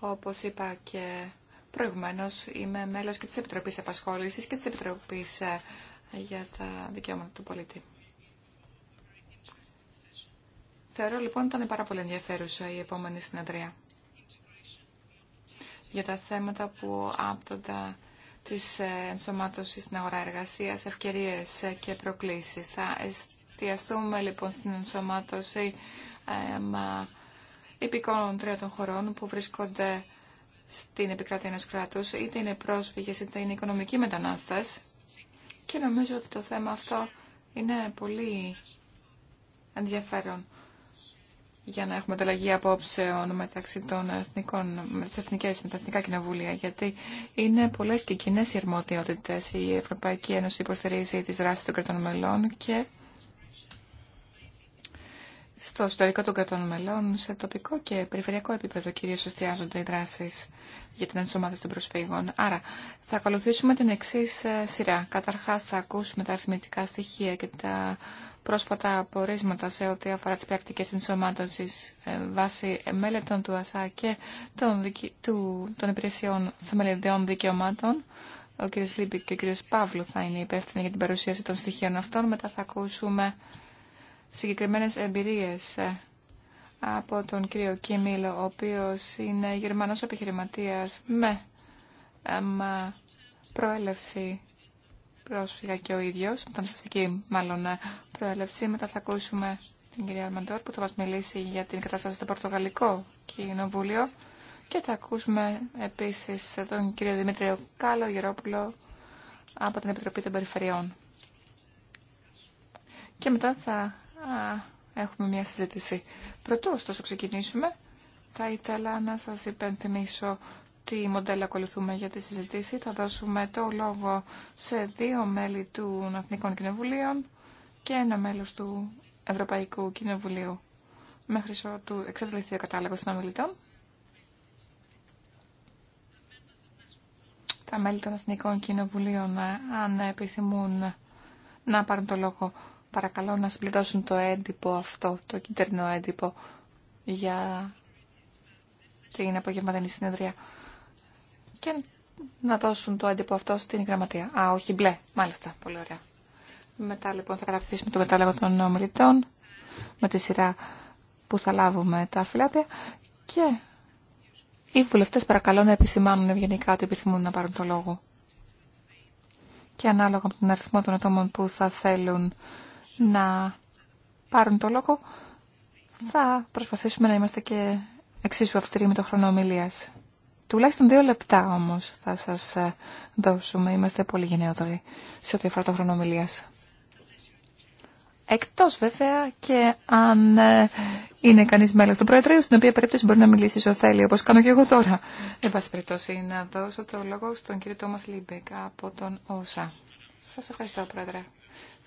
Όπως είπα και προηγουμένως, είμαι μέλος και της Επιτροπής Επασχόλησης και της Επιτροπής ε, για τα Δικαιώματα του Πολίτη. Θεωρώ λοιπόν ότι ήταν πάρα πολύ ενδιαφέρουσα η επόμενη συνεδρία για τα θέματα που άπτοντα της ε, ενσωμάτωσης στην αγορά εργασίας, ευκαιρίες ε, και προκλήσεις. Θα εστιαστούμε λοιπόν στην ενσωμάτωση υπηκόνων των χωρών που βρίσκονται στην επικράτεια ενός κράτους, είτε είναι πρόσφυγες είτε είναι οικονομικοί μετανάστες. Και νομίζω ότι το θέμα αυτό είναι πολύ ενδιαφέρον για να έχουμε ανταλλαγή απόψεων μεταξύ των εθνικών, με τις εθνικές, με τα εθνικά κοινοβούλια, γιατί είναι πολλές και κοινέ οι αρμοδιότητες. Η Ευρωπαϊκή Ένωση υποστηρίζει τις δράσεις των κρατών μελών και στο ιστορικό των κρατών μελών, σε τοπικό και περιφερειακό επίπεδο κυρίως εστιάζονται οι δράσεις για την ενσωμάτωση των προσφύγων. Άρα, θα ακολουθήσουμε την εξή ε, σειρά. Καταρχάς, θα ακούσουμε τα αριθμητικά στοιχεία και τα πρόσφατα απορίσματα σε ό,τι αφορά τις πρακτικές ενσωμάτωσης ε, βάσει μέλετων του ΑΣΑ και των, του... των υπηρεσιών θεμελιδιών δικαιωμάτων. Ο κ. Λίμπη και ο κ. Παύλου θα είναι υπεύθυνοι για την παρουσίαση των στοιχείων αυτών. Μετά θα ακούσουμε συγκεκριμένες εμπειρίες ε, από τον κύριο Κίμιλο, ο οποίος είναι γερμανός επιχειρηματίας με μα, προέλευση πρόσφυγα και ο ίδιος, μεταναστευτική μάλλον ε, προέλευση. Μετά θα ακούσουμε την κυρία Αρμαντόρ που θα μας μιλήσει για την κατάσταση στο Πορτογαλικό Κοινοβούλιο και θα ακούσουμε επίσης τον κύριο Δημήτριο Κάλο Γερόπουλο από την Επιτροπή των Περιφερειών. Και μετά θα έχουμε μια συζήτηση. Πρωτού, ωστόσο, ξεκινήσουμε. Θα ήθελα να σας υπενθυμίσω τι μοντέλα ακολουθούμε για τη συζήτηση. Θα δώσουμε το λόγο σε δύο μέλη του Αθηνικών Κοινοβουλίων και ένα μέλος του Ευρωπαϊκού Κοινοβουλίου μέχρι ότου εξαντληθεί ο κατάλογος των ομιλητών. Τα μέλη των Αθηνικών Κοινοβουλίων, ε, αν επιθυμούν να πάρουν το λόγο, παρακαλώ να συμπληρώσουν το έντυπο αυτό, το κίτρινο έντυπο για την απογευματινή συνεδρία και να δώσουν το έντυπο αυτό στην γραμματεία. Α, όχι μπλε, μάλιστα, πολύ ωραία. Μετά λοιπόν θα καταφθήσουμε το μετάλλαγμα των ομιλητών με τη σειρά που θα λάβουμε τα φυλάδια και οι βουλευτές παρακαλώ να επισημάνουν ευγενικά ότι επιθυμούν να πάρουν το λόγο. Και ανάλογα με τον αριθμό των ατόμων που θα θέλουν να πάρουν το λόγο, θα προσπαθήσουμε να είμαστε και εξίσου αυστηροί με το χρόνο ομιλίας. Τουλάχιστον δύο λεπτά όμως θα σας ε, δώσουμε. Είμαστε πολύ γενναιόδοροι σε ό,τι αφορά το χρόνο ομιλίας. Εκτός βέβαια και αν ε, είναι κανείς μέλος του Προεδρείου, στην οποία περίπτωση μπορεί να μιλήσει ο θέλει, όπως κάνω και εγώ τώρα. Εν πάση περιπτώσει, να δώσω το λόγο στον κύριο Τόμας Λίμπεκ από τον ΩΣΑ. Σας ευχαριστώ, Πρόεδρε.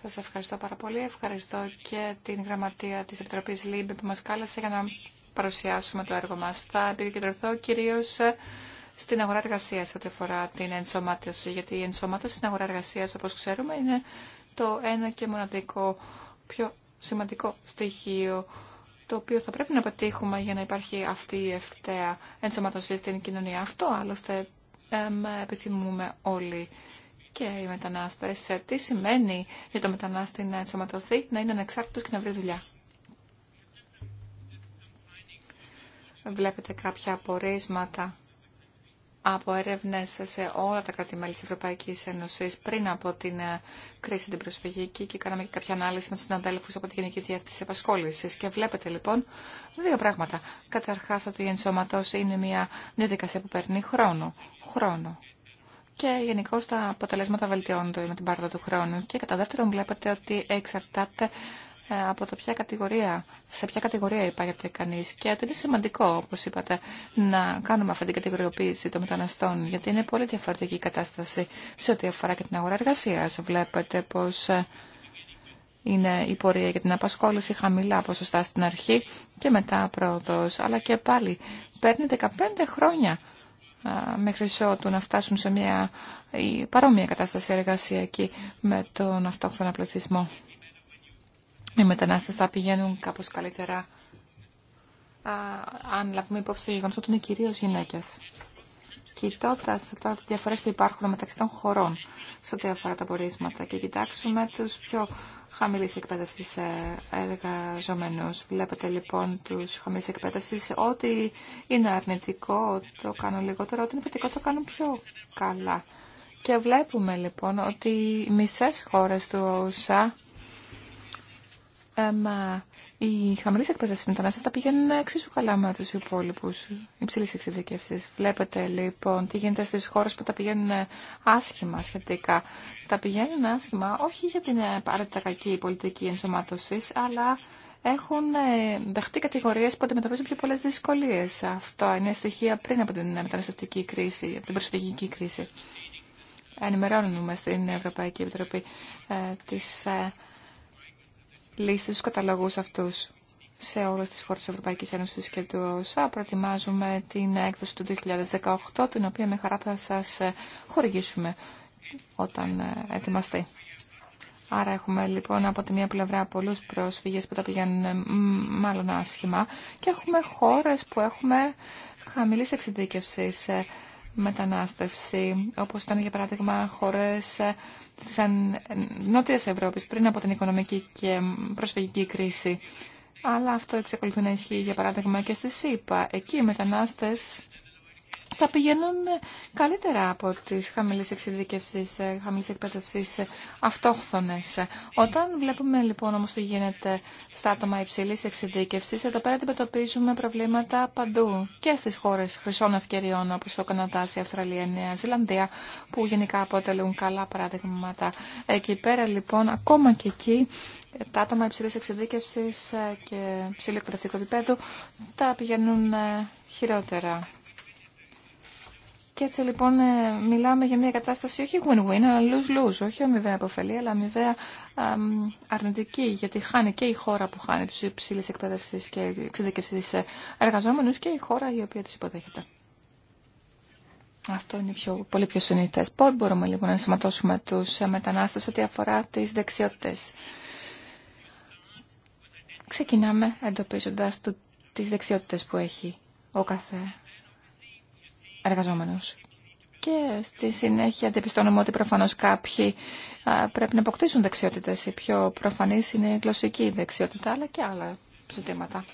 Σας ευχαριστώ πάρα πολύ. Ευχαριστώ και την γραμματεία της Επιτροπής ΛΥΜΠΕ που μας κάλεσε για να παρουσιάσουμε το έργο μας. Θα επικεντρωθώ κυρίως στην αγορά εργασία ό,τι αφορά την ενσωμάτωση. Γιατί η ενσωμάτωση στην αγορά εργασία, όπω ξέρουμε, είναι το ένα και μοναδικό πιο σημαντικό στοιχείο το οποίο θα πρέπει να πετύχουμε για να υπάρχει αυτή η ευκταία ενσωμάτωση στην κοινωνία. Αυτό άλλωστε εμ, επιθυμούμε όλοι και οι μετανάστε, ε, Τι σημαίνει για το μετανάστη να ενσωματωθεί, να είναι ανεξάρτητο και να βρει δουλειά. Βλέπετε κάποια απορίσματα από έρευνες σε όλα τα κράτη-μέλη της Ευρωπαϊκής Ένωσης πριν από την ε, κρίση την προσφυγική και κάναμε και κάποια ανάλυση με τους συναδέλφους από τη Γενική Διεύθυνση Επασχόλησης. Και βλέπετε λοιπόν δύο πράγματα. Καταρχάς ότι η ενσωματώση είναι μια διαδικασία που παίρνει χρόνο. Χρόνο και γενικώ τα αποτελέσματα βελτιώνονται με την πάροδο του χρόνου. Και κατά δεύτερον βλέπετε ότι εξαρτάται ε, από το ποια κατηγορία, σε ποια κατηγορία υπάγεται κανείς. Και ότι είναι σημαντικό, όπω είπατε, να κάνουμε αυτή την κατηγοριοποίηση των μεταναστών, γιατί είναι πολύ διαφορετική η κατάσταση σε ό,τι αφορά και την αγορά εργασία. Βλέπετε πώ ε, είναι η πορεία για την απασχόληση χαμηλά ποσοστά στην αρχή και μετά πρόοδο. Αλλά και πάλι παίρνει 15 χρόνια μέχρι ότου να φτάσουν σε μια παρόμοια κατάσταση εργασιακή με τον αυτόχθονα πληθυσμό. Οι μετανάστες θα πηγαίνουν κάπως καλύτερα αν λάβουμε υπόψη το γεγονός ότι είναι κυρίως γυναίκες. Κοιτώντα τώρα τι διαφορέ που υπάρχουν μεταξύ των χωρών σε ό,τι αφορά τα πορίσματα και κοιτάξουμε του πιο Χαμηλή εκπαίδευση ε, εργαζομένου. Βλέπετε λοιπόν του Χαμηλή εκπαίδευση, ότι είναι αρνητικό, το κάνω λιγότερο, ότι είναι θετικό, το κάνουν πιο καλά. Και βλέπουμε λοιπόν ότι οι μισές χώρες του ΟΣΑ οι χαμηλή εκπαίδευση μετανάστε τα πηγαίνουν εξίσου καλά με του υπόλοιπου υψηλή εξειδικεύση. Βλέπετε λοιπόν τι γίνεται στι χώρε που τα πηγαίνουν άσχημα σχετικά. Τα πηγαίνουν άσχημα όχι για την απαραίτητα κακή πολιτική ενσωμάτωση, αλλά έχουν ε, δεχτεί κατηγορίε που αντιμετωπίζουν πιο πολλέ δυσκολίε. Αυτό είναι στοιχεία πριν από την μεταναστευτική κρίση, από την προσφυγική κρίση. Ενημερώνουμε στην Ευρωπαϊκή Επιτροπή ε, τις, ε, λίστες στους καταλογούς αυτούς σε όλες τις χώρες της Ευρωπαϊκής Ένωσης και του ΩΣΑ. Προετοιμάζουμε την έκδοση του 2018, την οποία με χαρά θα σας ε, χορηγήσουμε όταν ε, ετοιμαστεί. Άρα έχουμε λοιπόν από τη μία πλευρά πολλούς πρόσφυγες που τα πηγαίνουν ε, μάλλον άσχημα και έχουμε χώρες που έχουμε χαμηλής εξειδίκευσης μετανάστευση, όπως ήταν για παράδειγμα χώρες της Νότιας Ευρώπης πριν από την οικονομική και προσφυγική κρίση. Αλλά αυτό εξακολουθεί να ισχύει για παράδειγμα και στη ΣΥΠΑ. Εκεί οι μετανάστες τα πηγαίνουν καλύτερα από τις χαμηλές εξειδικεύσεις, ε, χαμηλές εκπαιδευσής ε, αυτόχθονες. Όταν βλέπουμε λοιπόν όμως τι γίνεται στα άτομα υψηλής εξειδικεύσης, εδώ πέρα αντιμετωπίζουμε προβλήματα παντού και στις χώρες χρυσών ευκαιριών όπως ο Καναδάς, η Αυστραλία, η Νέα Ζηλανδία που γενικά αποτελούν καλά παράδειγματα. Εκεί πέρα λοιπόν ακόμα και εκεί τα άτομα υψηλή εξειδίκευση ε, και ψηλή εκπαιδευτικού επίπεδου τα πηγαίνουν χειρότερα. Και έτσι λοιπόν ε, μιλάμε για μια κατάσταση όχι win-win, αλλά lose-lose, όχι αμοιβαία αποφελή, αλλά αμοιβαία αρνητική, γιατί χάνει και η χώρα που χάνει τους υψηλής εκπαιδευτείς και εξειδικευσής ε, εργαζόμενους και η χώρα η οποία τους υποδέχεται. Αυτό είναι πιο, πολύ πιο συνήθες. Πώς μπορούμε λοιπόν να ενσωματώσουμε τους ε, μετανάστες ό,τι αφορά τις δεξιότητες. Ξεκινάμε εντοπίζοντας τις δεξιότητες που έχει ο κάθε και στη συνέχεια αντιπιστώνουμε ότι προφανώς κάποιοι πρέπει να αποκτήσουν δεξιότητες. Η πιο προφανής είναι η γλωσσική δεξιότητα, αλλά και άλλα ζητήματα.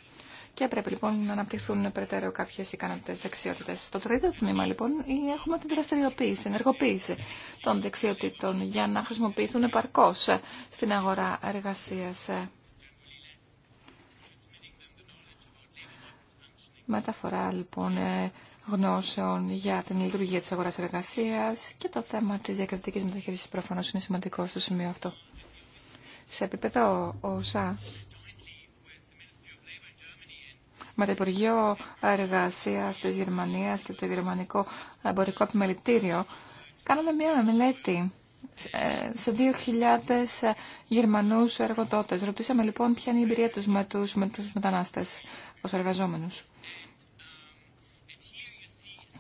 Και πρέπει λοιπόν να αναπτυχθούν περαιτέρω κάποιε ικανότητε, δεξιότητε. Στο τρίτο τμήμα λοιπόν έχουμε την δραστηριοποίηση, ενεργοποίηση των δεξιοτήτων για να χρησιμοποιηθούν επαρκώ στην αγορά εργασία. Μεταφορά λοιπόν ε, γνώσεων για την λειτουργία της αγοράς εργασίας και το θέμα της διακριτικής μεταχείρισης προφανώς είναι σημαντικό στο σημείο αυτό. Σε επίπεδο ωσα με το Υπουργείο Εργασία της Γερμανίας και το Γερμανικό Εμπορικό Επιμελητήριο, κάναμε μια μελέτη ε, σε 2.000 Γερμανούς εργοδότες. Ρωτήσαμε λοιπόν ποια είναι η εμπειρία με τους, με τους μετανάστες ως εργαζόμενους.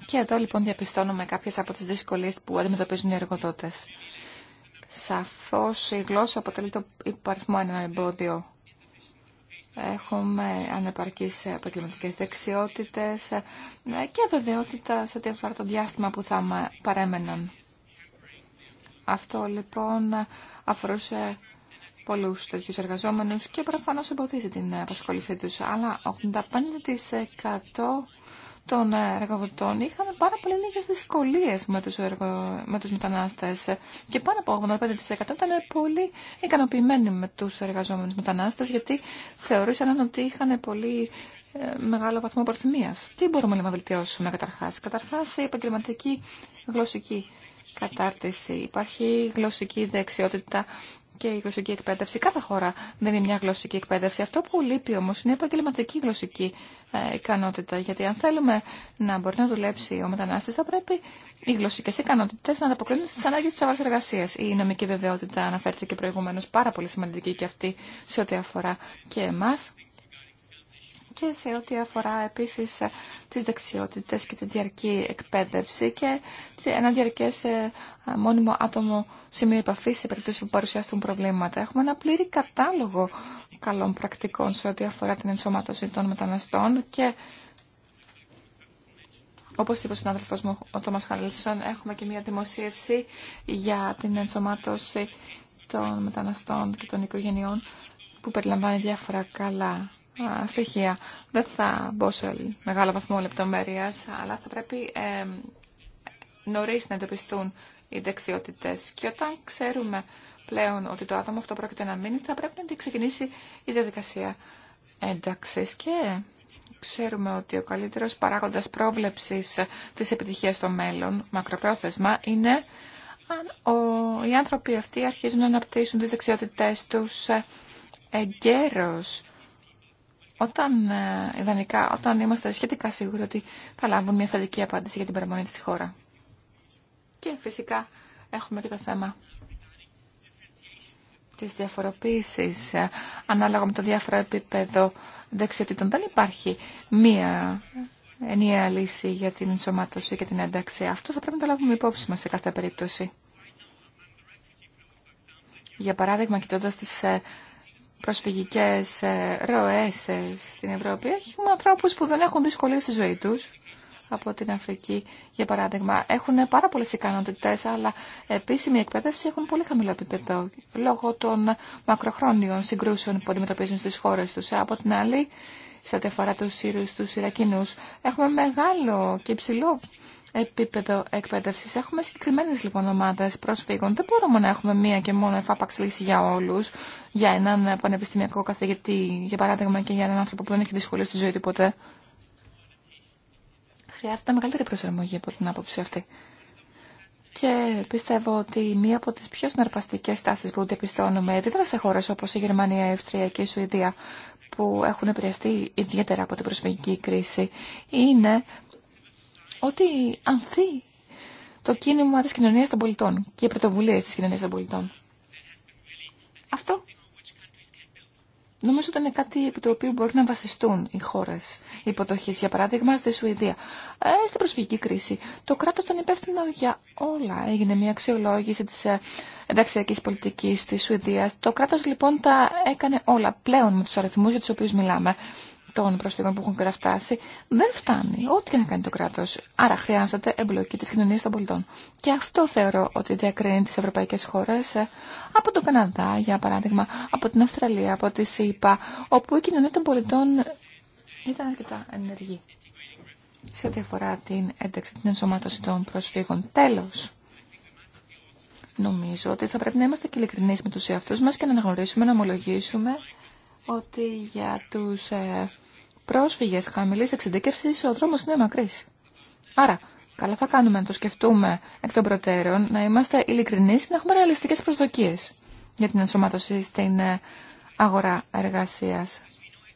Και εδώ λοιπόν διαπιστώνουμε κάποιες από τις δυσκολίε που αντιμετωπίζουν οι εργοδότε. Σαφώς η γλώσσα αποτελεί το υπαριθμό ένα εμπόδιο. Έχουμε ανεπαρκείς επαγγελματικέ δεξιότητε ε, και αβεβαιότητα σε ό,τι αφορά το διάστημα που θα παρέμεναν. Αυτό λοιπόν αφορούσε πολλού τέτοιου εργαζόμενου και προφανώ εμποδίζει την απασχόλησή του. Αλλά 85% των ε, εργοδοτών είχαν πάρα πολύ λίγε δυσκολίε με του εργο... με και πάνω από 85% ήταν πολύ ικανοποιημένοι με του εργαζόμενου μετανάστε, γιατί θεωρούσαν ότι είχαν πολύ ε, μεγάλο βαθμό προθυμία. Τι μπορούμε να βελτιώσουμε Καταρχά Καταρχά, η επαγγελματική γλωσσική κατάρτιση. Υπάρχει γλωσσική δεξιότητα και η γλωσσική εκπαίδευση. Κάθε χώρα δεν είναι μια γλωσσική εκπαίδευση. Αυτό που λείπει όμω είναι η επαγγελματική γλωσσική ε, ικανότητα. Γιατί αν θέλουμε να μπορεί να δουλέψει ο μετανάστης, θα πρέπει οι γλωσσικέ ικανότητε να ανταποκρίνονται στι ανάγκε τη αγορά εργασία. Η νομική βεβαιότητα αναφέρθηκε προηγουμένω πάρα πολύ σημαντική και αυτή σε ό,τι αφορά και εμά και σε ό,τι αφορά επίσης ε, τις δεξιότητες και τη διαρκή εκπαίδευση και ένα διαρκές ε, ε, μόνιμο άτομο σημείο επαφή σε περίπτωση που παρουσιάσουν προβλήματα. Έχουμε ένα πλήρη κατάλογο καλών πρακτικών σε ό,τι αφορά την ενσωμάτωση των μεταναστών και όπως είπε ο συνάδελφος μου, ο Τόμας Χαρλίσον, έχουμε και μια δημοσίευση για την ενσωμάτωση των μεταναστών και των οικογενειών που περιλαμβάνει διάφορα καλά στοιχεία. Δεν θα μπω σε μεγάλο βαθμό λεπτομέρεια, αλλά θα πρέπει ε, νωρί να εντοπιστούν οι δεξιότητε. Και όταν ξέρουμε πλέον ότι το άτομο αυτό πρόκειται να μείνει, θα πρέπει να ξεκινήσει η διαδικασία ένταξη. Και ξέρουμε ότι ο καλύτερος παράγοντας πρόβλεψης της επιτυχίας στο μέλλον, μακροπρόθεσμα, είναι αν ο, οι άνθρωποι αυτοί αρχίζουν να αναπτύσσουν τις δεξιότητές τους ε, εγκαίρως όταν, ε, ιδανικά, όταν είμαστε σχετικά σίγουροι ότι θα λάβουν μια θετική απάντηση για την παραμονή της στη χώρα. Και φυσικά έχουμε και το θέμα της διαφοροποίησης ε, ανάλογα με το διάφορο επίπεδο δεξιοτήτων. Δεν υπάρχει μία ενιαία λύση για την ενσωμάτωση και την ένταξη. Αυτό θα πρέπει να το λάβουμε υπόψη μας σε κάθε περίπτωση. Για παράδειγμα, κοιτώντας τις ε, προσφυγικές ε, ροές ε, στην Ευρώπη. Έχουμε ανθρώπους που δεν έχουν δυσκολίες στη ζωή τους από την Αφρική, για παράδειγμα. Έχουν πάρα πολλές ικανότητες, αλλά επίσημη εκπαίδευση έχουν πολύ χαμηλό επίπεδο, λόγω των μακροχρόνιων συγκρούσεων που αντιμετωπίζουν στις χώρες τους. Από την άλλη, σε ό,τι αφορά τους Σύρους, του Ιρακινούς, έχουμε μεγάλο και υψηλό επίπεδο εκπαίδευσης. Έχουμε συγκεκριμένες λοιπόν ομάδες προσφύγων. Δεν μπορούμε να έχουμε μία και μόνο εφάπαξ λύση για όλους, για έναν πανεπιστημιακό καθηγητή, για παράδειγμα, και για έναν άνθρωπο που δεν έχει δυσκολίε στη ζωή του ποτέ. Χρειάζεται μεγαλύτερη προσαρμογή από την άποψη αυτή. Και πιστεύω ότι μία από τι πιο συναρπαστικέ τάσει που διαπιστώνουμε, ιδιαίτερα σε χώρε όπω η Γερμανία, η Αυστρία και η Σουηδία, που έχουν επηρεαστεί ιδιαίτερα από την προσφυγική κρίση, είναι ότι ανθεί το κίνημα της κοινωνίας των πολιτών και οι πρωτοβουλίες της κοινωνίας των πολιτών. Αυτό νομίζω ότι είναι κάτι επί το οποίο μπορεί να βασιστούν οι χώρες υποδοχής. Για παράδειγμα, στη Σουηδία, ε, στην προσφυγική κρίση, το κράτος ήταν υπεύθυνο για όλα. Έγινε μια αξιολόγηση της ε, ενταξιακής πολιτικής της Σουηδίας. Το κράτος λοιπόν τα έκανε όλα πλέον με τους αριθμούς για τους οποίους μιλάμε των προσφύγων που έχουν καταφτάσει δεν φτάνει. Ό,τι και να κάνει το κράτο. Άρα χρειάζεται εμπλοκή τη κοινωνία των πολιτών. Και αυτό θεωρώ ότι διακρίνει τι ευρωπαϊκέ χώρε ε, από τον Καναδά, για παράδειγμα, από την Αυστραλία, από τη ΣΥΠΑ, όπου η κοινωνία των πολιτών ήταν αρκετά ενεργή σε ό,τι αφορά την ένταξη, την ενσωμάτωση των προσφύγων. Τέλο. Νομίζω ότι θα πρέπει να είμαστε και ειλικρινεί με του εαυτού μα και να αναγνωρίσουμε, να ομολογήσουμε ότι για τους ε, Πρόσφυγε χαμηλή εξειδίκευση, ο δρόμο είναι μακρύ. Άρα, καλά θα κάνουμε να το σκεφτούμε εκ των προτέρων, να είμαστε ειλικρινεί και να έχουμε ρεαλιστικέ προσδοκίε για την ενσωμάτωση στην ε, αγορά εργασία.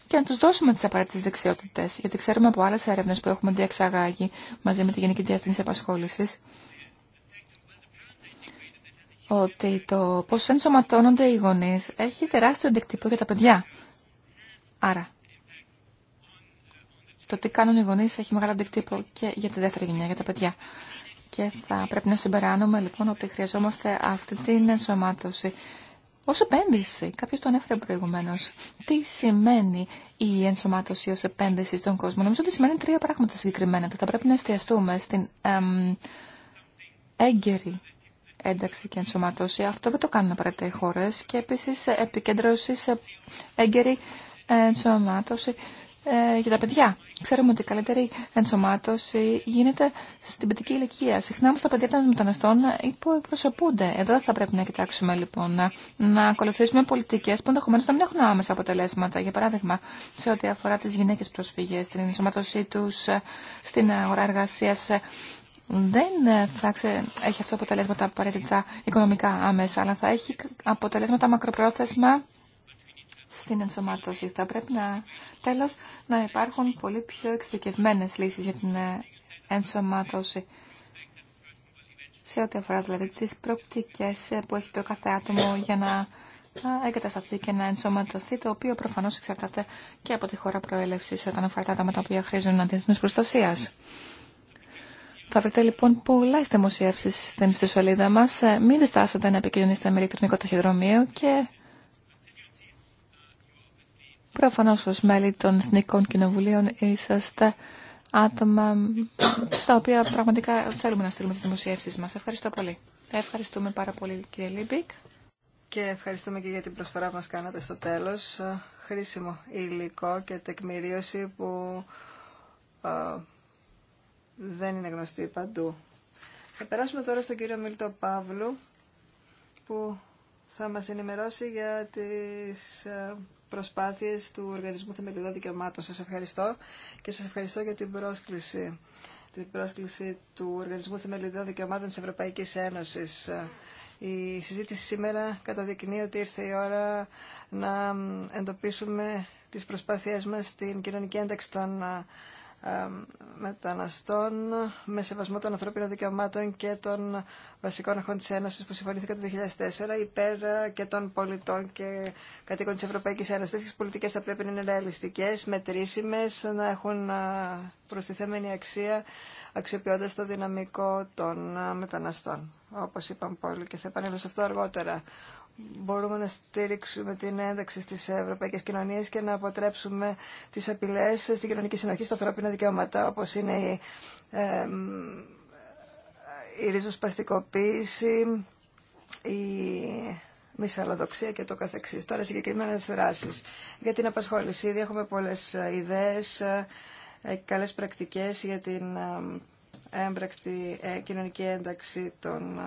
και να του δώσουμε τι απαραίτητε δεξιότητε, γιατί ξέρουμε από άλλε έρευνε που έχουμε διεξαγάγει μαζί με τη Γενική Διεθνή Απασχόλησης, ότι το πώς ενσωματώνονται οι γονείς έχει τεράστιο αντικτύπο για τα παιδιά. Άρα, το τι κάνουν οι γονείς έχει μεγάλο αντικτύπο και για τη δεύτερη γενιά, για τα παιδιά. Και θα πρέπει να συμπεράνουμε λοιπόν ότι χρειαζόμαστε αυτή την ενσωμάτωση. Ω επένδυση, κάποιο το ανέφερε προηγουμένω. Τι σημαίνει η ενσωμάτωση ω επένδυση στον κόσμο. Νομίζω ότι σημαίνει τρία πράγματα συγκεκριμένα. Θα πρέπει να εστιαστούμε στην εμ, έγκαιρη ένταξη και ενσωμάτωση. Αυτό δεν το κάνουν απαραίτητα οι χώρε. Και επίση επικέντρωση σε έγκαιρη ενσωμάτωση ε, για τα παιδιά. Ξέρουμε ότι η καλύτερη ενσωμάτωση γίνεται στην παιδική ηλικία. Συχνά όμω τα παιδιά των μεταναστών υποεκπροσωπούνται. Εδώ θα πρέπει να κοιτάξουμε λοιπόν να, να ακολουθήσουμε πολιτικέ που ενδεχομένω να μην έχουν άμεσα αποτελέσματα. Για παράδειγμα, σε ό,τι αφορά τι γυναίκε προσφυγέ, την ενσωμάτωσή του ε, στην αγορά εργασία. Ε, δεν ε, θα ξε... έχει αυτό αποτελέσματα απαραίτητα οικονομικά άμεσα, αλλά θα έχει αποτελέσματα μακροπρόθεσμα στην ενσωμάτωση. Θα πρέπει να, τέλος, να υπάρχουν πολύ πιο εξειδικευμένες λύσεις για την ε, ενσωμάτωση σε ό,τι αφορά δηλαδή τις προοπτικές ε, που έχει το κάθε άτομο για να εγκατασταθεί και να ενσωματωθεί, το οποίο προφανώς εξαρτάται και από τη χώρα προέλευσης όταν αφορά τα άτομα τα οποία χρήζουν αντίθετης προστασία. Θα βρείτε λοιπόν πολλά δημοσιεύσει στην ιστοσελίδα μα. Ε, μην διστάσετε να επικοινωνήσετε με ηλεκτρονικό ταχυδρομείο και Προφανώς ως μέλη των Εθνικών Κοινοβουλίων είσαστε άτομα στα οποία πραγματικά θέλουμε να στείλουμε τις δημοσιεύσεις μας. Ευχαριστώ πολύ. Ευχαριστούμε πάρα πολύ κύριε Λίμπικ. Και ευχαριστούμε και για την προσφορά που μας κάνατε στο τέλος. Χρήσιμο υλικό και τεκμηρίωση που ε, δεν είναι γνωστή παντού. Θα περάσουμε τώρα στον κύριο Μίλτο Παύλου που θα μας ενημερώσει για τις ε, προσπάθειες του Οργανισμού Θεμελιδών Δικαιωμάτων. Σας ευχαριστώ και σας ευχαριστώ για την πρόσκληση, την πρόσκληση του Οργανισμού Θεμελιδών Δικαιωμάτων της Ευρωπαϊκής Ένωσης. Η συζήτηση σήμερα καταδεικνύει ότι ήρθε η ώρα να εντοπίσουμε τις προσπάθειές μας στην κοινωνική ένταξη των μεταναστών με σεβασμό των ανθρώπινων δικαιωμάτων και των βασικών αρχών της Ένωσης που συμφωνήθηκαν το 2004 υπέρ ε, και των πολιτών και κατοίκων της Ευρωπαϊκής Ένωσης. Τέτοιες πολιτικές θα πρέπει να είναι ρεαλιστικές, μετρήσιμες, να έχουν ε, προστιθέμενη αξία αξιοποιώντας το δυναμικό των ε, μεταναστών. Όπως είπαμε πολύ και θα επανέλθω σε αυτό αργότερα μπορούμε να στήριξουμε την ένταξη στις ευρωπαϊκέ κοινωνίες και να αποτρέψουμε τι απειλέ στην κοινωνική συνοχή στα ανθρώπινα δικαιώματα, όπω είναι η, ε, η ριζοσπαστικοποίηση, η μυσαλλοδοξία και το καθεξής. Τώρα συγκεκριμένε δράσει για την απασχόληση. Ήδη έχουμε πολλές ιδέες, ε, καλέ πρακτικέ για την έμπρακτη ε, κοινωνική ένταξη των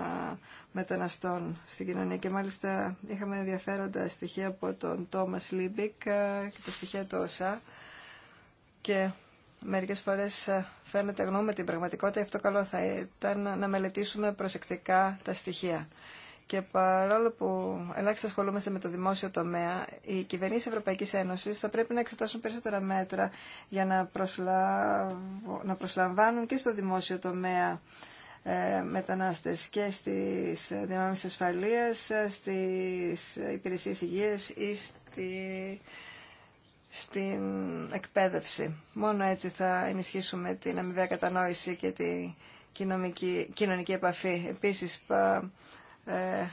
μεταναστών στην κοινωνία. Και μάλιστα είχαμε ενδιαφέροντα στοιχεία από τον Τόμας Λίμπικ ε, και τα στοιχεία του ΩΣΑ και μερικές φορές ε, φαίνεται γνώμη την πραγματικότητα. Αυτό καλό θα ήταν να μελετήσουμε προσεκτικά τα στοιχεία. Και παρόλο που ελάχιστα ασχολούμαστε με το δημόσιο τομέα, οι κυβερνήσει Ευρωπαϊκή Ένωση θα πρέπει να εξετάσουν περισσότερα μέτρα για να, να προσλαμβάνουν και στο δημόσιο τομέα ε, μετανάστες και στις δυνάμεις ασφαλείας, ε, στις υπηρεσίες υγείας ή στη... στην εκπαίδευση. Μόνο έτσι θα ενισχύσουμε την αμοιβαία κατανόηση και την κοινωνική επαφή. Επίσης, ε,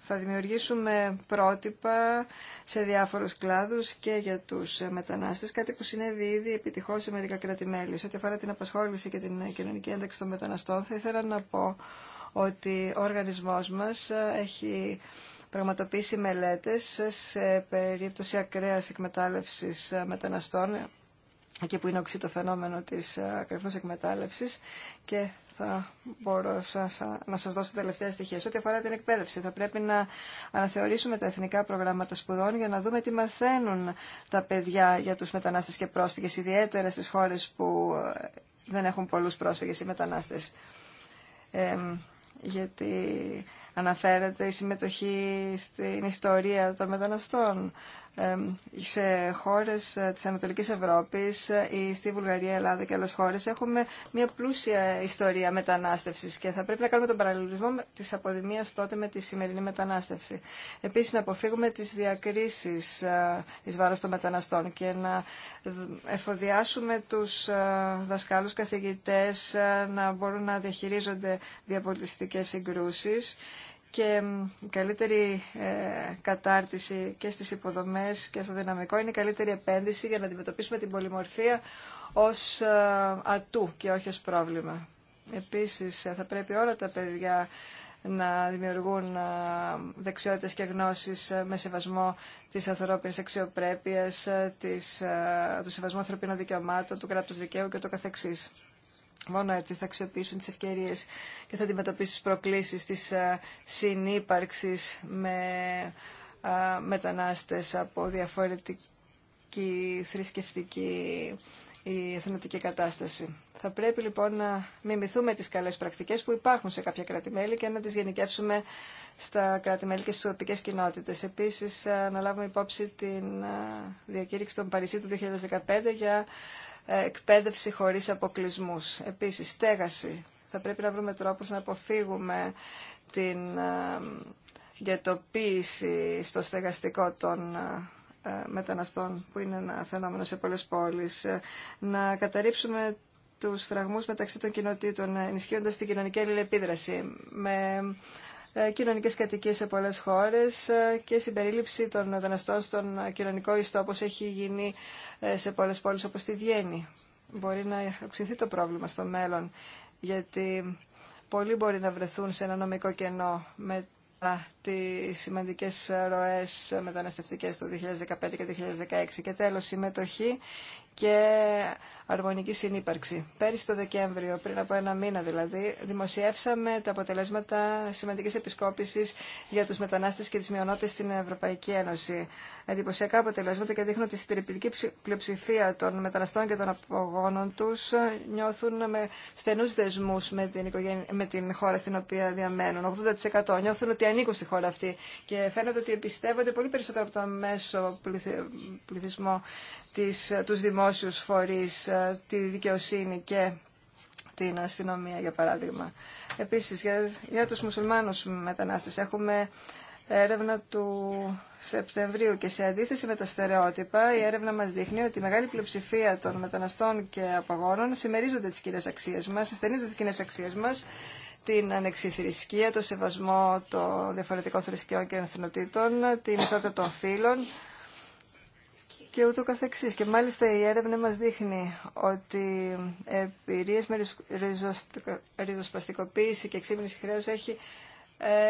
θα δημιουργήσουμε πρότυπα σε διάφορους κλάδους και για τους μετανάστες, κάτι που συνέβη ήδη επιτυχώς σε μερικά κράτη-μέλη. Σε ό,τι αφορά την απασχόληση και την κοινωνική ένταξη των μεταναστών, θα ήθελα να πω ότι ο οργανισμός μας έχει πραγματοποιήσει μελέτες σε περίπτωση ακραίας εκμετάλλευσης μεταναστών, εκεί που είναι οξύ το φαινόμενο της ακριβώς εκμετάλλευσης και θα μπορούσα να σας δώσω τελευταία στοιχεία. Σε ό,τι αφορά την εκπαίδευση, θα πρέπει να αναθεωρήσουμε τα εθνικά προγράμματα σπουδών για να δούμε τι μαθαίνουν τα παιδιά για τους μετανάστες και πρόσφυγες, ιδιαίτερα στις χώρες που ε, δεν έχουν πολλούς πρόσφυγες ή μετανάστες. Ε, γιατί αναφέρεται η μεταναστες γιατι αναφερεται η συμμετοχη στην ιστορία των μεταναστών, σε χώρες ε, της Ανατολικής Ευρώπης ε, ή στη Βουλγαρία, Ελλάδα και άλλες χώρες έχουμε μια πλούσια ιστορία μετανάστευσης και θα πρέπει να κάνουμε τον παραλληλισμό της αποδημίας τότε με τη σημερινή μετανάστευση. Επίσης να αποφύγουμε τις διακρίσεις ε, εις βάρος των μεταναστών και να εφοδιάσουμε τους δασκάλους καθηγητές να μπορούν να διαχειρίζονται διαπολιτιστικές συγκρούσεις και η καλύτερη ε, κατάρτιση και στις υποδομές και στο δυναμικό είναι η καλύτερη επένδυση για να αντιμετωπίσουμε την πολυμορφία ως ε, ατού και όχι ως πρόβλημα. Επίσης, ε, θα πρέπει όλα τα παιδιά να δημιουργούν δεξιότητες και γνώσεις με σεβασμό της ανθρώπινης αξιοπρέπειας, του σεβασμού ανθρωπίνων δικαιωμάτων, του κράτους δικαίου και το καθεξής. Μόνο έτσι θα αξιοποιήσουν τις ευκαιρίες και θα αντιμετωπίσουν τις προκλήσεις της ε, συνύπαρξης με ε, μετανάστες από διαφορετική θρησκευτική η εθνοτική κατάσταση. Θα πρέπει λοιπόν να μιμηθούμε τις καλές πρακτικές που υπάρχουν σε κάποια κράτη-μέλη και να τις γενικεύσουμε στα κράτη-μέλη και στις τοπικές κοινότητες. Επίσης, ε, να λάβουμε υπόψη την διακήρυξη των Παρισίου του 2015 για εκπαίδευση χωρίς αποκλεισμούς. Επίσης, στέγαση. Θα πρέπει να βρούμε τρόπους να αποφύγουμε την ε, γετοποίηση στο στεγαστικό των ε, ε, μεταναστών, που είναι ένα φαινόμενο σε πολλές πόλεις, να καταρρύψουμε τους φραγμούς μεταξύ των κοινοτήτων, ενισχύοντας την κοινωνική αλληλεπίδραση, με ε, κοινωνικές κατοικίες σε πολλές χώρες ε, και συμπερίληψη των μεταναστών στον κοινωνικό ιστό όπως έχει γίνει ε, σε πολλές πόλεις όπως στη Βιέννη. Μπορεί να αυξηθεί το πρόβλημα στο μέλλον γιατί πολλοί μπορεί να βρεθούν σε ένα νομικό κενό με τις σημαντικές ροές μεταναστευτικές το 2015 και 2016 και τέλος συμμετοχή και αρμονική συνύπαρξη. Πέρυσι το Δεκέμβριο, πριν από ένα μήνα δηλαδή, δημοσιεύσαμε τα αποτελέσματα σημαντική επισκόπηση για του μετανάστες και τι μειονότητε στην Ευρωπαϊκή Ένωση. Εντυπωσιακά αποτελέσματα και δείχνουν ότι στην συντριπτική πλειοψηφία των μεταναστών και των απογόνων του ε, νιώθουν με στενούς δεσμούς με την, χώρα στην οποία διαμένουν. 80% νιώθουν ότι ανήκουν στη χώρα αυτή και φαίνεται ότι εμπιστεύονται πολύ περισσότερο από το μέσο πληθυσμό ε, του δημόσιου φορεί. φορείς ε, ε, τη δικαιοσύνη και την αστυνομία, για παράδειγμα. Επίσης, για, για τους μουσουλμάνους μετανάστες έχουμε έρευνα του Σεπτεμβρίου και σε αντίθεση με τα στερεότυπα, η έρευνα μας δείχνει ότι η μεγάλη πλειοψηφία των μεταναστών και απαγόρων συμμερίζονται τις κοινές αξίες μας, ασθενίζονται τις κοινές αξίες μας, την ανεξιθρησκεία, το σεβασμό των διαφορετικών θρησκειών και εθνοτήτων, την ισότητα των φύλων, και ούτω καθεξής. Και μάλιστα η έρευνα μας δείχνει ότι εμπειρίες με ριζοσπαστικοποίηση και εξήμινηση χρέους έχει,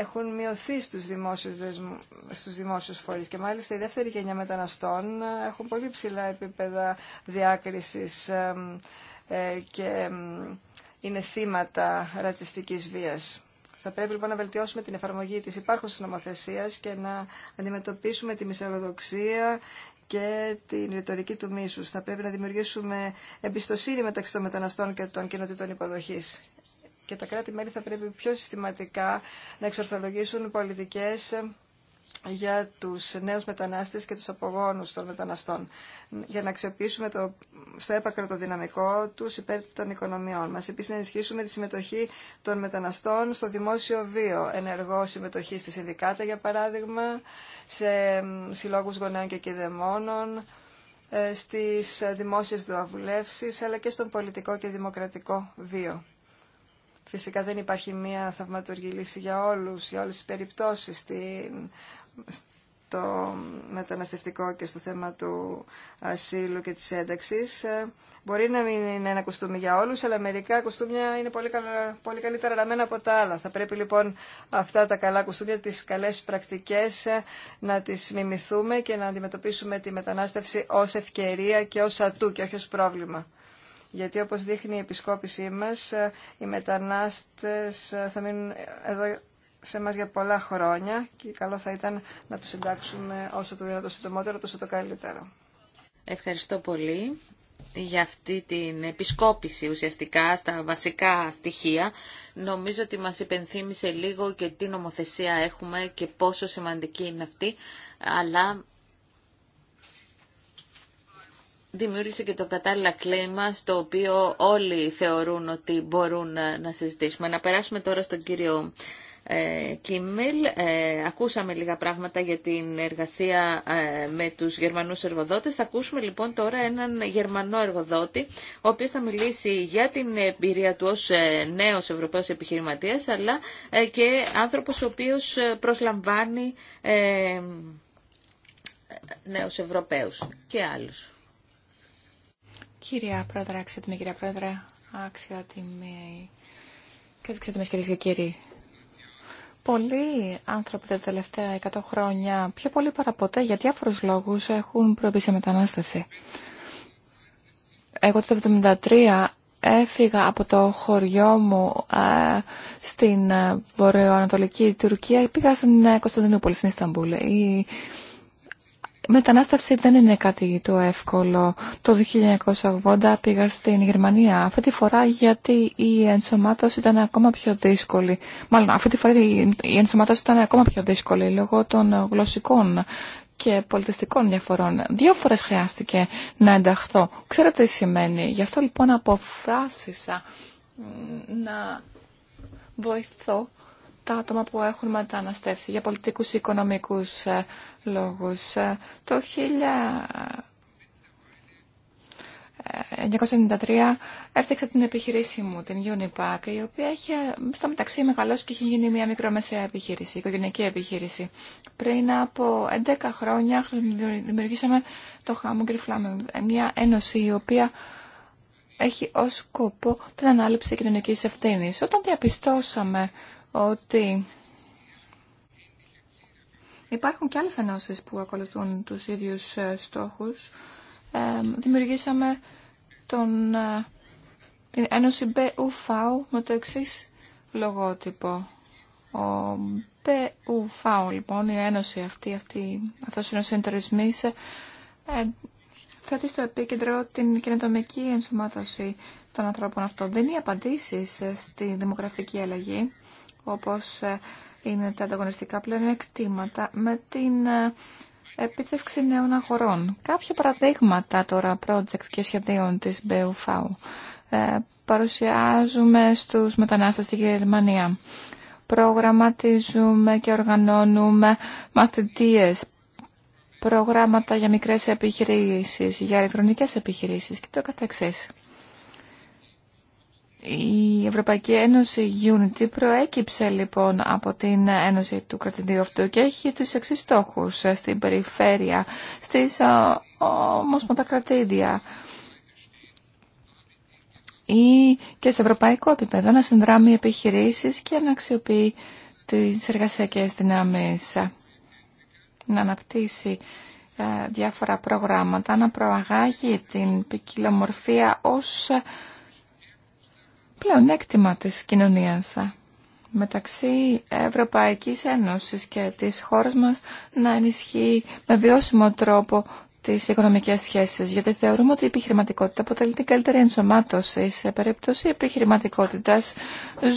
έχουν μειωθεί στους δημόσιους, φορεί. στους δημόσιους φορείς. Και μάλιστα η δεύτερη γενιά μεταναστών έχουν πολύ ψηλά επίπεδα διάκρισης ε, και είναι θύματα ρατσιστικής βίας. Θα πρέπει λοιπόν να βελτιώσουμε την εφαρμογή της υπάρχουσας νομοθεσίας και να αντιμετωπίσουμε τη μυσαλλοδοξία και την ρητορική του μίσου. Θα πρέπει να δημιουργήσουμε εμπιστοσύνη μεταξύ των μεταναστών και των κοινοτήτων υποδοχής. Και τα κράτη-μέλη θα πρέπει πιο συστηματικά να εξορθολογήσουν πολιτικές για τους νέους μετανάστες και τους απογόνους των μεταναστών, για να αξιοποιήσουμε το, στο έπακρο το δυναμικό τους υπέρ των οικονομιών μας. Επίσης, να ενισχύσουμε τη συμμετοχή των μεταναστών στο δημόσιο βίο, ενεργό συμμετοχή στη συνδικάτα, για παράδειγμα, σε συλλόγους γονέων και κηδεμόνων, ε, στις δημόσιες δουλεύσεις, αλλά και στον πολιτικό και δημοκρατικό βίο. Φυσικά δεν υπάρχει μία θαυματουργή λύση για όλους, για όλες τις περιπτώσεις. Στην στο μεταναστευτικό και στο θέμα του ασύλου και της ένταξης. Ε, μπορεί να μην είναι ένα κουστούμι για όλους, αλλά μερικά κουστούμια είναι πολύ, καλύτερα ραμμένα από τα άλλα. Θα πρέπει λοιπόν αυτά τα καλά κουστούμια, τις καλές πρακτικές, ε, να τις μιμηθούμε και να αντιμετωπίσουμε τη μετανάστευση ως ευκαιρία και ως ατού και όχι ως πρόβλημα. Γιατί όπως δείχνει η επισκόπησή μας, ε, οι μετανάστες θα μείνουν εδώ σε εμά για πολλά χρόνια και καλό θα ήταν να του συντάξουμε όσο το δυνατόν συντομότερο, τόσο το καλύτερο. Ευχαριστώ πολύ για αυτή την επισκόπηση ουσιαστικά στα βασικά στοιχεία. Νομίζω ότι μας υπενθύμησε λίγο και τι νομοθεσία έχουμε και πόσο σημαντική είναι αυτή, αλλά δημιούργησε και το κατάλληλα κλίμα στο οποίο όλοι θεωρούν ότι μπορούν να συζητήσουμε. Να περάσουμε τώρα στον κύριο ε, Κίμελ. Ε, ακούσαμε λίγα πράγματα για την εργασία ε, με τους Γερμανούς εργοδότες. Θα ακούσουμε λοιπόν τώρα έναν Γερμανό εργοδότη, ο οποίος θα μιλήσει για την εμπειρία του ως νέος Ευρωπαίος επιχειρηματίας, αλλά και άνθρωπος ο οποίος προσλαμβάνει νέους Ευρωπαίους και άλλους. Κυρία Πρόεδρε, αξιότιμη κυρία Πρόεδρε, αξιότιμη... και ξέρετε, κυρίες και κύριοι, Πολλοί άνθρωποι τα τελευταία 100 χρόνια, πιο πολύ παραποτέ, για διάφορους λόγους έχουν προβεί σε μετανάστευση. Εγώ το 1973 έφυγα από το χωριό μου ε, στην ε, βορειοανατολική Τουρκία και πήγα στην ε, Κωνσταντινούπολη, στην Ισταμπούλ. Μετανάστευση δεν είναι κάτι το εύκολο. Το 1980 πήγα στην Γερμανία. Αυτή τη φορά γιατί η ενσωμάτωση ήταν ακόμα πιο δύσκολη. Μάλλον αυτή τη φορά η ενσωμάτωση ήταν ακόμα πιο δύσκολη λόγω των γλωσσικών και πολιτιστικών διαφορών. Δύο φορές χρειάστηκε να ενταχθώ. Ξέρω τι σημαίνει. Γι' αυτό λοιπόν αποφάσισα να βοηθώ τα άτομα που έχουν μεταναστεύσει για πολιτικούς ή οικονομικούς ε, λόγους. Ε, το 1993 ε, έφτιαξα την επιχειρήση μου, την Unipack, η οποία έχει ε, στο μεταξύ μεγαλώσει και έχει γίνει μια μικρομεσαία επιχείρηση, οικογενειακή επιχείρηση. Πριν από 11 χρόνια δημιουργήσαμε το Hamburger Flaming, μια ένωση η οποία έχει ως σκοπό την ανάληψη κοινωνικής ευθύνης. Όταν διαπιστώσαμε ότι Υπάρχουν και άλλες ενώσεις που ακολουθούν τους ίδιους ε, στόχους. Ε, δημιουργήσαμε τον, ε, την Ένωση BUV με το εξή λογότυπο. Ο BUV λοιπόν, η Ένωση αυτή, αυτή αυτός είναι ο ε, θέτει στο επίκεντρο την κοινοτομική ενσωμάτωση των ανθρώπων αυτών. Δίνει απαντήσεις στη δημογραφική αλλαγή, όπως είναι τα ανταγωνιστικά πλεονεκτήματα με την ε, επίτευξη νέων αγορών. Κάποια παραδείγματα τώρα project και σχεδίων της BUV ε, παρουσιάζουμε στους μετανάστες στη Γερμανία. Προγραμματίζουμε και οργανώνουμε μαθητείες, προγράμματα για μικρές επιχειρήσεις, για ηλεκτρονικές επιχειρήσεις και το καθεξής. Η Ευρωπαϊκή Ένωση Unity προέκυψε λοιπόν από την Ένωση του Κρατηδίου αυτού και έχει τους εξής ε, στην περιφέρεια, στις ε, ομόσπονδα κρατήδια ή και σε ευρωπαϊκό επίπεδο να συνδράμει επιχειρήσεις και να αξιοποιεί τις εργασιακές δυνάμεις, ε, να αναπτύσσει διάφορα προγράμματα, να προαγάγει την ποικιλομορφία ως πλέον πλεονέκτημα της κοινωνίας ε, μεταξύ Ευρωπαϊκής Ένωσης και της χώρας μας να ενισχύει με βιώσιμο τρόπο τις οικονομικές σχέσεις, γιατί θεωρούμε ότι η επιχειρηματικότητα αποτελεί την καλύτερη ενσωμάτωση. Σε περίπτωση επιχειρηματικότητας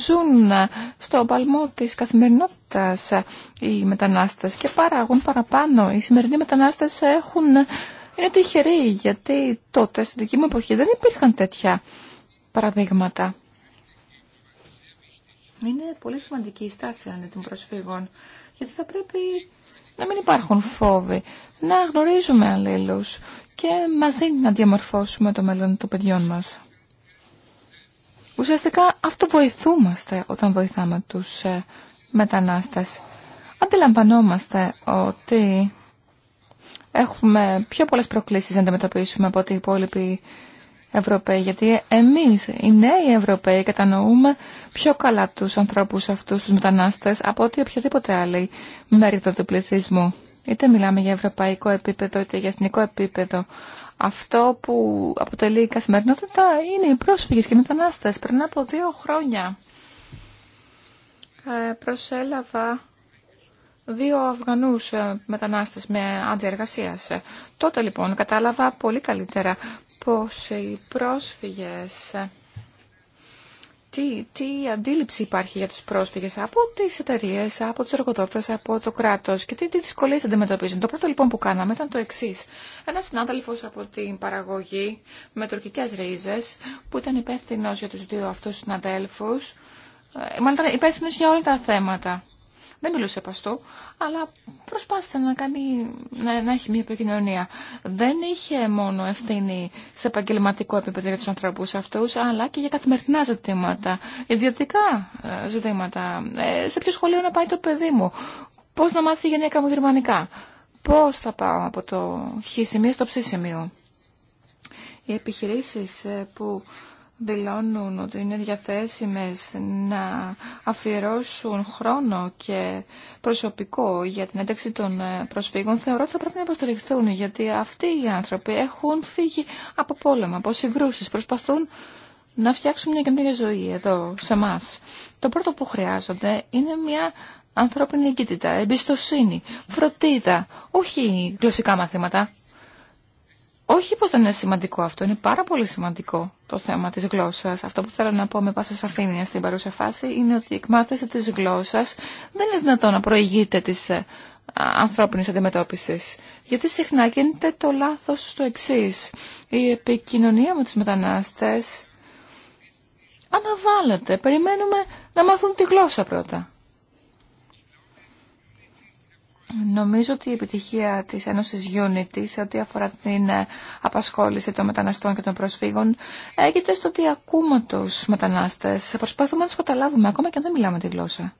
ζουν ε, στο παλμό της καθημερινότητας ε, οι μετανάστες και παράγουν παραπάνω. Οι σημερινοί μετανάστες έχουν... είναι τυχεροί, γιατί τότε στην δική μου εποχή δεν υπήρχαν τέτοια παραδείγματα. Είναι πολύ σημαντική η στάση αντί των προσφύγων, γιατί θα πρέπει να μην υπάρχουν φόβοι, να γνωρίζουμε αλλήλους και μαζί να διαμορφώσουμε το μέλλον των παιδιών μας. Ουσιαστικά αυτό βοηθούμαστε όταν βοηθάμε τους ε, μετανάστες. Αντιλαμβανόμαστε ότι έχουμε πιο πολλές προκλήσεις να αντιμετωπίσουμε από ό,τι οι υπόλοιποι Ευρωπαίοι, γιατί εμείς οι νέοι Ευρωπαίοι κατανοούμε πιο καλά τους ανθρώπους αυτούς, τους μετανάστες, από ότι οποιοδήποτε άλλη μέρη του πληθυσμού. Είτε μιλάμε για ευρωπαϊκό επίπεδο, είτε για εθνικό επίπεδο. Αυτό που αποτελεί η καθημερινότητα είναι οι πρόσφυγες και οι μετανάστες. Πριν από δύο χρόνια ε, προσέλαβα δύο Αφγανούς ε, μετανάστες με αντιεργασίας. Τότε λοιπόν κατάλαβα πολύ καλύτερα πως οι πρόσφυγες... Τι, τι αντίληψη υπάρχει για τους πρόσφυγες από τις εταιρείε, από τους εργοδότες, από το κράτος και τι, τι δυσκολίες αντιμετωπίζουν. Το πρώτο λοιπόν που κάναμε ήταν το εξή. Ένας συνάδελφος από την παραγωγή με τουρκικές ρίζες που ήταν υπεύθυνο για τους δύο αυτούς συναδέλφους, ε, μάλλον ήταν υπεύθυνο για όλα τα θέματα. Δεν μιλούσε παστού, αλλά προσπάθησε να, κάνει, να, να έχει μια επικοινωνία. Δεν είχε μόνο ευθύνη σε επαγγελματικό επίπεδο για του ανθρώπου αυτούς, αλλά και για καθημερινά ζητήματα, ιδιωτικά ε, ζητήματα. Ε, σε ποιο σχολείο να πάει το παιδί μου, πώς να μάθει η γενέκα μου γερμανικά, πώς θα πάω από το χ σημείο στο ψ σημείο. Οι επιχειρήσεις ε, που δηλώνουν ότι είναι διαθέσιμες να αφιερώσουν χρόνο και προσωπικό για την ένταξη των ε, προσφύγων, θεωρώ ότι θα πρέπει να υποστηριχθούν, γιατί αυτοί οι άνθρωποι έχουν φύγει από πόλεμα, από συγκρούσεις, προσπαθούν να φτιάξουν μια καινούργια ζωή εδώ, σε εμά. Το πρώτο που χρειάζονται είναι μια ανθρώπινη εγκύτητα, εμπιστοσύνη, φροντίδα, όχι γλωσσικά μαθήματα. Όχι πως δεν είναι σημαντικό αυτό, είναι πάρα πολύ σημαντικό το θέμα της γλώσσας. Αυτό που θέλω να πω με πάσα σαφήνεια στην παρούσα φάση είναι ότι η εκμάθηση της γλώσσας δεν είναι δυνατό να προηγείται της ε, ανθρώπινης αντιμετώπισης. Γιατί συχνά γίνεται το λάθος στο εξή. Η επικοινωνία με τους μετανάστες αναβάλλεται. Περιμένουμε να μάθουν τη γλώσσα πρώτα. Νομίζω ότι η επιτυχία της Ένωσης Unity σε ό,τι αφορά την ε, απασχόληση των μεταναστών και των προσφύγων έγινε στο ότι ακούμε τους μετανάστες. Προσπαθούμε να τους καταλάβουμε ακόμα και αν δεν μιλάμε τη γλώσσα.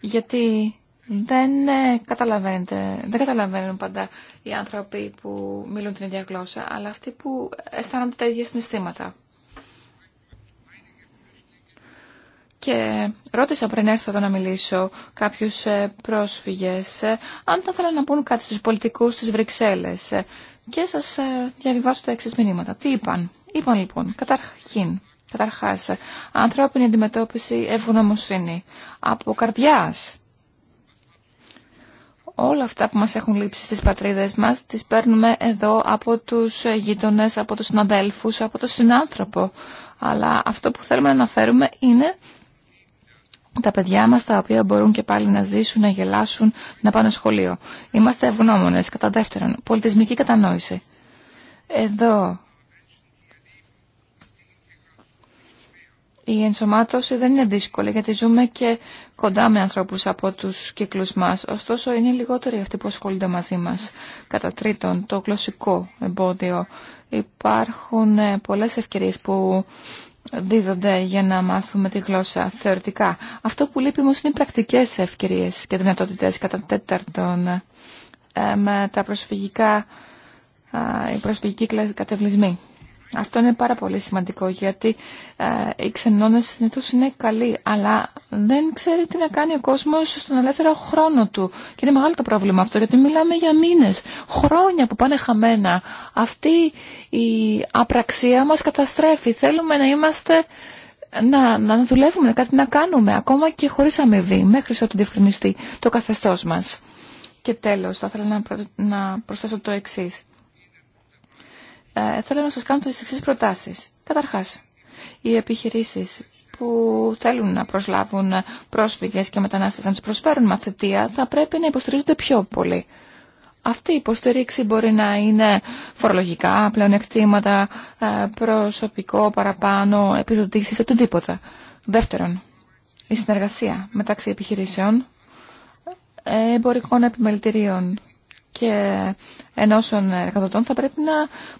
Γιατί δεν ε, καταλαβαίνετε, δεν καταλαβαίνουν πάντα οι άνθρωποι που μιλούν την ίδια γλώσσα, αλλά αυτοί που αισθάνονται τα ίδια συναισθήματα. και ρώτησα πριν έρθω εδώ να μιλήσω κάποιους ε, πρόσφυγες ε, αν θα ήθελαν να πούν κάτι στους πολιτικούς της Βρυξέλλες ε, και σας διαβιβάσω τα εξής μηνύματα. Τι είπαν. Είπαν λοιπόν, καταρχήν, καταρχάς, ανθρώπινη αντιμετώπιση ευγνωμοσύνη από καρδιάς. Όλα αυτά που μας έχουν λείψει στις πατρίδες μας, τις παίρνουμε εδώ από τους γείτονες, από τους συναδέλφους, από τον συνάνθρωπο. Αλλά αυτό που θέλουμε να αναφέρουμε είναι τα παιδιά μας τα οποία μπορούν και πάλι να ζήσουν, να γελάσουν, να πάνε σχολείο. Είμαστε ευγνώμονες. Κατά δεύτερον, πολιτισμική κατανόηση. Εδώ η ενσωμάτωση δεν είναι δύσκολη γιατί ζούμε και κοντά με ανθρώπους από τους κύκλους μας. Ωστόσο είναι λιγότεροι αυτοί που ασχολούνται μαζί μας. Κατά τρίτον, το γλωσσικό εμπόδιο. Υπάρχουν ε, πολλές ευκαιρίες που δίδονται για να μάθουμε τη γλώσσα θεωρητικά. Αυτό που λείπει όμως είναι οι πρακτικές ευκαιρίες και δυνατότητες κατά τέταρτον ε, με τα προσφυγικά, οι προσφυγικοί κατευλισμοί. Αυτό είναι πάρα πολύ σημαντικό γιατί ε, οι ξενώνες συνήθω είναι καλοί, αλλά δεν ξέρει τι να κάνει ο κόσμος στον ελεύθερο χρόνο του. Και είναι μεγάλο το πρόβλημα αυτό γιατί μιλάμε για μήνες, χρόνια που πάνε χαμένα. Αυτή η απραξία μας καταστρέφει. Θέλουμε να είμαστε... Να, να δουλεύουμε, κάτι να κάνουμε, ακόμα και χωρίς αμοιβή, μέχρι ότου διευκρινιστεί το καθεστώς μας. Και τέλος, θα ήθελα να, να προσθέσω το εξής. Ε, θέλω να σας κάνω τις εξής προτάσεις. Καταρχάς, οι επιχειρήσεις που θέλουν να προσλάβουν πρόσφυγες και μετανάστες να τους προσφέρουν μαθητεία θα πρέπει να υποστηρίζονται πιο πολύ. Αυτή η υποστηρίξη μπορεί να είναι φορολογικά, πλεονεκτήματα, ε, προσωπικό παραπάνω, επιδοτήσεις, οτιδήποτε. Δεύτερον, η συνεργασία μεταξύ επιχειρήσεων, εμπορικών επιμελητηρίων και ενώσεων εργαζοτών θα πρέπει να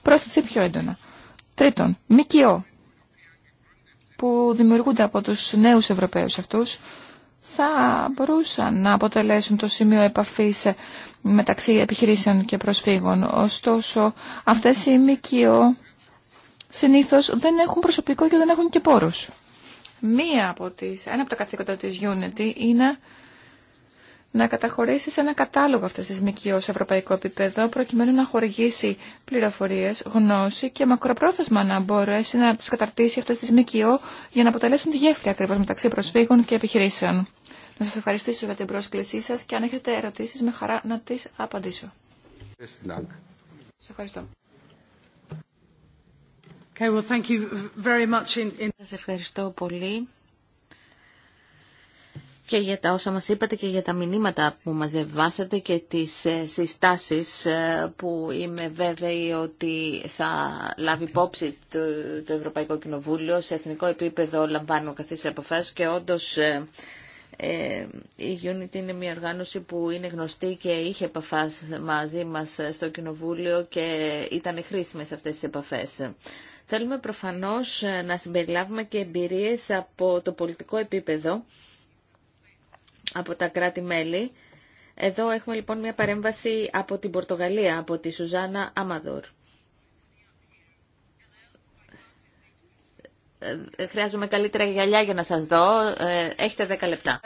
προσθεθεί πιο έντονα. Τρίτον, ΜΚΟ που δημιουργούνται από τους νέους Ευρωπαίους αυτούς θα μπορούσαν να αποτελέσουν το σημείο επαφής μεταξύ επιχειρήσεων και προσφύγων. Ωστόσο, αυτές οι ΜΚΟ συνήθως δεν έχουν προσωπικό και δεν έχουν και πόρους. Μία από τις, ένα από τα καθήκοντα της Unity είναι να καταχωρήσει σε ένα κατάλογο αυτές τις ΜΚΟ σε ευρωπαϊκό επίπεδο προκειμένου να χορηγήσει πληροφορίες, γνώση και μακροπρόθεσμα να μπορέσει να τους καταρτήσει αυτές τις ΜΚΟ για να αποτελέσουν τη γέφυρα ακριβώς μεταξύ προσφύγων και επιχειρήσεων. Να σας ευχαριστήσω για την πρόσκλησή σας και αν έχετε ερωτήσεις με χαρά να τις απαντήσω. Σας ευχαριστώ. ευχαριστώ πολύ και για τα όσα μας είπατε και για τα μηνύματα που μαζευάσατε και τις ε, συστάσεις ε, που είμαι βέβαιη ότι θα λάβει υπόψη το, Ευρωπαϊκό Κοινοβούλιο. Σε εθνικό επίπεδο λαμβάνουν καθήσεις αποφάσεις και όντως ε, η Unity είναι μια οργάνωση που είναι γνωστή και είχε επαφές μαζί μας στο Κοινοβούλιο και ήταν χρήσιμες αυτές τις επαφές. Θέλουμε προφανώς να συμπεριλάβουμε και εμπειρίες από το πολιτικό επίπεδο από τα κράτη-μέλη. Εδώ έχουμε λοιπόν μια παρέμβαση από την Πορτογαλία, από τη Σουζάνα Αμαδόρ. Ε, χρειάζομαι καλύτερα γυαλιά για να σας δω. Ε, έχετε 10 λεπτά.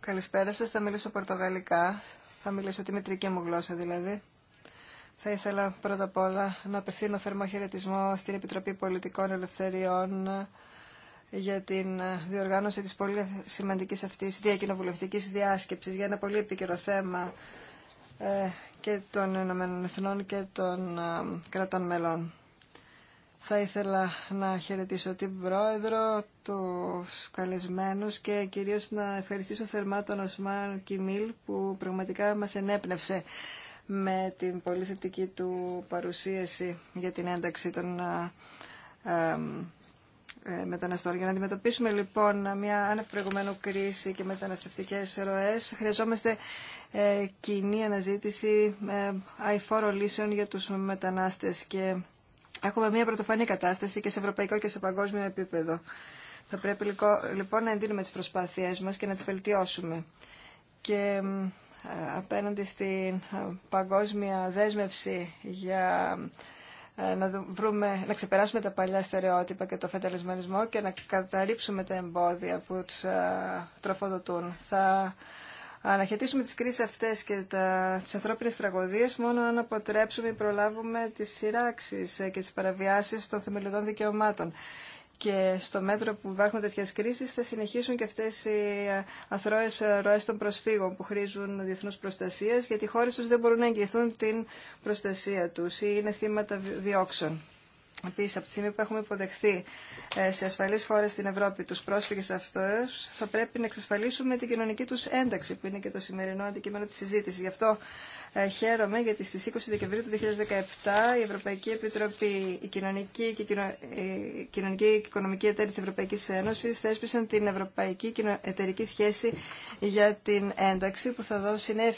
Καλησπέρα σας. Θα μιλήσω πορτογαλικά. Θα μιλήσω τη μετρική μου γλώσσα δηλαδή. Θα ήθελα πρώτα απ' όλα να απευθύνω θερμό χαιρετισμό στην Επιτροπή Πολιτικών Ελευθεριών για την ε, διοργάνωση της πολύ σημαντικής αυτής διακοινοβουλευτικής διάσκεψης για ένα πολύ επίκαιρο θέμα ε, και των Ηνωμένων Εθνών και των ε, κρατών μελών. Θα ήθελα να χαιρετήσω την Πρόεδρο, τους καλεσμένους και κυρίως να ευχαριστήσω θερμά τον Οσμάν Κιμίλ που πραγματικά μας ενέπνευσε με την πολύ θετική του παρουσίαση για την ένταξη των ε, μεταναστών. Για να αντιμετωπίσουμε λοιπόν μια άνευ κρίση και μεταναστευτικέ ροέ, χρειαζόμαστε ε, κοινή αναζήτηση ε, αϊφόρο λύσεων για τους μετανάστες και έχουμε μια πρωτοφανή κατάσταση και σε ευρωπαϊκό και σε παγκόσμιο επίπεδο. Θα πρέπει λοιπόν να εντείνουμε τις προσπάθειές μας και να τις βελτιώσουμε. Και απέναντι στην παγκόσμια δέσμευση για ε, να, βρούμε, να ξεπεράσουμε τα παλιά στερεότυπα και το φετελισμανισμό και να καταρρύψουμε τα εμπόδια που τους ε, τροφοδοτούν. Θα αναχαιτήσουμε τις κρίσεις αυτές και τα, τις ανθρώπινες τραγωδίες μόνο αν αποτρέψουμε ή προλάβουμε τις σειράξεις ε, και τις παραβιάσεις των θεμελιωδών δικαιωμάτων και στο μέτρο που υπάρχουν τέτοιε κρίσει θα συνεχίσουν και αυτέ οι ε, αθρώε ε, ροέ των προσφύγων που χρήζουν διεθνού προστασία, γιατί οι χώρε του δεν μπορούν να εγγυηθούν την προστασία του ή είναι θύματα διώξεων. Επίση, από τη στιγμή που έχουμε υποδεχθεί ε, σε ασφαλεί χώρε στην Ευρώπη του πρόσφυγε αυτού, θα πρέπει να εξασφαλίσουμε την κοινωνική του ένταξη, που είναι και το σημερινό αντικείμενο τη συζήτηση. Γι' αυτό ε, χαίρομαι γιατί στι 20 Δεκεμβρίου του 2017 η Ευρωπαϊκή Επιτροπή, η κοινωνική και η κοινωνική και οικονομική εταίρη τη Ευρωπαϊκή Ένωση θέσπισαν την Ευρωπαϊκή Εταιρική Σχέση για την Ένταξη, που θα δώσει νέε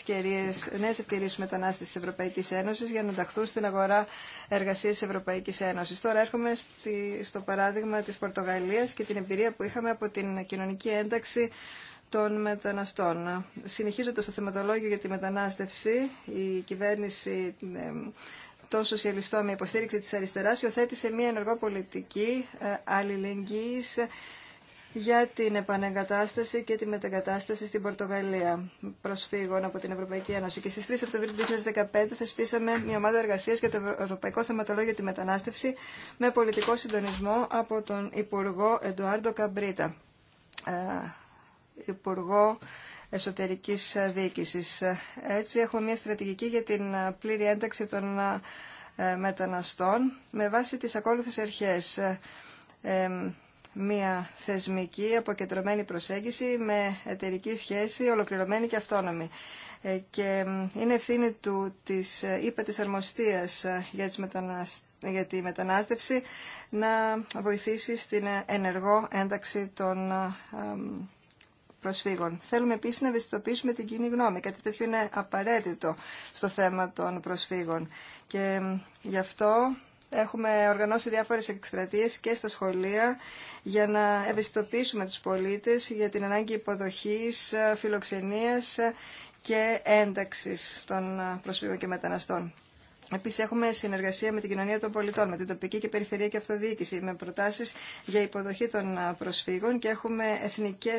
ευκαιρίε μετανάστε τη Ευρωπαϊκή Ένωση για να ενταχθούν στην αγορά εργασία τη Ευρωπαϊκή Ένωση. Τώρα έρχομαι στο παράδειγμα της Πορτογαλίας και την εμπειρία που είχαμε από την κοινωνική ένταξη των μεταναστών. Συνεχίζοντας το θεματολόγιο για τη μετανάστευση, η κυβέρνηση ε, των σοσιαλιστών με υποστήριξη της αριστεράς υιοθέτησε μια ενεργό πολιτική ε, αλληλεγγύης για την επανεγκατάσταση και τη μετεγκατάσταση στην Πορτογαλία προσφύγων από την Ευρωπαϊκή Ένωση. Και στις 3 Σεπτεμβρίου 2015 θεσπίσαμε μια ομάδα εργασίας για το Ευρωπαϊκό Θεματολόγιο τη Μετανάστευση με πολιτικό συντονισμό από τον Υπουργό Εντουάρντο Καμπρίτα, ε, Υπουργό Εσωτερικής Διοίκησης. Έτσι έχουμε μια στρατηγική για την πλήρη ένταξη των ε, μεταναστών με βάση τις ακόλουθες αρχές ε, μια θεσμική, αποκεντρωμένη προσέγγιση με εταιρική σχέση, ολοκληρωμένη και αυτόνομη. Ε, και είναι ευθύνη του της ΥΠΑ ε, της Αρμοστίας ε, για, τις για τη μετανάστευση να βοηθήσει στην ενεργό ένταξη των προσφύγων. Θέλουμε επίση να ευαισθητοποιήσουμε την κοινή γνώμη. Κάτι τέτοιο είναι απαραίτητο στο θέμα των προσφύγων. Και γι' αυτό Έχουμε οργανώσει διάφορες εκστρατείες και στα σχολεία για να ευαισθητοποιήσουμε τους πολίτες για την ανάγκη υποδοχής, φιλοξενίας και ένταξης των προσφύγων και μεταναστών. Επίση, έχουμε συνεργασία με την κοινωνία των πολιτών, με την τοπική και περιφερειακή αυτοδιοίκηση, με προτάσει για υποδοχή των προσφύγων και έχουμε εθνικέ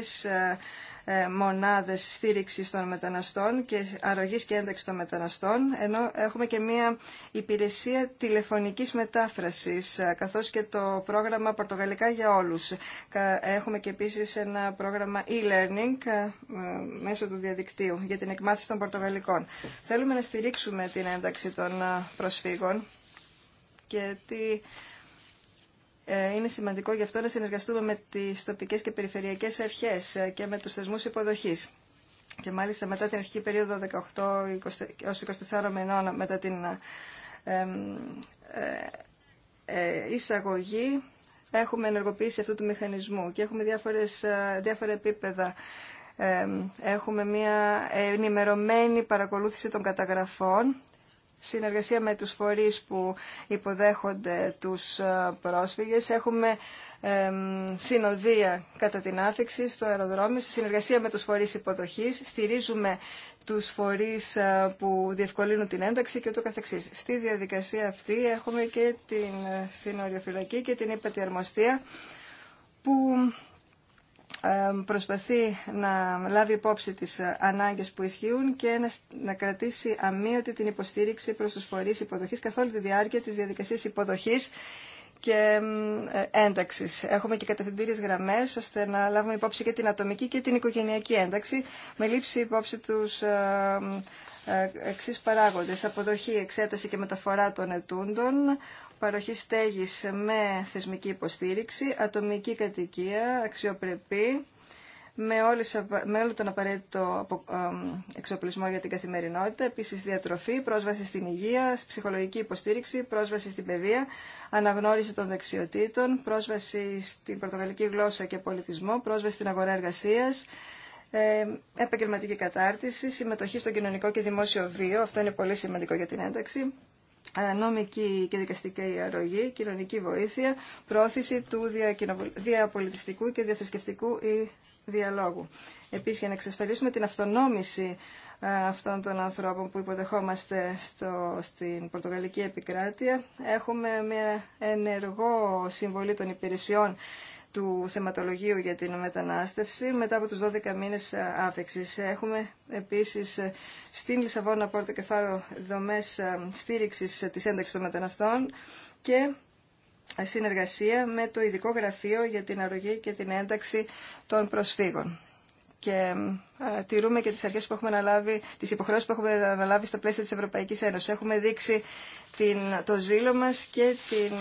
ε, μονάδε στήριξη των μεταναστών και αρρωγή και ένταξη των μεταναστών, ενώ έχουμε και μία υπηρεσία τηλεφωνική μετάφραση, καθώ και το πρόγραμμα Πορτογαλικά για όλου. Έχουμε και επίση ένα πρόγραμμα e-learning μέσω του διαδικτύου για την εκμάθηση των Πορτογαλικών. Θέλουμε να στηρίξουμε την ένταξη των προσφύγων και τι ε, είναι σημαντικό γι' αυτό να συνεργαστούμε με τις τοπικές και περιφερειακές αρχές ε, και με τους θεσμούς υποδοχής. Και μάλιστα μετά την αρχική περίοδο 18 έως 24 μηνών μετά την ε, εισαγωγή έχουμε ενεργοποιήσει αυτού του μηχανισμού και έχουμε διάφορες, διάφορα επίπεδα. έχουμε μια ενημερωμένη παρακολούθηση των καταγραφών συνεργασία με τους φορείς που υποδέχονται τους ε, πρόσφυγες. Έχουμε συνοδεία κατά την άφηξη στο αεροδρόμιο, συνεργασία με τους φορείς υποδοχής. Στηρίζουμε τους φορείς ε, που διευκολύνουν την ένταξη και ούτω καθεξής. Στη διαδικασία αυτή έχουμε και την ε, συνοριοφυλακή και την υπετιαρμοστία που προσπαθεί να λάβει υπόψη τις ε, ανάγκες που ισχύουν και να, να κρατήσει αμύωτη την υποστήριξη προς τους φορείς υποδοχής καθ' όλη τη διάρκεια της διαδικασίας υποδοχής και ε, ένταξης. Έχουμε και κατευθυντήριες γραμμές ώστε να λάβουμε υπόψη και την ατομική και την οικογενειακή ένταξη με λήψη υπόψη τους ε, εξής παράγοντες. Αποδοχή, εξέταση και μεταφορά των ετούντων, παροχή στέγης με θεσμική υποστήριξη, ατομική κατοικία, αξιοπρεπή, με, όλες, με όλο τον απαραίτητο εξοπλισμό για την καθημερινότητα, επίσης διατροφή, πρόσβαση στην υγεία, ψυχολογική υποστήριξη, πρόσβαση στην παιδεία, αναγνώριση των δεξιοτήτων, πρόσβαση στην πορτογαλική γλώσσα και πολιτισμό, πρόσβαση στην αγορά εργασίας, ε, επαγγελματική κατάρτιση, συμμετοχή στο κοινωνικό και δημόσιο βίο, αυτό είναι πολύ σημαντικό για την ένταξη, νομική και δικαστική αρρωγή, κοινωνική βοήθεια, πρόθεση του διαπολιτιστικού και διαθρησκευτικού διαλόγου. Επίσης, για να εξασφαλίσουμε την αυτονόμηση ε, αυτών των ανθρώπων που υποδεχόμαστε στο, στην Πορτογαλική επικράτεια. Έχουμε μια ενεργό συμβολή των υπηρεσιών του θεματολογίου για την μετανάστευση μετά από τους 12 μήνες ε, άφεξης. Έχουμε επίσης ε, στην Λισαβόνα Πόρτο Κεφάρο δομές ε, στήριξης της ένταξης των μεταναστών και συνεργασία με το Ειδικό Γραφείο για την Αρρωγή και την Ένταξη των Προσφύγων. Και τηρούμε και τις αρχές που έχουμε αναλάβει, τις υποχρεώσεις που έχουμε αναλάβει στα πλαίσια της Ευρωπαϊκής Ένωσης. Έχουμε δείξει την, το ζήλο μας και την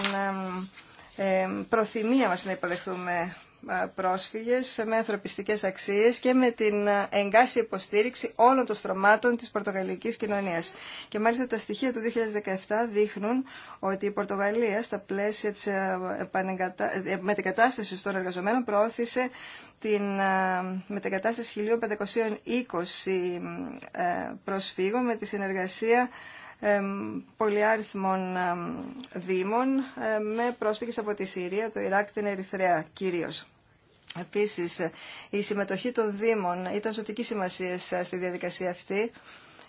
ε, προθυμία μας να υποδεχθούμε ε, πρόσφυγες με ανθρωπιστικές αξίες και με την ε, εγκάση υποστήριξη όλων των στρωμάτων της πορτογαλικής κοινωνίας. Και μάλιστα τα στοιχεία του 2017 δείχνουν ότι η Πορτογαλία στα πλαίσια της μετεγκατάστασης των εργαζομένων προώθησε την μετεγκατάσταση 1520 προσφύγων με τη συνεργασία πολυάριθμων δήμων με πρόσφυγες από τη Συρία, το Ιράκ, την Ερυθρέα κυρίως. Επίσης, η συμμετοχή των δήμων ήταν ζωτική σημασία στη διαδικασία αυτή.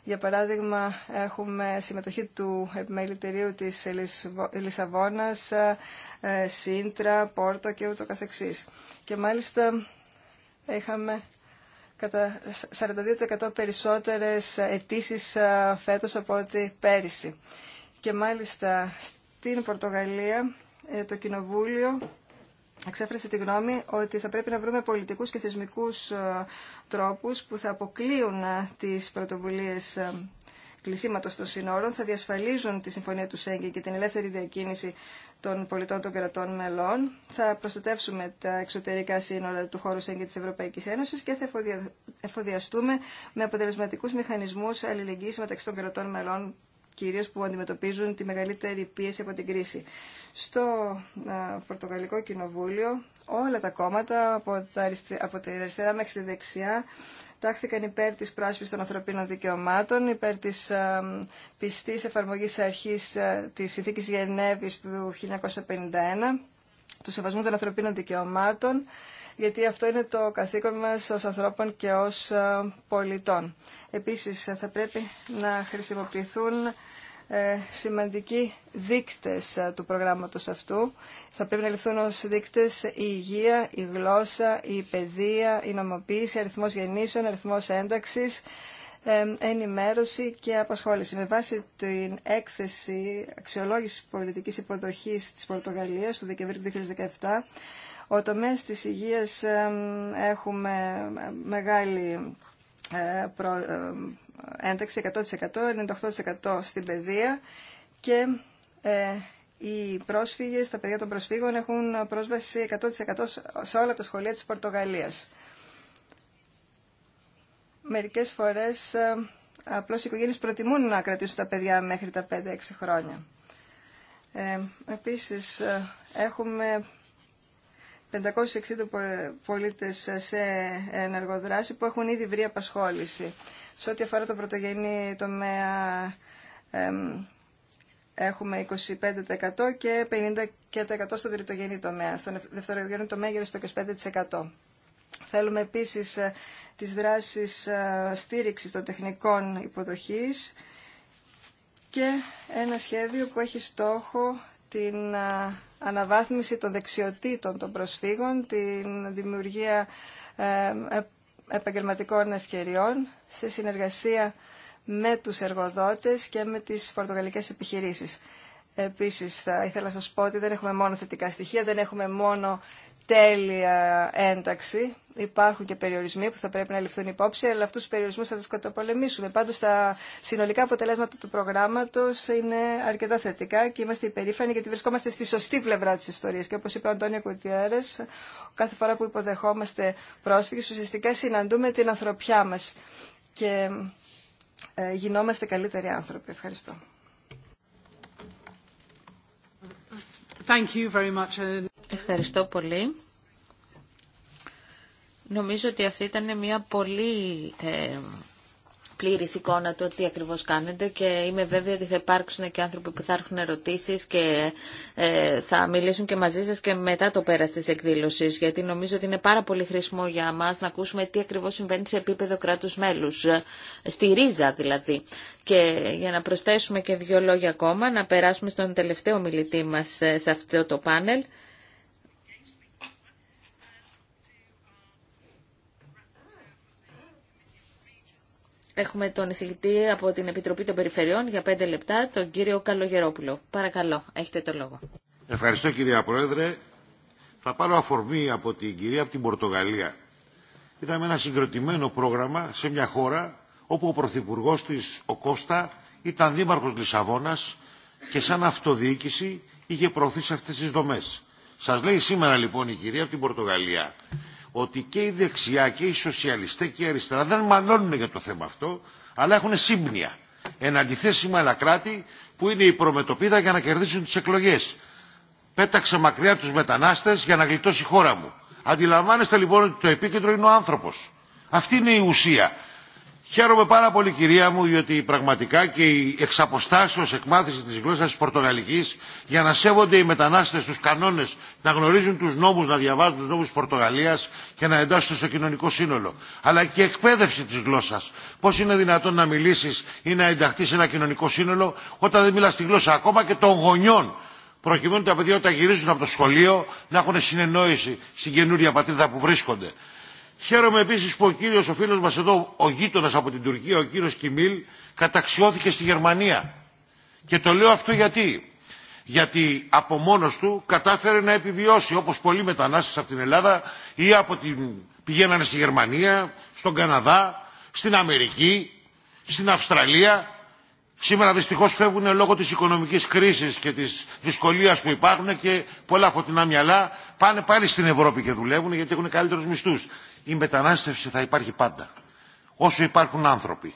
Για παράδειγμα, έχουμε συμμετοχή του επιμελητηρίου της Λισαβόνας, ε, Σύντρα, Πόρτο και ούτω καθεξής. Και μάλιστα είχαμε κατά 42% περισσότερες αιτήσει ε, φέτος από ό,τι πέρυσι. Και μάλιστα στην Πορτογαλία ε, το Κοινοβούλιο εξέφρασε τη γνώμη ότι θα πρέπει να βρούμε πολιτικούς και θεσμικούς ε, τρόπους που θα αποκλείουν τις πρωτοβουλίες κλεισίματος των συνόρων, θα διασφαλίζουν τη Συμφωνία του Σέγγεν και την ελεύθερη διακίνηση των πολιτών των κρατών μελών. Θα προστατεύσουμε τα εξωτερικά σύνορα του χώρου ΣΕΝ της Ευρωπαϊκής Ένωσης και θα εφοδιαστούμε με αποτελεσματικούς μηχανισμούς αλληλεγγύης μεταξύ των κρατών μελών κυρίως που αντιμετωπίζουν τη μεγαλύτερη πίεση από την κρίση. Στο Πορτογαλικό Κοινοβούλιο όλα τα κόμματα από, τα από τη αριστερά μέχρι τη δεξιά τάχθηκαν υπέρ της πράσπισης των ανθρωπίνων δικαιωμάτων, υπέρ της ε, πιστής εφαρμογής αρχής ε, της Συνθήκης Γενέβης του 1951, του Σεβασμού των Ανθρωπίνων Δικαιωμάτων, γιατί αυτό είναι το καθήκον μας ως ανθρώπων και ως ε, πολιτών. Επίσης, θα πρέπει να χρησιμοποιηθούν ε, σημαντικοί δείκτες ε, του προγράμματος αυτού. Θα πρέπει να ληφθούν ως δείκτες η υγεία, η γλώσσα, η παιδεία, η νομοποίηση, αριθμός γεννήσεων, αριθμός ένταξης, ε, ενημέρωση και απασχόληση. Με βάση την έκθεση αξιολόγησης πολιτικής υποδοχής της Πορτογαλίας του Δεκεμβρίου του 2017, ο τομέας της υγείας έχουμε μεγάλη ένταξη 100%, 98% στην παιδεία και ε, οι πρόσφυγες, τα παιδιά των προσφύγων έχουν πρόσβαση 100% σε όλα τα σχολεία της Πορτογαλίας. Μερικές φορές ε, απλώς οι οικογένειες προτιμούν να κρατήσουν τα παιδιά μέχρι τα 5-6 χρόνια. Ε, επίσης ε, έχουμε 560 πολίτες σε ενεργοδράση που έχουν ήδη βρει απασχόληση. Σε ό,τι αφορά το πρωτογενή τομέα έχουμε 25% και 50% στο τριτογενή τομέα. Στον δευτερογενή τομέα γύρω στο 25%. Θέλουμε επίσης ε, τις δράσεις ε, στήριξης των τεχνικών υποδοχής και ένα σχέδιο που έχει στόχο την ε, αναβάθμιση των δεξιοτήτων των προσφύγων, την δημιουργία ε, ε, επαγγελματικών ευκαιριών σε συνεργασία με τους εργοδότες και με τις πορτογαλικές επιχειρήσεις. Επίσης, θα ήθελα να σας πω ότι δεν έχουμε μόνο θετικά στοιχεία, δεν έχουμε μόνο τέλεια ένταξη. Υπάρχουν και περιορισμοί που θα πρέπει να ληφθούν υπόψη, αλλά αυτού του περιορισμού θα του καταπολεμήσουμε. Πάντω, τα συνολικά αποτελέσματα του προγράμματο είναι αρκετά θετικά και είμαστε υπερήφανοι γιατί βρισκόμαστε στη σωστή πλευρά τη ιστορία. Και όπω είπε ο Αντώνιο Κουτιέρε, κάθε φορά που υποδεχόμαστε πρόσφυγε, ουσιαστικά συναντούμε την ανθρωπιά μα και ε, γινόμαστε καλύτεροι άνθρωποι. Ευχαριστώ. Thank you very much. Ευχαριστώ πολύ. Νομίζω ότι αυτή ήταν μια πολύ ε, πλήρης εικόνα του τι ακριβώς κάνετε και είμαι βέβαιη ότι θα υπάρξουν και άνθρωποι που θα έρχουν ερωτήσεις και ε, θα μιλήσουν και μαζί σας και μετά το πέρας της εκδήλωσης γιατί νομίζω ότι είναι πάρα πολύ χρήσιμο για μας να ακούσουμε τι ακριβώς συμβαίνει σε επίπεδο κράτους μέλους, ε, στη ρίζα δηλαδή. Και για να προσθέσουμε και δύο λόγια ακόμα, να περάσουμε στον τελευταίο μιλητή μας ε, σε αυτό το πάνελ. Έχουμε τον εισηγητή από την Επιτροπή των Περιφερειών για πέντε λεπτά, τον κύριο Καλογερόπουλο. Παρακαλώ, έχετε το λόγο. Ευχαριστώ κυρία Πρόεδρε. Θα πάρω αφορμή από την κυρία από την Πορτογαλία. Είδαμε ένα συγκροτημένο πρόγραμμα σε μια χώρα όπου ο Πρωθυπουργό της, ο Κώστα, ήταν δήμαρχος Λισαβόνας και σαν αυτοδιοίκηση είχε προωθήσει αυτές τις δομές. Σας λέει σήμερα λοιπόν η κυρία από την Πορτογαλία ότι και η δεξιά και οι σοσιαλιστές και η αριστερά δεν μαλώνουν για το θέμα αυτό, αλλά έχουν σύμπνια. Εν αντιθέσει με άλλα κράτη που είναι η προμετωπίδα για να κερδίσουν τις εκλογές. Πέταξε μακριά τους μετανάστες για να γλιτώσει η χώρα μου. Αντιλαμβάνεστε λοιπόν ότι το επίκεντρο είναι ο άνθρωπος. Αυτή είναι η ουσία. Χαίρομαι πάρα πολύ κυρία μου διότι πραγματικά και η εξαποστάσεως εκμάθηση της γλώσσας της Πορτογαλικής για να σέβονται οι μετανάστες τους κανόνες, να γνωρίζουν τους νόμους, να διαβάζουν τους νόμους της Πορτογαλίας και να εντάσσονται στο κοινωνικό σύνολο. Αλλά και η εκπαίδευση της γλώσσας. Πώς είναι δυνατόν να μιλήσεις ή να ενταχθείς σε ένα κοινωνικό σύνολο όταν δεν μιλάς τη γλώσσα ακόμα και των γονιών προκειμένου τα παιδιά όταν γυρίζουν από το σχολείο να έχουν συνεννόηση στην καινούρια πατρίδα που βρίσκονται. Χαίρομαι επίση που ο κύριο, ο φίλο μα εδώ, ο γείτονα από την Τουρκία, ο κύριο Κιμίλ, καταξιώθηκε στη Γερμανία. Και το λέω αυτό γιατί. Γιατί από μόνο του κατάφερε να επιβιώσει όπω πολλοί μετανάστε από την Ελλάδα ή από την. πηγαίνανε στη Γερμανία, στον Καναδά, στην Αμερική, στην Αυστραλία. Σήμερα δυστυχώ φεύγουν λόγω τη οικονομική κρίση και τη δυσκολία που υπάρχουν και πολλά φωτεινά μυαλά πάνε πάλι στην Ευρώπη και δουλεύουν γιατί έχουν καλύτερου μισθού η μετανάστευση θα υπάρχει πάντα. Όσο υπάρχουν άνθρωποι.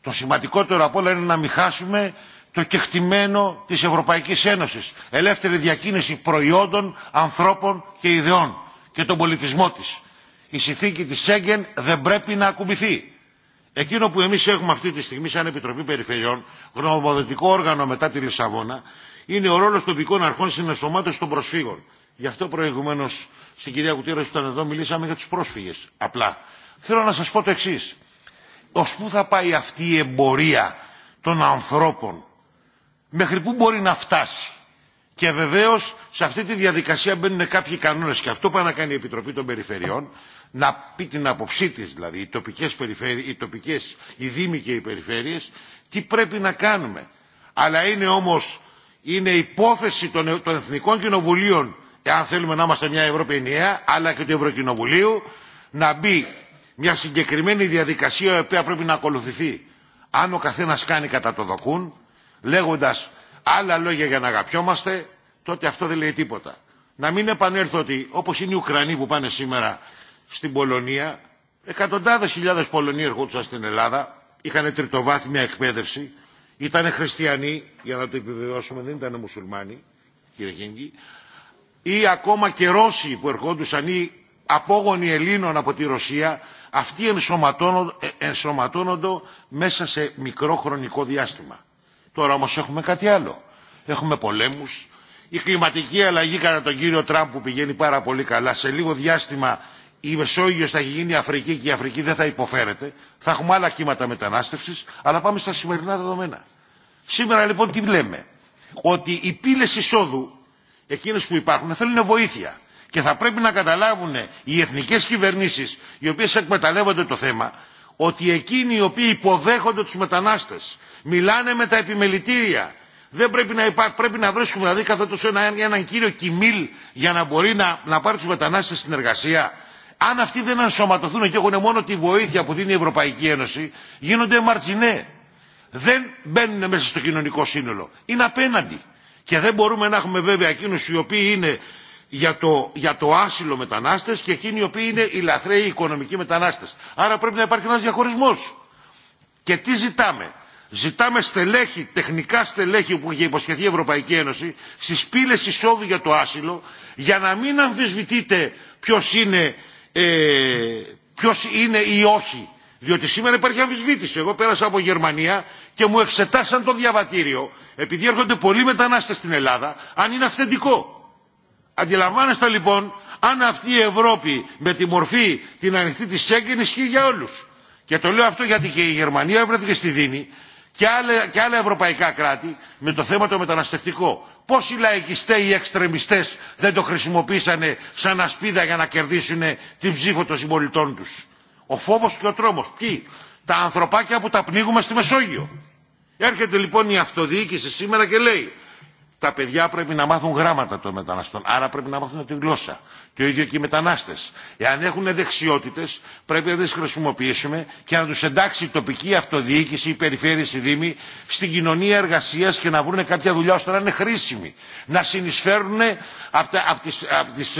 Το σημαντικότερο απ' όλα είναι να μην χάσουμε το κεκτημένο της Ευρωπαϊκής Ένωσης. Ελεύθερη διακίνηση προϊόντων, ανθρώπων και ιδεών και τον πολιτισμό της. Η συνθήκη της Σέγγεν δεν πρέπει να ακουμπηθεί. Εκείνο που εμείς έχουμε αυτή τη στιγμή σαν Επιτροπή Περιφερειών, γνωμοδοτικό όργανο μετά τη Λισαβόνα, είναι ο ρόλος τοπικών αρχών στην ενσωμάτωση των προσφύγων. Γι' αυτό προηγουμένω στην κυρία Κουτήρα που ήταν εδώ μιλήσαμε για του πρόσφυγε. Απλά. Θέλω να σα πω το εξή. Ω πού θα πάει αυτή η εμπορία των ανθρώπων, μέχρι πού μπορεί να φτάσει. Και βεβαίω σε αυτή τη διαδικασία μπαίνουν κάποιοι κανόνε. Και αυτό πάει να κάνει η Επιτροπή των Περιφερειών, να πει την άποψή τη, δηλαδή οι τοπικέ οι, τοπικές, οι δήμοι και οι περιφέρειε, τι πρέπει να κάνουμε. Αλλά είναι όμω είναι υπόθεση των, των Εθνικών Κοινοβουλίων εάν θέλουμε να είμαστε μια Ευρώπη ενιαία, αλλά και του Ευρωκοινοβουλίου, να μπει μια συγκεκριμένη διαδικασία η οποία πρέπει να ακολουθηθεί. Αν ο καθένας κάνει κατά το δοκούν, λέγοντας άλλα λόγια για να αγαπιόμαστε, τότε αυτό δεν λέει τίποτα. Να μην επανέλθω ότι όπως είναι οι Ουκρανοί που πάνε σήμερα στην Πολωνία, εκατοντάδες χιλιάδες Πολωνοί ερχόντουσαν στην Ελλάδα, είχαν τριτοβάθμια εκπαίδευση, ήταν χριστιανοί, για να το επιβεβαιώσουμε δεν ήταν μουσουλμάνοι, κύριε Χίνγκη, ή ακόμα και Ρώσοι που ερχόντουσαν ή απόγονοι Ελλήνων από τη Ρωσία, αυτοί ενσωματώνονται, ε, ενσωματώνονται μέσα σε μικρό χρονικό διάστημα. Τώρα όμως έχουμε κάτι άλλο. Έχουμε πολέμους, η κλιματική ρωσια αυτοι ενσωματωνονται μεσα σε μικρο χρονικο διαστημα τωρα κατά τον κύριο Τραμπ που πηγαίνει πάρα πολύ καλά. Σε λίγο διάστημα η Μεσόγειος θα έχει γίνει Αφρική και η Αφρική δεν θα υποφέρεται. Θα έχουμε άλλα κύματα μετανάστευσης, αλλά πάμε στα σημερινά δεδομένα. Σήμερα λοιπόν τι λέμε. Ότι οι πύλες εισόδου εκείνες που υπάρχουν θέλουν βοήθεια. Και θα πρέπει να καταλάβουν οι εθνικές κυβερνήσεις, οι οποίες εκμεταλλεύονται το θέμα, ότι εκείνοι οι οποίοι υποδέχονται τους μετανάστες, μιλάνε με τα επιμελητήρια, δεν πρέπει να, υπά... πρέπει να βρίσκουμε δηλαδή τόσο ένα, έναν κύριο κοιμήλ για να μπορεί να, να πάρει τους μετανάστες στην εργασία. Αν αυτοί δεν ενσωματωθούν και έχουν μόνο τη βοήθεια που δίνει η Ευρωπαϊκή Ένωση, γίνονται μαρτζινέ. Δεν μπαίνουν μέσα στο κοινωνικό σύνολο. Είναι απέναντι. Και δεν μπορούμε να έχουμε βέβαια εκείνους οι οποίοι είναι για το, για το άσυλο μετανάστες και εκείνοι οι οποίοι είναι οι λαθρέοι οικονομικοί μετανάστες. Άρα πρέπει να υπάρχει ένας διαχωρισμός. Και τι ζητάμε. Ζητάμε στελέχη, τεχνικά στελέχη που έχει υποσχεθεί η Ευρωπαϊκή Ένωση στις πύλες εισόδου για το άσυλο για να μην αμφισβητείτε ποιο είναι, ε, είναι ή όχι διότι σήμερα υπάρχει αμφισβήτηση. Εγώ πέρασα από Γερμανία και μου εξετάσαν το διαβατήριο, επειδή έρχονται πολλοί μετανάστες στην Ελλάδα, αν είναι αυθεντικό. Αντιλαμβάνεστε λοιπόν αν αυτή η Ευρώπη με τη μορφή την ανοιχτή της Σέγγεν ισχύει για όλους. Και το λέω αυτό γιατί και η Γερμανία βρέθηκε στη Δίνη και άλλα, και άλλα ευρωπαϊκά κράτη με το θέμα το μεταναστευτικό. Πόσοι λαϊκιστέ ή οι εξτρεμιστές δεν το χρησιμοποιήσαν σαν ασπίδα για να κερδίσουν την ψήφο των συμπολιτών τους. Ο φόβος και ο τρόμος. Ποιοι? Τα ανθρωπάκια που τα πνίγουμε στη Μεσόγειο. Έρχεται λοιπόν η αυτοδιοίκηση σήμερα και λέει τα παιδιά πρέπει να μάθουν γράμματα των μεταναστών, άρα πρέπει να μάθουν τη γλώσσα. Και ο ίδιο και οι μετανάστε. Εάν έχουν δεξιότητε, πρέπει να τι χρησιμοποιήσουμε και να του εντάξει η τοπική αυτοδιοίκηση, η περιφέρεια, η Δήμη στην κοινωνία εργασία και να βρουν κάποια δουλειά ώστε να είναι χρήσιμοι. Να συνεισφέρουν από τα, τις, τις,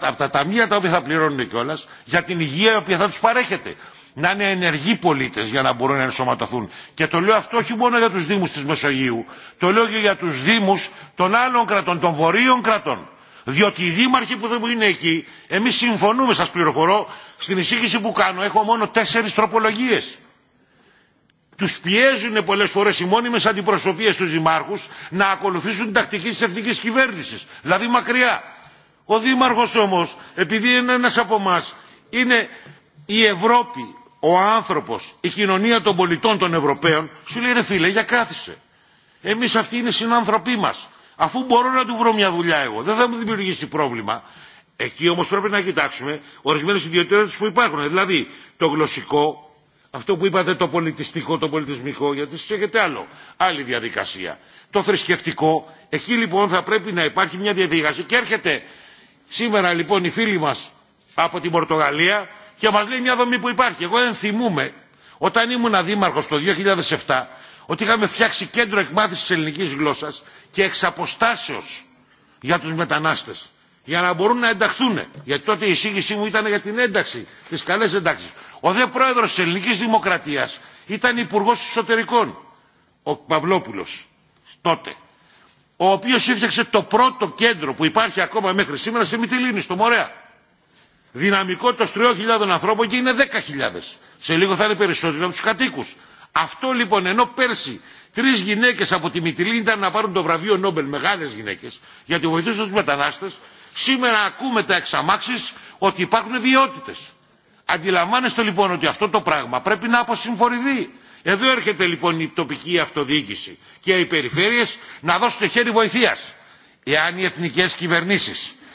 τα, τα ταμεία τα οποία θα πληρώνουν κιόλα για την υγεία η οποία θα του παρέχεται να είναι ενεργοί πολίτε για να μπορούν να ενσωματωθούν. Και το λέω αυτό όχι μόνο για του Δήμου τη Μεσογείου, το λέω και για του Δήμου των άλλων κρατών, των βορείων κρατών. Διότι οι δήμαρχοι που δεν είναι εκεί, εμεί συμφωνούμε, σα πληροφορώ, στην εισήγηση που κάνω, έχω μόνο τέσσερι τροπολογίε. Του πιέζουν πολλέ φορέ οι μόνιμε αντιπροσωπείε του δημάρχου να ακολουθήσουν την τακτική τη εθνική κυβέρνηση. Δηλαδή μακριά. Ο δήμαρχο όμω, επειδή είναι ένα από εμά, είναι η Ευρώπη, ο άνθρωπος, η κοινωνία των πολιτών των Ευρωπαίων σου λέει ρε φίλε για κάθισε. Εμείς αυτοί είναι συνάνθρωποι μας. Αφού μπορώ να του βρω μια δουλειά εγώ, δεν θα μου δημιουργήσει πρόβλημα. Εκεί όμως πρέπει να κοιτάξουμε ορισμένες ιδιαιτερότητε που υπάρχουν. Δηλαδή το γλωσσικό, αυτό που είπατε το πολιτιστικό, το πολιτισμικό, γιατί σας έχετε άλλο, άλλη διαδικασία. Το θρησκευτικό, εκεί λοιπόν θα πρέπει να υπάρχει μια διαδικασία. Και έρχεται σήμερα λοιπόν οι φίλοι μας από την Πορτογαλία και μας λέει μια δομή που υπάρχει. Εγώ δεν θυμούμαι όταν ήμουν δήμαρχος το 2007 ότι είχαμε φτιάξει κέντρο εκμάθησης ελληνικής γλώσσας και εξ για τους μετανάστες για να μπορούν να ενταχθούν. Γιατί τότε η εισήγησή μου ήταν για την ένταξη, τις καλές εντάξεις. Ο δε πρόεδρος της ελληνικής δημοκρατίας ήταν υπουργό εσωτερικών, ο Παυλόπουλος, τότε. Ο οποίος έφτιαξε το πρώτο κέντρο που υπάρχει ακόμα μέχρι σήμερα στη Μυτιλίνη, στο Μορέα Δυναμικό των 3.000 ανθρώπων και είναι 10.000. Σε λίγο θα είναι περισσότερο από του κατοίκου. Αυτό λοιπόν ενώ πέρσι τρει γυναίκε από τη Μυτιλίνη ήταν να πάρουν το βραβείο Νόμπελ, μεγάλε γυναίκε, γιατί βοηθούσαν του μετανάστε, σήμερα ακούμε τα εξαμάξει ότι υπάρχουν ιδιότητε. Αντιλαμβάνεστε λοιπόν ότι αυτό το πράγμα πρέπει να αποσυμφορηθεί. Εδώ έρχεται λοιπόν η τοπική αυτοδιοίκηση και οι περιφέρειες να δώσουν το χέρι βοηθεία. Εάν οι εθνικέ κυβερνήσει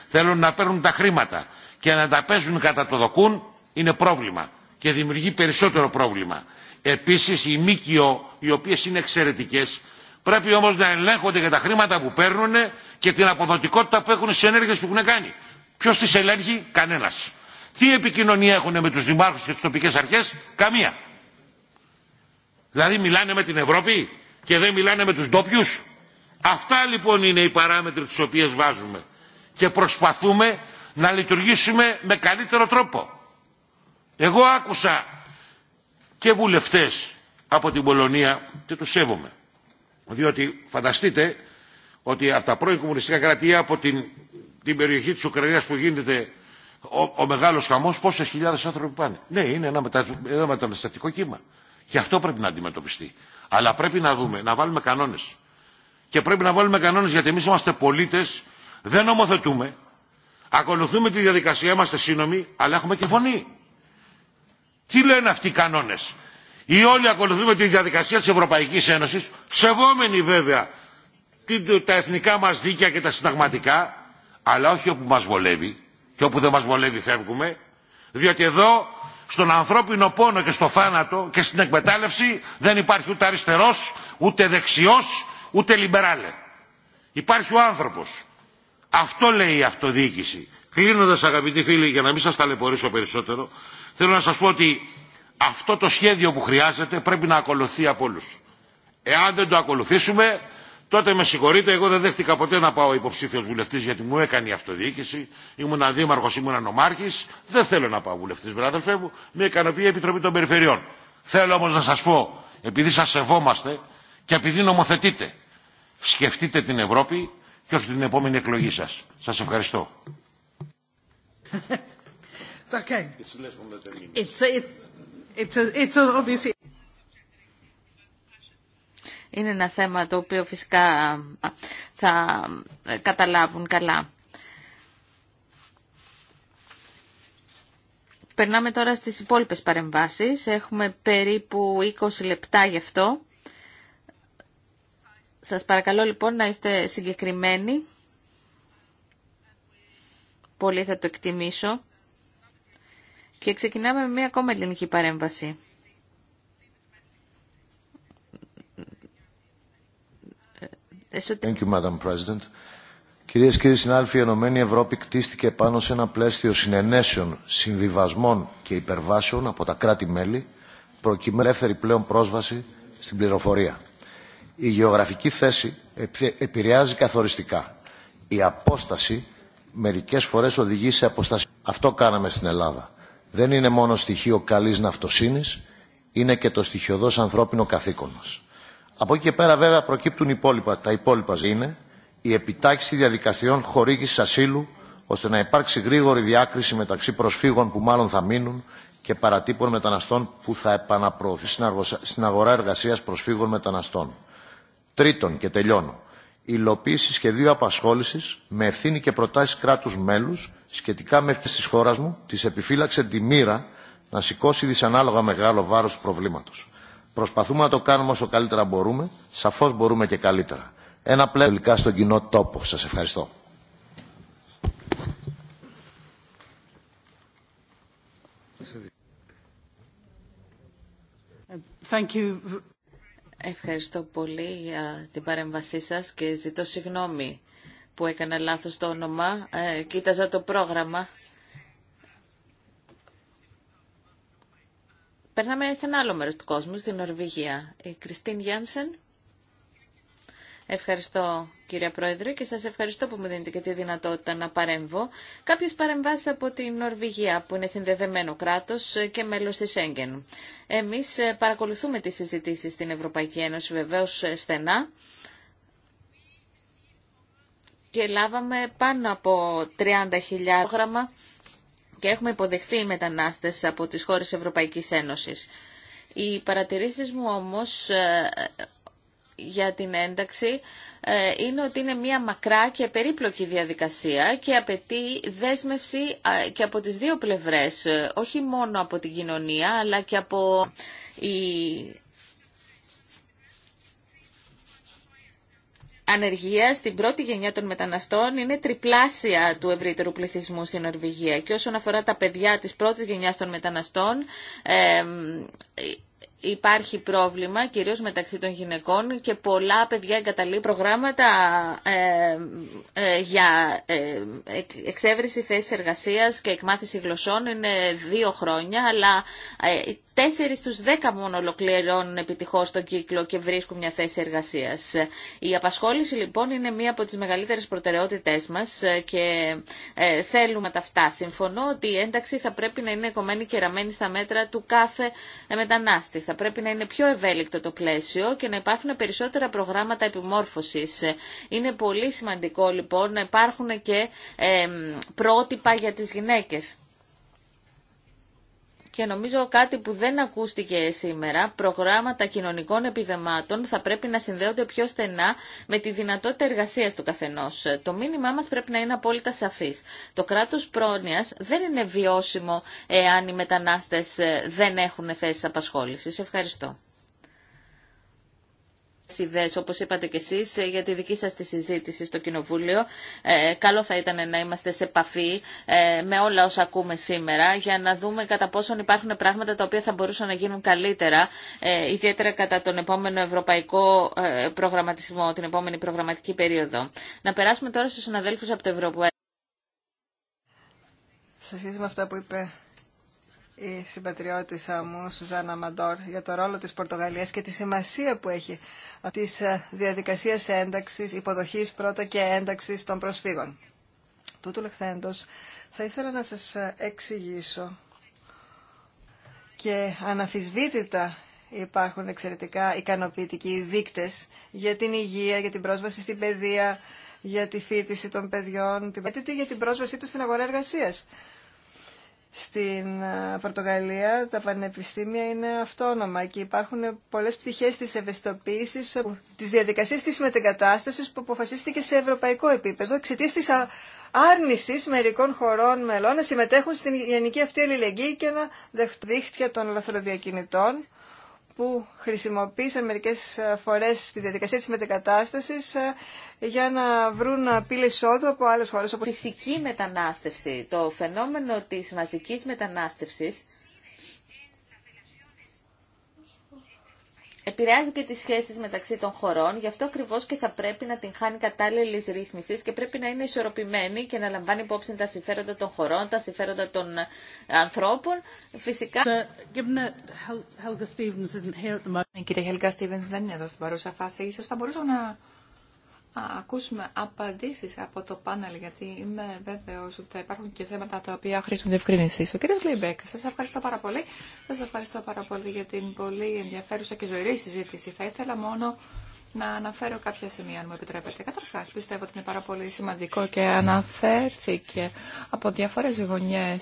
θέλουν να παίρνουν τα χρήματα και να τα παίζουν κατά το δοκούν είναι πρόβλημα και δημιουργεί περισσότερο πρόβλημα. Επίσης οι ΜΚΟ, οι οποίες είναι εξαιρετικές, πρέπει όμως να ελέγχονται για τα χρήματα που παίρνουν και την αποδοτικότητα που έχουν στις ενέργειες που έχουν κάνει. Ποιος τις ελέγχει, κανένας. Τι επικοινωνία έχουν με τους δημάρχους και τις τοπικές αρχές, καμία. Δηλαδή μιλάνε με την Ευρώπη και δεν μιλάνε με τους ντόπιου. Αυτά λοιπόν είναι οι παράμετροι τις οποίες βάζουμε. Και προσπαθούμε να λειτουργήσουμε με καλύτερο τρόπο. Εγώ άκουσα και βουλευτές από την Πολωνία και τους σέβομαι. Διότι φανταστείτε ότι από τα πρώην κομμουνιστικά κρατία, από την, την περιοχή της Ουκρανίας που γίνεται ο, ο μεγάλος χαμός, πόσες χιλιάδες άνθρωποι πάνε. Ναι, είναι ένα, μετα, ένα μεταναστευτικό κύμα. Και αυτό πρέπει να αντιμετωπιστεί. Αλλά πρέπει να δούμε, να βάλουμε κανόνες. Και πρέπει να βάλουμε κανόνες γιατί εμείς είμαστε πολίτες, δεν νομοθετούμε, Ακολουθούμε τη διαδικασία, είμαστε σύνομοι, αλλά έχουμε και φωνή. Τι λένε αυτοί οι κανόνε, Ή όλοι ακολουθούμε τη διαδικασία τη Ευρωπαϊκή Ένωση, σεβόμενοι βέβαια τα εθνικά μα δίκαια και τα συνταγματικά, αλλά όχι όπου μα βολεύει. Και όπου δεν μα βολεύει φεύγουμε. Διότι εδώ στον ανθρώπινο πόνο και στο θάνατο και στην εκμετάλλευση δεν υπάρχει ούτε αριστερό, ούτε δεξιό, ούτε λιμπεράλε. Υπάρχει ο άνθρωπος αυτό λέει η αυτοδιοίκηση. Κλείνοντας αγαπητοί φίλοι, για να μην σας ταλαιπωρήσω περισσότερο, θέλω να σας πω ότι αυτό το σχέδιο που χρειάζεται πρέπει να ακολουθεί από όλους. Εάν δεν το ακολουθήσουμε, τότε με συγχωρείτε, εγώ δεν δέχτηκα ποτέ να πάω υποψήφιο βουλευτή γιατί μου έκανε η αυτοδιοίκηση. Ήμουν δήμαρχο, ήμουν νομάρχη. Δεν θέλω να πάω βουλευτή, βράδελφέ μου. Με ικανοποιεί η Επιτροπή των Περιφερειών. Θέλω όμω να σα πω, επειδή σα σεβόμαστε και επειδή νομοθετείτε, σκεφτείτε την Ευρώπη και όχι την επόμενη εκλογή σα. Σα ευχαριστώ. Είναι ένα θέμα το οποίο φυσικά θα ε, καταλάβουν καλά. Περνάμε τώρα στις υπόλοιπες παρεμβάσεις. Έχουμε περίπου 20 λεπτά γι' αυτό. Σας παρακαλώ λοιπόν να είστε συγκεκριμένοι. Πολύ θα το εκτιμήσω. Και ξεκινάμε με μία ακόμα ελληνική παρέμβαση. Thank you, Madam President. Κυρίες και κύριοι συνάδελφοι, η Ενωμένη ΕΕ Ευρώπη κτίστηκε πάνω σε ένα πλαίσιο συνενέσεων, συμβιβασμών και υπερβάσεων από τα κράτη-μέλη, προκειμένου πλέον πρόσβαση στην πληροφορία η γεωγραφική θέση επηρεάζει καθοριστικά. Η απόσταση μερικές φορές οδηγεί σε αποστασία. Αυτό κάναμε στην Ελλάδα. Δεν είναι μόνο στοιχείο καλής ναυτοσύνης, είναι και το στοιχειοδός ανθρώπινο καθήκον μας. Από εκεί και πέρα βέβαια προκύπτουν υπόλοιπα. Τα υπόλοιπα είναι η επιτάξη διαδικασιών χορήγησης ασύλου ώστε να υπάρξει γρήγορη διάκριση μεταξύ προσφύγων που μάλλον θα μείνουν και παρατύπων μεταναστών που θα επαναπροωθεί στην αγορά εργασίας προσφύγων μεταναστών. Τρίτον, και τελειώνω, υλοποίηση σχεδίου απασχόληση με ευθύνη και προτάσει κράτου μέλου σχετικά με ευκαιρίε τη χώρα μου, τη επιφύλαξε τη μοίρα να σηκώσει δυσανάλογα μεγάλο βάρο του προβλήματο. Προσπαθούμε να το κάνουμε όσο καλύτερα μπορούμε, σαφώ μπορούμε και καλύτερα. Ένα πλέον τελικά στον κοινό τόπο. Σα ευχαριστώ. Thank Ευχαριστώ πολύ για την παρέμβασή σας και ζητώ συγγνώμη που έκανα λάθος το όνομα. Ε, κοίταζα το πρόγραμμα. Περνάμε σε ένα άλλο μέρος του κόσμου, στην Νορβηγία. Η Κριστίν Γιάνσεν. Ευχαριστώ κυρία Πρόεδρε και σας ευχαριστώ που μου δίνετε και τη δυνατότητα να παρέμβω. Κάποιες παρεμβάσεις από την Νορβηγία που είναι συνδεδεμένο κράτος και μέλος της Σέγγεν. Εμείς ε, παρακολουθούμε τις συζητήσεις στην Ευρωπαϊκή Ένωση βεβαίως ε, στενά και λάβαμε πάνω από 30.000 γραμμα και έχουμε υποδεχθεί μετανάστες από τις χώρες Ευρωπαϊκής Ένωσης. Οι παρατηρήσεις μου όμως ε, για την ένταξη ε, είναι ότι είναι μια μακρά και περίπλοκη διαδικασία και απαιτεί δέσμευση και από τις δύο πλευρές, ε, όχι μόνο από την κοινωνία αλλά και από η ανεργία στην πρώτη γενιά των μεταναστών είναι τριπλάσια του ευρύτερου πληθυσμού στην Νορβηγία. Και όσον αφορά τα παιδιά της πρώτης γενιάς των μεταναστών, ε, υπάρχει πρόβλημα, κυρίως μεταξύ των γυναικών και πολλά παιδιά εγκαταλεί προγράμματα ε, ε, για ε, εξέβριση θέσης εργασίας και εκμάθηση γλωσσών είναι δύο χρόνια, αλλά ε, Τέσσερι στους δέκα μόνο ολοκληρώνουν επιτυχώς τον κύκλο και βρίσκουν μια θέση εργασίας. Η απασχόληση λοιπόν είναι μία από τις μεγαλύτερες προτεραιότητές μας και ε, θέλουμε τα αυτά. Συμφωνώ ότι η ένταξη θα πρέπει να είναι κομμένη και ραμμένη στα μέτρα του κάθε ε, μετανάστη. Θα πρέπει να είναι πιο ευέλικτο το πλαίσιο και να υπάρχουν περισσότερα προγράμματα επιμόρφωσης. Είναι πολύ σημαντικό λοιπόν να υπάρχουν και ε, πρότυπα για τις γυναίκες και νομίζω κάτι που δεν ακούστηκε σήμερα, προγράμματα κοινωνικών επιδεμάτων θα πρέπει να συνδέονται πιο στενά με τη δυνατότητα εργασία του καθενό. Το μήνυμά μα πρέπει να είναι απόλυτα σαφή. Το κράτο πρόνοια δεν είναι βιώσιμο εάν οι μετανάστε ε, δεν έχουν θέσει απασχόληση. Ευχαριστώ ιδέες, όπως είπατε και εσείς, ε, για τη δική σας τη συζήτηση στο Κοινοβούλιο. Ε, καλό θα ήταν να είμαστε σε επαφή ε, με όλα όσα ακούμε σήμερα, για να δούμε κατά πόσον υπάρχουν πράγματα τα οποία θα μπορούσαν να γίνουν καλύτερα, ε, ιδιαίτερα κατά τον επόμενο ευρωπαϊκό ε, προγραμματισμό, την επόμενη προγραμματική περίοδο. Να περάσουμε τώρα στους συναδέλφους από το Ευρωπαϊκό. Σε σχέση με αυτά που είπε η συμπατριώτησα μου Σουζάνα Μαντόρ για το ρόλο της Πορτογαλίας και τη σημασία που έχει της ε, διαδικασίας ένταξης, υποδοχής πρώτα και ένταξης των προσφύγων. Τούτου λεχθέντος θα ήθελα να σας ε, εξηγήσω και αναφυσβήτητα υπάρχουν εξαιρετικά ικανοποιητικοί δείκτες για την υγεία, για την πρόσβαση στην παιδεία, για τη φίτηση των παιδιών, για την πρόσβασή του στην αγορά εργασίας. Στην ε, Πορτογαλία τα πανεπιστήμια είναι αυτόνομα και υπάρχουν πολλές πτυχές της ευαισθητοποίησης, ε, της διαδικασίας της μετεγκατάστασης που αποφασίστηκε σε ευρωπαϊκό επίπεδο εξαιτία τη άρνησης μερικών χωρών μελών να συμμετέχουν στην γενική αυτή αλληλεγγύη και να δεχτούν δίχτυα των λαθροδιακινητών που χρησιμοποίησαν μερικές φορές στη διαδικασία της μετεκατάστασης ε, για να βρουν πύλη εισόδου από άλλες χώρες. Φυσική μετανάστευση, το φαινόμενο της μαζικής μετανάστευσης επηρεάζει και τις σχέσεις μεταξύ των χωρών, γι' αυτό ακριβώ και θα πρέπει να την χάνει κατάλληλη ρύθμιση και πρέπει να είναι ισορροπημένη και να λαμβάνει υπόψη τα συμφέροντα των χωρών, τα συμφέροντα των ε, ανθρώπων. Φυσικά. Κύριε Χέλγα ναι, δεν είναι εδώ στην παρούσα φάση, ίσως θα μπορούσαμε να ακούσουμε απαντήσεις από το πάνελ, γιατί είμαι βέβαιο ότι θα υπάρχουν και θέματα τα οποία χρήσουν διευκρίνησης. Ο κύριος Λίμπεκ, σας ευχαριστώ πάρα πολύ. Σας ευχαριστώ πάρα πολύ για την πολύ ενδιαφέρουσα και ζωηρή συζήτηση. Θα ήθελα μόνο να αναφέρω κάποια σημεία, αν μου επιτρέπετε. Καταρχά, πιστεύω ότι είναι πάρα πολύ σημαντικό και αναφέρθηκε από διάφορε γωνιέ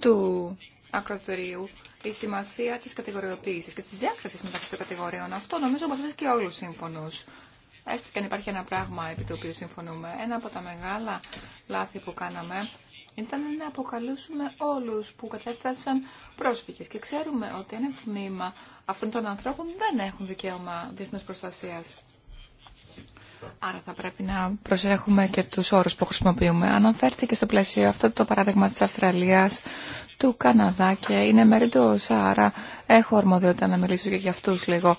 του ακροτηρίου η σημασία τη κατηγοριοποίηση και τη διάκριση μεταξύ των κατηγοριών. Αυτό νομίζω μα βρίσκει όλου σύμφωνου. Έστω και αν υπάρχει ένα πράγμα επί το οποίο συμφωνούμε. Ένα από τα μεγάλα λάθη που κάναμε ήταν να αποκαλούσουμε όλους που κατέφτασαν πρόσφυγες. Και ξέρουμε ότι ένα τμήμα αυτών των ανθρώπων δεν έχουν δικαίωμα διεθνούς προστασίας. Άρα θα πρέπει να προσέχουμε και τους όρους που χρησιμοποιούμε. Αναφέρθηκε στο πλαίσιο αυτό το παράδειγμα της Αυστραλίας, του Καναδά και είναι μέρη του ΩΣΑ, άρα έχω αρμοδιότητα να μιλήσω και για αυτού λίγο.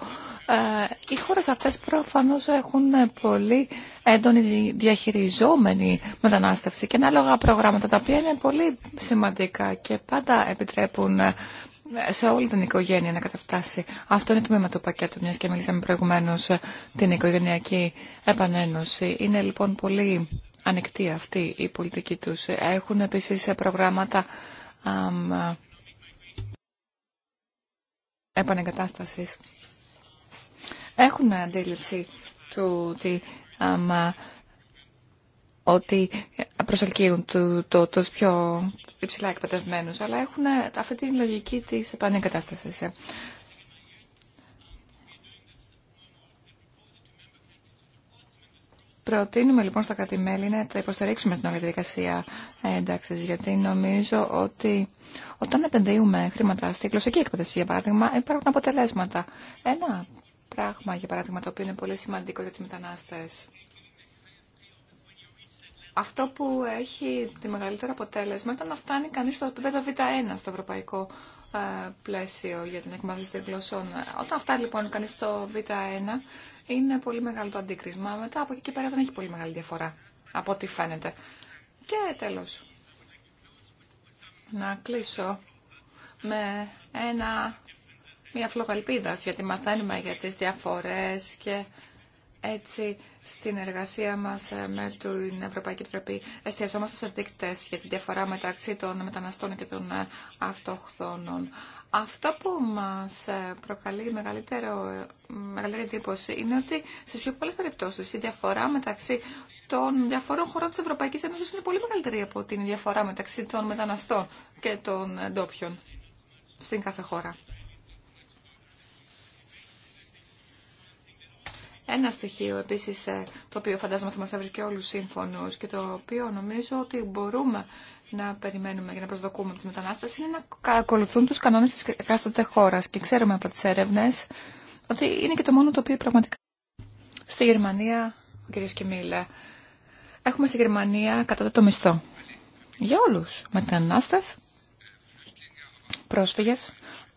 Ε, οι χώρες αυτές προφανώς έχουν πολύ έντονη διαχειριζόμενη μετανάστευση και ανάλογα προγράμματα τα οποία είναι πολύ σημαντικά και πάντα επιτρέπουν ε, σε όλη την οικογένεια να καταφτάσει. Αυτό είναι το μήμα του πακέτου, μιας και μίλησαμε προηγουμένως ε, την οικογενειακή επανένωση. Είναι λοιπόν πολύ ανοιχτή αυτή η πολιτική τους. Έχουν επίσης προγράμματα επανεγκατάστασης έχουν αντίληψη του ότι άμα ότι προσελκύουν του, το, το, τους πιο υψηλά εκπαιδευμένους, αλλά έχουν αυτή τη λογική της επανεγκατάστασης. Προτείνουμε λοιπόν στα κράτη-μέλη να τα υποστηρίξουμε στην όλη διαδικασία ένταξη, γιατί νομίζω ότι όταν επενδύουμε χρήματα στη γλωσσική εκπαίδευση, για παράδειγμα, υπάρχουν αποτελέσματα. Ένα πράγμα, για παράδειγμα, το οποίο είναι πολύ σημαντικό για τους μετανάστες. Αυτό που έχει τη μεγαλύτερη αποτέλεσμα ήταν να φτάνει κανείς στο επίπεδο Β1 στο ευρωπαϊκό ε, πλαίσιο για την εκμάθηση των γλωσσών. Όταν φτάνει λοιπόν κανείς στο Β1 είναι πολύ μεγάλο το αντίκρισμα. Μετά από εκεί και πέρα δεν έχει πολύ μεγάλη διαφορά από ό,τι φαίνεται. Και τέλος, να κλείσω με ένα μια φλόγα ελπίδα, γιατί μαθαίνουμε για τις διαφορές και έτσι στην εργασία μας ε, με την Ευρωπαϊκή Επιτροπή εστιαζόμαστε σε δείκτες για τη διαφορά μεταξύ των μεταναστών και των ε, αυτοχθόνων. Αυτό που μας ε, προκαλεί μεγαλύτερο, μεγαλύτερη εντύπωση είναι ότι σε πιο πολλές περιπτώσεις η διαφορά μεταξύ των διαφορών χωρών της Ευρωπαϊκής Ένωσης είναι πολύ μεγαλύτερη από την διαφορά μεταξύ των μεταναστών και των ντόπιων στην κάθε χώρα. Ένα στοιχείο επίση, ε, το οποίο φαντάζομαι θα μας έβρισκε όλους σύμφωνους και το οποίο νομίζω ότι μπορούμε να περιμένουμε για να προσδοκούμε τις μετανάστες είναι να ακολουθούν του κανόνες της εκάστοτε χώρας. Και ξέρουμε από τις έρευνες ότι είναι και το μόνο το οποίο πραγματικά... Στη Γερμανία, ο και Κιμίλε, έχουμε στη Γερμανία το μισθό. Για όλου. Μετανάστε, πρόσφυγε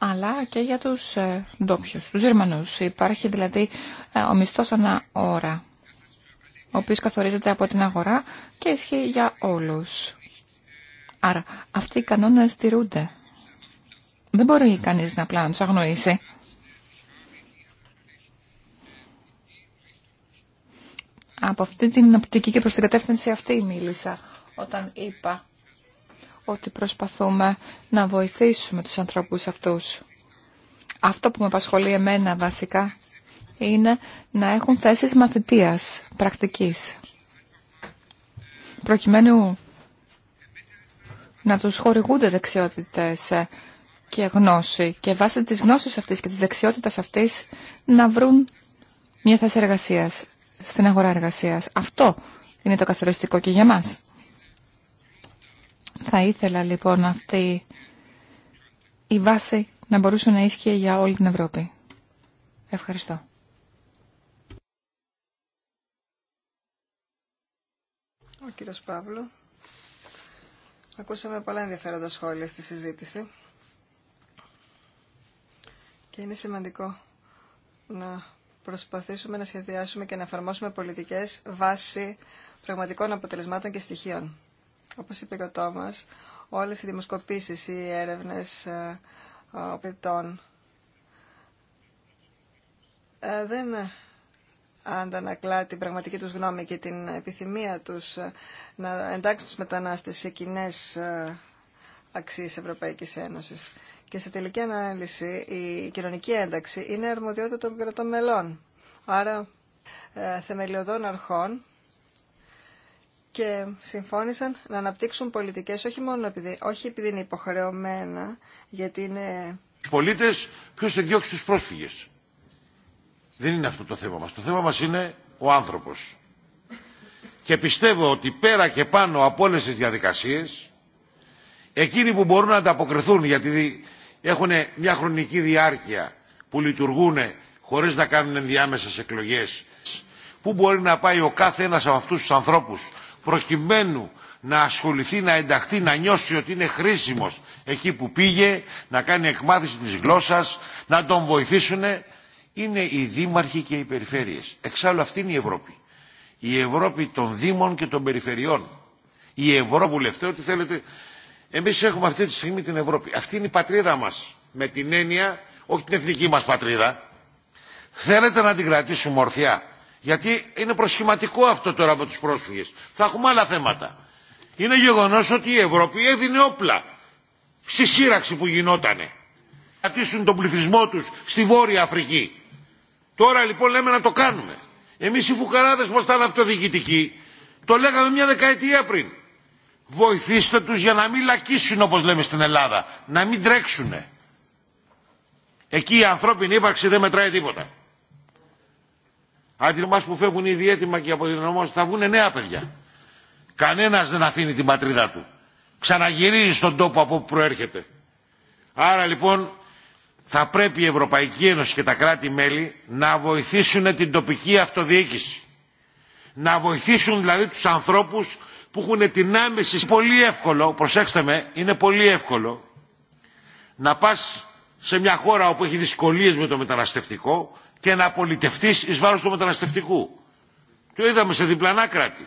αλλά και για τους ε, ντόπιου, τους Γερμανούς. Υπάρχει δηλαδή ε, ο μισθός ανά ώρα, ο οποίος καθορίζεται από την αγορά και ισχύει για όλους. Άρα, αυτοί οι κανόνες στηρούνται. Δεν μπορεί κανείς να απλά να τους αγνοήσει. Από αυτή την οπτική και προς την κατεύθυνση αυτή μίλησα όταν είπα ότι προσπαθούμε να βοηθήσουμε τους ανθρώπους αυτούς. Αυτό που με απασχολεί εμένα βασικά είναι να έχουν θέσεις μαθητείας, πρακτικής. Προκειμένου να τους χορηγούνται δεξιότητες και γνώση και βάσει της γνώσης αυτής και της δεξιότητας αυτής να βρουν μια θέση εργασίας στην αγορά εργασίας. Αυτό είναι το καθοριστικό και για μας. Θα ήθελα λοιπόν αυτή η βάση να μπορούσε να ίσχυε για όλη την Ευρώπη. Ευχαριστώ. Ο κύριος Παύλου. Ακούσαμε πολλά ενδιαφέροντα σχόλια στη συζήτηση και είναι σημαντικό να προσπαθήσουμε να σχεδιάσουμε και να εφαρμόσουμε πολιτικές βάσει πραγματικών αποτελεσμάτων και στοιχείων. Όπως είπε και ο Τόμας, όλες οι δημοσκοπήσεις, οι έρευνες ε, ε, οπιτών ε, δεν αντανακλά την πραγματική τους γνώμη και την επιθυμία τους να εντάξουν τους μετανάστες σε κοινέ αξίες Ευρωπαϊκής Ένωσης. Και σε τελική ανάλυση η κοινωνική ένταξη είναι αρμοδιότητα των κρατών μελών. Άρα θεμελιωδών αρχών και συμφώνησαν να αναπτύξουν πολιτικές όχι μόνο επειδή, όχι επειδή είναι υποχρεωμένα γιατί είναι... Πολίτες ποιος θα διώξει τους πρόσφυγες. Δεν είναι αυτό το θέμα μας. Το θέμα μας είναι ο άνθρωπος. Και πιστεύω ότι πέρα και πάνω από όλε τι διαδικασίες εκείνοι που μπορούν να ανταποκριθούν γιατί έχουν μια χρονική διάρκεια που λειτουργούν χωρίς να κάνουν ενδιάμεσες εκλογές που μπορεί να πάει ο κάθε ένας από αυτούς τους ανθρώπους προκειμένου να ασχοληθεί, να ενταχθεί, να νιώσει ότι είναι χρήσιμος εκεί που πήγε, να κάνει εκμάθηση της γλώσσας, να τον βοηθήσουν, είναι οι δήμαρχοι και οι περιφέρειες. Εξάλλου αυτή είναι η Ευρώπη. Η Ευρώπη των Δήμων και των Περιφερειών. Η Ευρώπη αυτό ό,τι θέλετε. Εμείς έχουμε αυτή τη στιγμή την Ευρώπη. Αυτή είναι η πατρίδα μας. Με την έννοια, όχι την εθνική μας πατρίδα. Θέλετε να την κρατήσουμε ορθιά. Γιατί είναι προσχηματικό αυτό τώρα από τους πρόσφυγες. Θα έχουμε άλλα θέματα. Είναι γεγονός ότι η Ευρώπη έδινε όπλα στη σύραξη που γινότανε. Κρατήσουν τον πληθυσμό τους στη Βόρεια Αφρική. Τώρα λοιπόν λέμε να το κάνουμε. Εμείς οι φουκαράδες που ήταν αυτοδιοικητικοί το λέγαμε μια δεκαετία πριν. Βοηθήστε τους για να μην λακίσουν όπως λέμε στην Ελλάδα. Να μην τρέξουνε. Εκεί η ανθρώπινη ύπαρξη δεν μετράει τίποτα. Αντί μα που φεύγουν ήδη έτοιμα και αποδυναμώσουν, θα βγουν νέα παιδιά. Κανένας δεν αφήνει την πατρίδα του. Ξαναγυρίζει στον τόπο από όπου προέρχεται. Άρα λοιπόν θα πρέπει η Ευρωπαϊκή Ένωση και τα κράτη-μέλη να βοηθήσουν την τοπική αυτοδιοίκηση. Να βοηθήσουν δηλαδή τους ανθρώπους που έχουν την άμεση... Πολύ εύκολο, προσέξτε με, είναι πολύ εύκολο να πας σε μια χώρα όπου έχει δυσκολίες με το μεταναστευτικό και να πολιτευτείς εις βάρος του μεταναστευτικού. Το είδαμε σε διπλανά κράτη.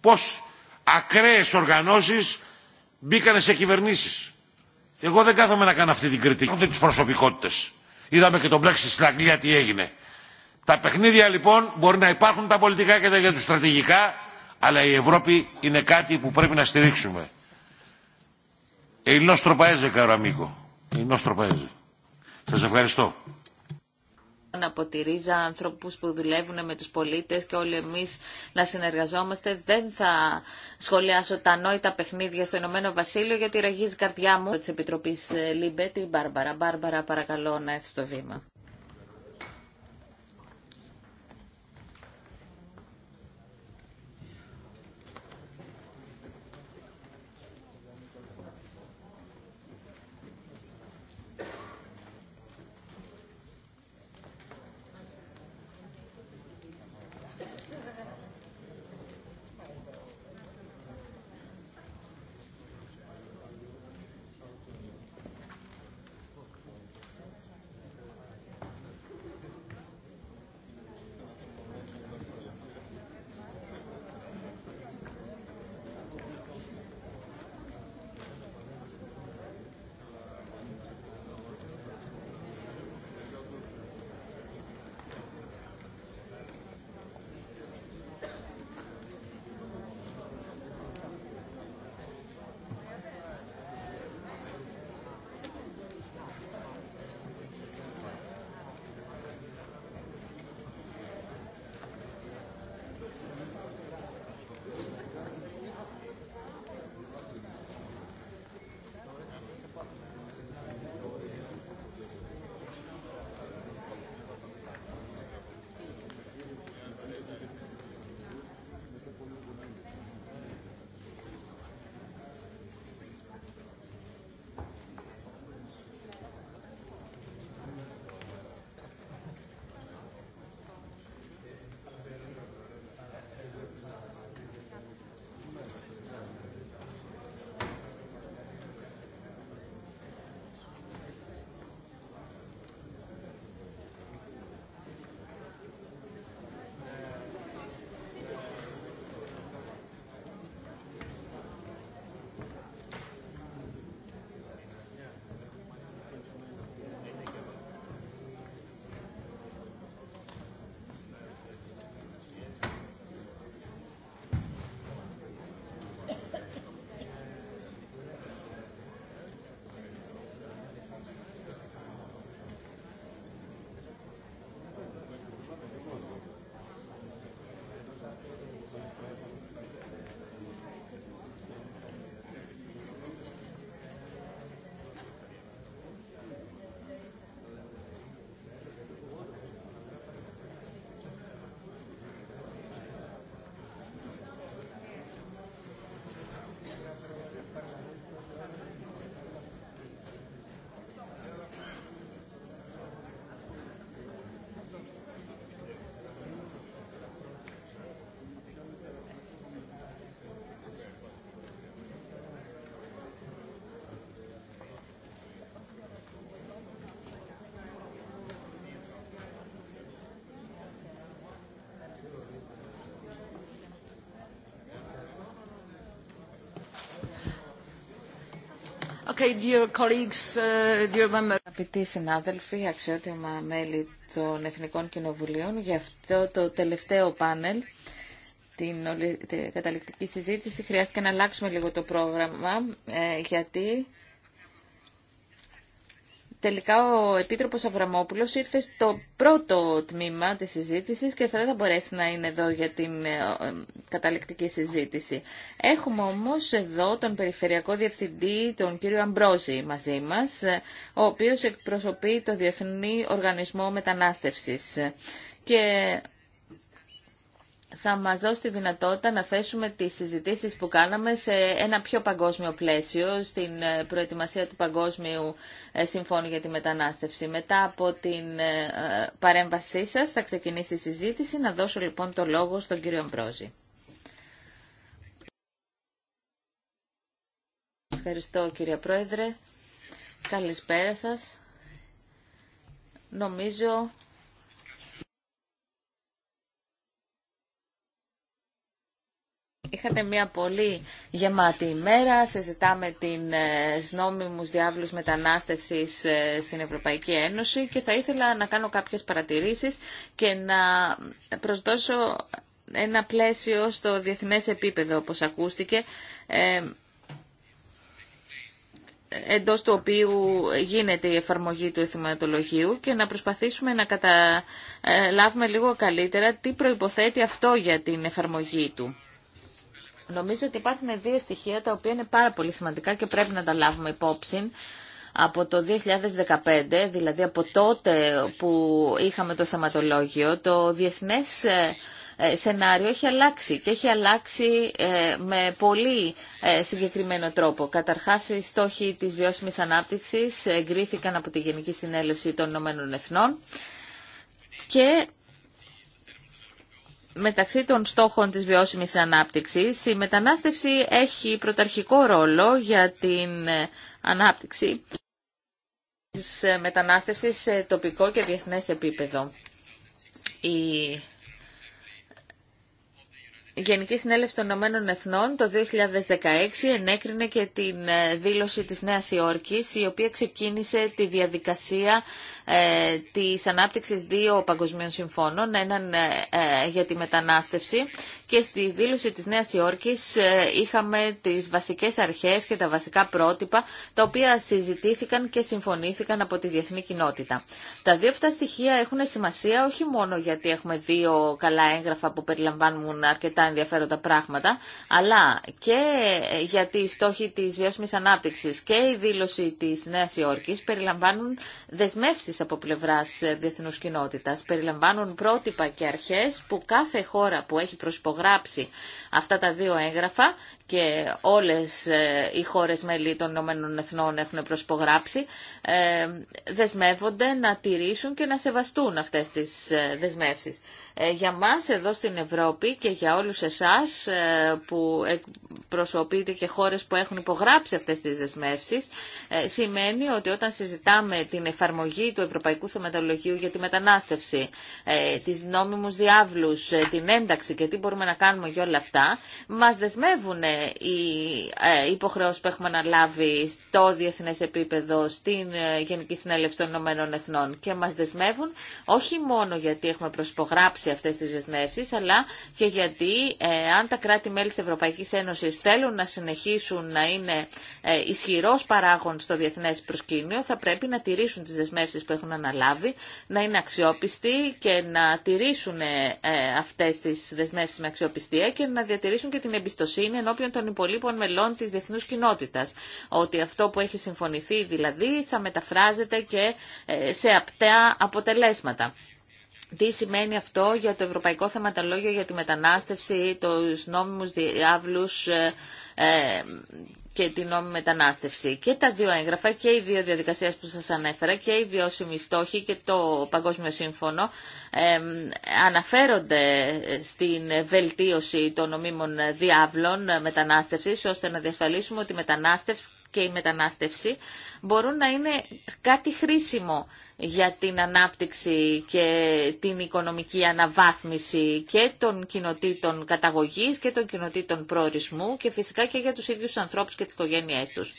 Πώς ακραίες οργανώσεις μπήκανε σε κυβερνήσεις. Εγώ δεν κάθομαι να κάνω αυτή την κριτική. Ούτε τις προσωπικότητες. Είδαμε και τον Brexit στην Αγγλία τι έγινε. Τα παιχνίδια λοιπόν μπορεί να υπάρχουν τα πολιτικά και τα για τους στρατηγικά, αλλά η Ευρώπη είναι κάτι που πρέπει να στηρίξουμε. Ελληνός τροπαέζε, καραμίκο. Ελληνός τροπαέζε. Σας ευχαριστώ από τη ρίζα άνθρωπους που δουλεύουν με τους πολίτες και όλοι εμείς να συνεργαζόμαστε. Δεν θα σχολιάσω τα νόητα παιχνίδια στο Ηνωμένο Βασίλειο γιατί ραγίζει η καρδιά μου της Επιτροπής ε, Λίπετη την Μπάρμπαρα. Μπάρμπαρα παρακαλώ να έρθει στο βήμα. Uh, Αγαπητοί συνάδελφοι, αξιότιμα μέλη των Εθνικών Κοινοβουλίων, για αυτό το τελευταίο πάνελ, την καταληκτική συζήτηση, χρειάστηκε να αλλάξουμε λίγο το πρόγραμμα, ε, γιατί τελικά ο Επίτροπος Αβραμόπουλος ήρθε στο πρώτο τμήμα της συζήτησης και θα δεν θα μπορέσει να είναι εδώ για την ε, καταληκτική συζήτηση. Έχουμε όμως εδώ τον Περιφερειακό Διευθυντή, τον κύριο Αμπρόζη μαζί μας, ο οποίος εκπροσωπεί το Διεθνή Οργανισμό Μετανάστευσης. Και θα μας δώσει τη δυνατότητα να θέσουμε τις συζητήσεις που κάναμε σε ένα πιο παγκόσμιο πλαίσιο, στην προετοιμασία του Παγκόσμιου ε, Συμφώνου για τη Μετανάστευση. Μετά από την ε, παρέμβασή σας θα ξεκινήσει η συζήτηση. Να δώσω λοιπόν το λόγο στον κύριο Ευχαριστώ κύριε Πρόεδρε. Καλησπέρα σας. Νομίζω Είχατε μια πολύ γεμάτη ημέρα. Συζητάμε την ε, νόμιμου διάβλου μετανάστευση ε, στην Ευρωπαϊκή Ένωση και θα ήθελα να κάνω κάποιε παρατηρήσει και να προσδώσω ένα πλαίσιο στο διεθνές επίπεδο, όπως ακούστηκε, ε, εντός του οποίου γίνεται η εφαρμογή του εθιματολογίου και να προσπαθήσουμε να καταλάβουμε ε, λίγο καλύτερα τι προϋποθέτει αυτό για την εφαρμογή του. Νομίζω ότι υπάρχουν δύο στοιχεία τα οποία είναι πάρα πολύ σημαντικά και πρέπει να τα λάβουμε υπόψη από το 2015, δηλαδή από τότε που είχαμε το θεματολόγιο, το διεθνές ε, ε, σενάριο έχει αλλάξει και έχει αλλάξει ε, με πολύ συγκεκριμένο τρόπο. Καταρχάς, οι στόχοι της βιώσιμης ανάπτυξης εγκρίθηκαν από τη Γενική Συνέλευση των Ηνωμένων Εθνών και μεταξύ των στόχων της βιώσιμης ανάπτυξης, η μετανάστευση έχει πρωταρχικό ρόλο για την ε, ανάπτυξη της ε, μετανάστευσης σε τοπικό και διεθνές επίπεδο. Γενική Συνέλευση των Ηνωμένων Εθνών το 2016 ενέκρινε και την ε, δήλωση της Νέας Υόρκης η οποία ξεκίνησε τη διαδικασία ε, της ανάπτυξης δύο παγκοσμίων συμφώνων έναν ε, ε, για τη μετανάστευση και στη δήλωση της Νέας Υόρκης ε, είχαμε τις βασικές αρχές και τα βασικά πρότυπα τα οποία συζητήθηκαν και συμφωνήθηκαν από τη διεθνή κοινότητα. Τα δύο αυτά στοιχεία έχουν σημασία όχι μόνο γιατί έχουμε δύο καλά έγγραφα που περιλαμβάνουν αρκετά ενδιαφέροντα πράγματα, αλλά και ε, γιατί οι στόχοι της βιώσιμης ανάπτυξης και η δήλωση της Νέας Υόρκης περιλαμβάνουν δεσμεύσεις από πλευράς ε, διεθνούς κοινότητας, περιλαμβάνουν πρότυπα και αρχές που κάθε χώρα που έχει προσπογράψει αυτά τα δύο έγγραφα και όλες ε, οι χώρες μέλη των Ηνωμένων Εθνών έχουν προσπογράψει, ε, δεσμεύονται να τηρήσουν και να σεβαστούν αυτές τις ε, δεσμεύσεις. Για μας εδώ στην Ευρώπη και για όλους εσάς που προσωπείτε και χώρες που έχουν υπογράψει αυτές τις δεσμεύσεις, σημαίνει ότι όταν συζητάμε την εφαρμογή του Ευρωπαϊκού Θεματολογίου για τη μετανάστευση, τις νόμιμους διάβλους, την ένταξη και τι μπορούμε να κάνουμε για όλα αυτά, μας δεσμεύουν οι ε, υποχρεώσει που έχουμε αναλάβει στο διεθνέ επίπεδο στην ε, Γενική Συνέλευση των Ηνωμένων Εθνών και μα δεσμεύουν όχι μόνο γιατί έχουμε προσπογράψει αυτέ τι δεσμεύσει, αλλά και γιατί ε, αν τα κράτη-μέλη τη Ευρωπαϊκή Ένωση θέλουν να συνεχίσουν να είναι ισχυρό παράγον στο διεθνέ προσκήνιο θα πρέπει να τηρήσουν τι δεσμεύσει που έχουν αναλάβει, να είναι αξιόπιστοι και να τηρήσουν αυτέ τι δεσμεύσει με αξιοπιστία και να διατηρήσουν και την εμπιστοσύνη ενώπιον των υπολείπων μελών της διεθνούς κοινότητας. Ότι αυτό που έχει συμφωνηθεί δηλαδή θα μεταφράζεται και ε, σε απτά αποτελέσματα τι σημαίνει αυτό για το Ευρωπαϊκό Θεματολόγιο για τη Μετανάστευση, τους νόμιμους διάβλους ε, ε, και την νόμιμη μετανάστευση. Και τα δύο έγγραφα και οι δύο διαδικασίες που σας ανέφερα και οι βιώσιμοι στόχοι και το Παγκόσμιο Σύμφωνο ε, αναφέρονται στην βελτίωση των νομίμων διάβλων μετανάστευσης ώστε να διασφαλίσουμε ότι η μετανάστευση και η μετανάστευση μπορούν να είναι κάτι χρήσιμο για την ανάπτυξη και την οικονομική αναβάθμιση και των κοινοτήτων καταγωγής και των κοινοτήτων προορισμού και φυσικά και για τους ίδιους ανθρώπους και τις οικογένειές τους.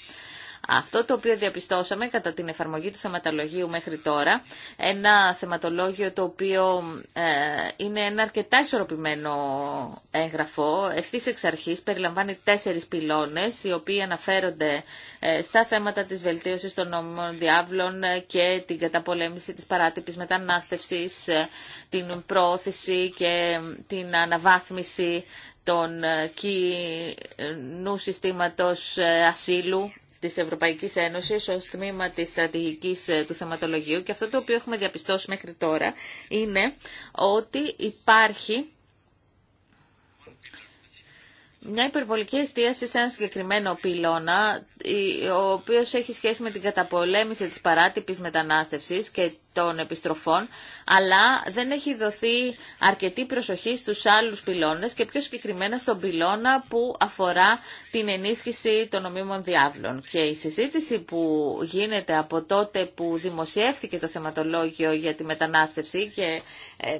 Αυτό το οποίο διαπιστώσαμε κατά την εφαρμογή του θεματολογίου μέχρι τώρα, ένα θεματολόγιο το οποίο ε, είναι ένα αρκετά ισορροπημένο έγγραφο, ευθύ εξ αρχή περιλαμβάνει τέσσερι πυλώνε, οι οποίοι αναφέρονται ε, στα θέματα τη βελτίωση των νομιμών διάβλων και την καταπολέμηση τη παράτυπη μετανάστευση, ε, την πρόθεση και την αναβάθμιση των κοινού συστήματος ασύλου της Ευρωπαϊκής Ένωσης ως τμήμα της στρατηγικής ε, του θεματολογίου και αυτό το οποίο έχουμε διαπιστώσει μέχρι τώρα είναι ότι υπάρχει μια υπερβολική εστίαση σε ένα συγκεκριμένο πυλώνα, ο οποίος έχει σχέση με την καταπολέμηση της παράτυπης μετανάστευσης και των επιστροφών, αλλά δεν έχει δοθεί αρκετή προσοχή στους άλλους πυλώνες και πιο συγκεκριμένα στον πυλώνα που αφορά την ενίσχυση των νομίμων διάβλων. Και η συζήτηση που γίνεται από τότε που δημοσιεύθηκε το θεματολόγιο για τη μετανάστευση και ε,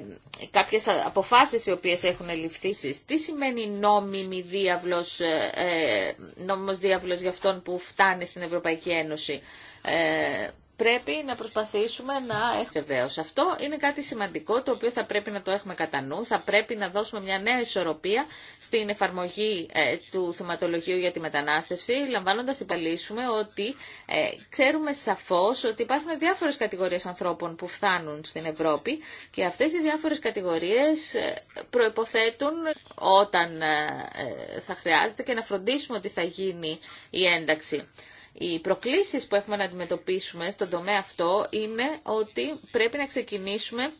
κάποιες αποφάσεις οι οποίες έχουν ληφθεί, τι σημαίνει νόμιμη διάβλος, ε, ε, νόμιμος διάβλος για αυτόν που φτάνει στην Ευρωπαϊκή Ένωση. Ε, πρέπει να προσπαθήσουμε να έχουμε Αυτό είναι κάτι σημαντικό το οποίο θα πρέπει να το έχουμε κατά νου. Θα πρέπει να δώσουμε μια νέα ισορροπία στην εφαρμογή ε, του θεματολογίου για τη μετανάστευση, λαμβάνοντας υπαλλήσουμε ότι ε, ξέρουμε σαφώς ότι υπάρχουν διάφορες κατηγορίες ανθρώπων που φτάνουν στην Ευρώπη και αυτέ οι διάφορε κατηγορίε ε, προποθέτουν όταν θα χρειάζεται και να φροντίσουμε ότι θα γίνει η ένταξη. Οι προκλήσεις που έχουμε να αντιμετωπίσουμε στον τομέα αυτό είναι ότι πρέπει να ξεκινήσουμε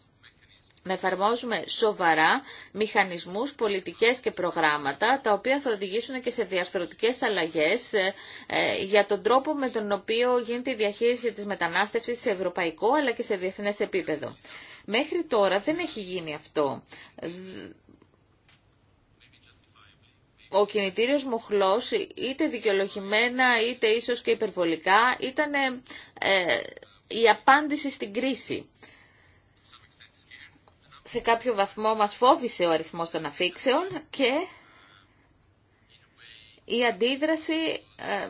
να εφαρμόζουμε σοβαρά μηχανισμούς, πολιτικές και προγράμματα, τα οποία θα οδηγήσουν και σε διαρθρωτικές αλλαγές ε, ε, για τον τρόπο με τον οποίο γίνεται η διαχείριση της μετανάστευσης σε ευρωπαϊκό αλλά και σε διεθνές επίπεδο. Μέχρι τώρα δεν έχει γίνει αυτό ο κινητήριος μοχλός είτε δικαιολογημένα είτε ίσως και υπερβολικά ήταν ε, ε, η απάντηση στην κρίση. Σε κάποιο βαθμό μας φόβησε ο αριθμός των αφήξεων και η αντίδραση ε,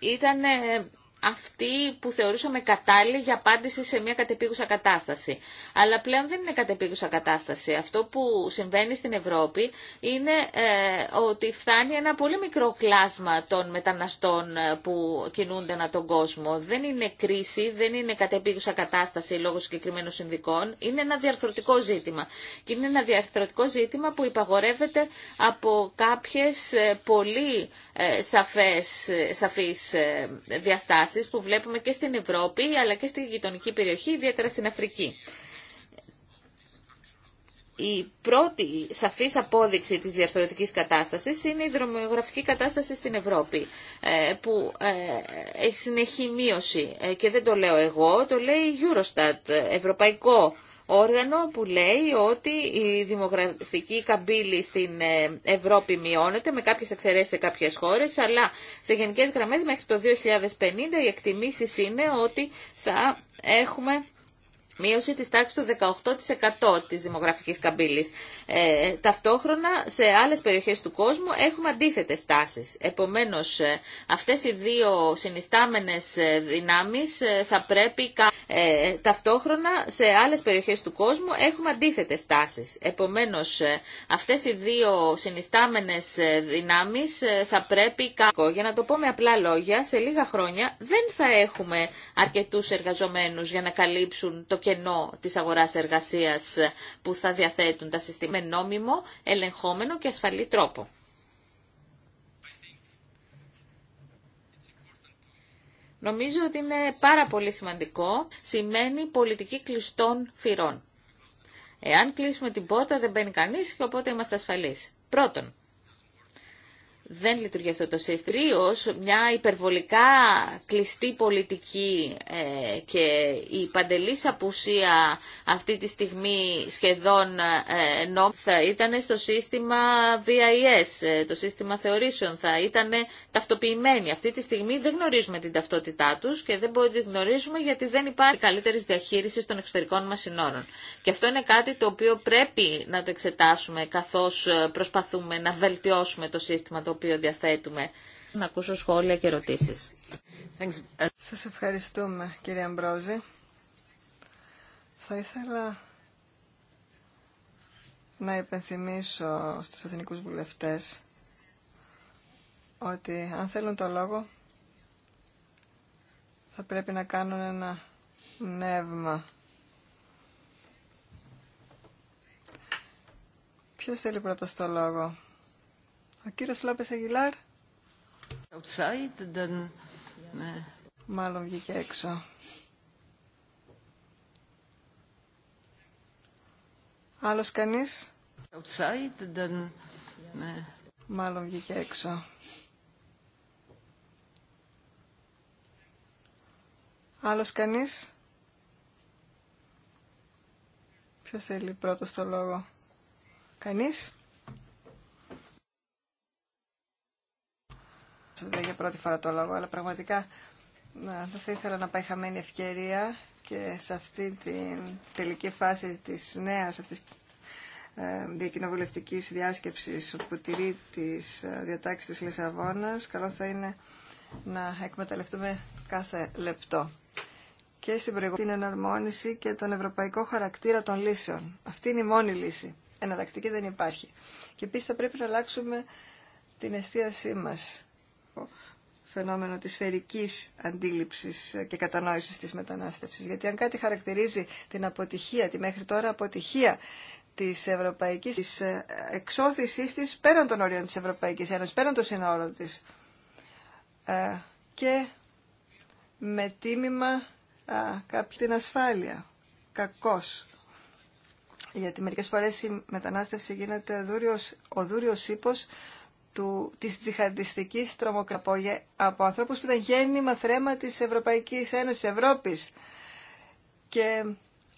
ήταν ε, αυτή που θεωρούσαμε κατάλληλη για απάντηση σε μια κατεπίγουσα κατάσταση. Αλλά πλέον δεν είναι κατεπίγουσα κατάσταση. Αυτό που συμβαίνει στην Ευρώπη είναι ε, ότι φτάνει ένα πολύ μικρό κλάσμα των μεταναστών ε, που κινούνται ανά τον κόσμο. Δεν είναι κρίση, δεν είναι κατεπίγουσα κατάσταση λόγω συγκεκριμένων συνδικών. Είναι ένα διαρθρωτικό ζήτημα. Και είναι ένα διαρθρωτικό ζήτημα που υπαγορεύεται από κάποιες ε, πολύ ε, σαφές, σαφείς διαστάσεις που βλέπουμε και στην Ευρώπη αλλά και στη γειτονική περιοχή, ιδιαίτερα στην Αφρική. Η πρώτη σαφής απόδειξη της διαφορετικής κατάστασης είναι η δρομογραφική κατάσταση στην Ευρώπη ε, που ε, έχει συνεχή μείωση ε, και δεν το λέω εγώ, το λέει η Eurostat, Ευρωπαϊκό όργανο που λέει ότι η δημογραφική καμπύλη στην ε, Ευρώπη μειώνεται με κάποιες εξαιρέσεις σε κάποιες χώρες, αλλά σε γενικές γραμμές μέχρι το 2050 οι εκτιμήσεις είναι ότι θα έχουμε Μείωση της τάξης του 18% της δημογραφικής καμπύλης. Ε, ταυτόχρονα σε άλλες περιοχές του κόσμου έχουμε αντίθετες τάσεις. Επομένως ε, αυτές οι δύο συνιστάμενες ε, δυνάμεις ε, θα πρέπει ε, ταυτόχρονα σε άλλες περιοχές του κόσμου έχουμε αντίθετες τάσεις. Επομένως αυτές οι δύο συνιστάμενες δυνάμεις θα πρέπει Για να το πω με απλά λόγια, σε λίγα χρόνια δεν θα έχουμε αρκετούς εργαζομένους για να καλύψουν το κενό της αγοράς εργασίας που θα διαθέτουν τα συστήματα με νόμιμο, ελεγχόμενο και ασφαλή τρόπο. Νομίζω ότι είναι πάρα πολύ σημαντικό. Σημαίνει πολιτική κλειστών θυρών. Εάν κλείσουμε την πόρτα δεν μπαίνει κανείς και οπότε είμαστε ασφαλείς. Πρώτον, δεν λειτουργεί αυτό το σύστημα. Ρίως, μια υπερβολικά κλειστή πολιτική ε, και η παντελής απουσία αυτή τη στιγμή σχεδόν ε, θα ήταν στο σύστημα VIS, ε, το σύστημα θεωρήσεων, θα ήταν ταυτοποιημένη. Αυτή τη στιγμή δεν γνωρίζουμε την ταυτότητά τους και δεν μπορούμε να την γνωρίζουμε γιατί δεν υπάρχει καλύτερη διαχείριση των εξωτερικών μας συνόρων. Και αυτό είναι κάτι το οποίο πρέπει να το εξετάσουμε καθώς ε, προσπαθούμε να βελτιώσουμε το σύστημα το οποίο διαθέτουμε. Να ακούσω σχόλια και ερωτήσεις. Σας ευχαριστούμε κύριε Αμπρόζη. Θα ήθελα να υπενθυμίσω στους εθνικούς βουλευτές ότι αν θέλουν το λόγο θα πρέπει να κάνουν ένα νεύμα. Ποιος θέλει πρώτος το λόγο. Ο κύριος Λόπες Αγγιλάρ. Outside, then... Ναι. Μάλλον βγήκε έξω. Άλλος κανείς. Outside, then... Ναι. Μάλλον βγήκε έξω. Άλλος κανείς. Ποιος θέλει πρώτος το λόγο. Κανείς. δεν για πρώτη φορά το λόγο, αλλά πραγματικά θα ήθελα να πάει χαμένη ευκαιρία και σε αυτή την τελική φάση της νέας αυτής ε, διακοινοβουλευτικής διάσκεψης που τηρεί τις ε, διατάξεις της Λισαβόνας, καλό θα είναι να εκμεταλλευτούμε κάθε λεπτό και στην προηγούμενη την εναρμόνιση και τον ευρωπαϊκό χαρακτήρα των λύσεων. Αυτή είναι η μόνη λύση. Εναλλακτική δεν υπάρχει. Και επίση θα πρέπει να αλλάξουμε την εστίασή μας φαινόμενο της σφαιρικής αντίληψης και κατανόησης της μετανάστευσης. Γιατί αν κάτι χαρακτηρίζει την αποτυχία, τη μέχρι τώρα αποτυχία της ευρωπαϊκής της ε, εξώθησής της πέραν των ορίων της Ευρωπαϊκής Ένωσης, πέραν των συνόρων της ε, και με τίμημα ε, κάποια την ασφάλεια. Κακός. Γιατί μερικές φορές η μετανάστευση γίνεται ο δούριος ύπος του, της τζιχαντιστικής από ανθρώπους που ήταν γέννημα θρέμα της Ευρωπαϊκής Ένωσης Ευρώπης. Και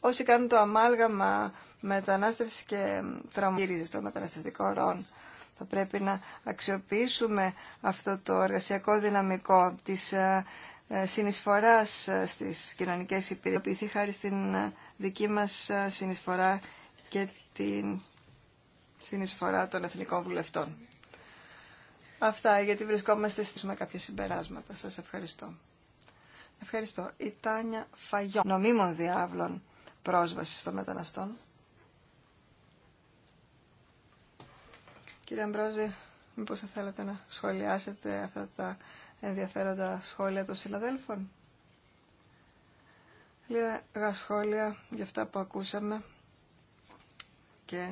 όσοι κάνουν το αμάλγαμα μετανάστευση και τραυματίζεις των μεταναστευτικών ρόν. Θα πρέπει να αξιοποιήσουμε αυτό το εργασιακό δυναμικό της ε, ε, συνεισφοράς ε, στις κοινωνικές υπηρεσίες, χάρη στην δική μας συνεισφορά και την συνεισφορά των εθνικών βουλευτών. Αυτά, γιατί βρισκόμαστε με κάποια συμπεράσματα. Σας ευχαριστώ. Ευχαριστώ. Η Τάνια Φαγιό, νομίμων διάβλων πρόσβαση των μεταναστών. Κύριε Αμπρόζη, μήπως θα θέλατε να σχολιάσετε αυτά τα ενδιαφέροντα σχόλια των συναδέλφων. Λίγα σχόλια για αυτά που ακούσαμε και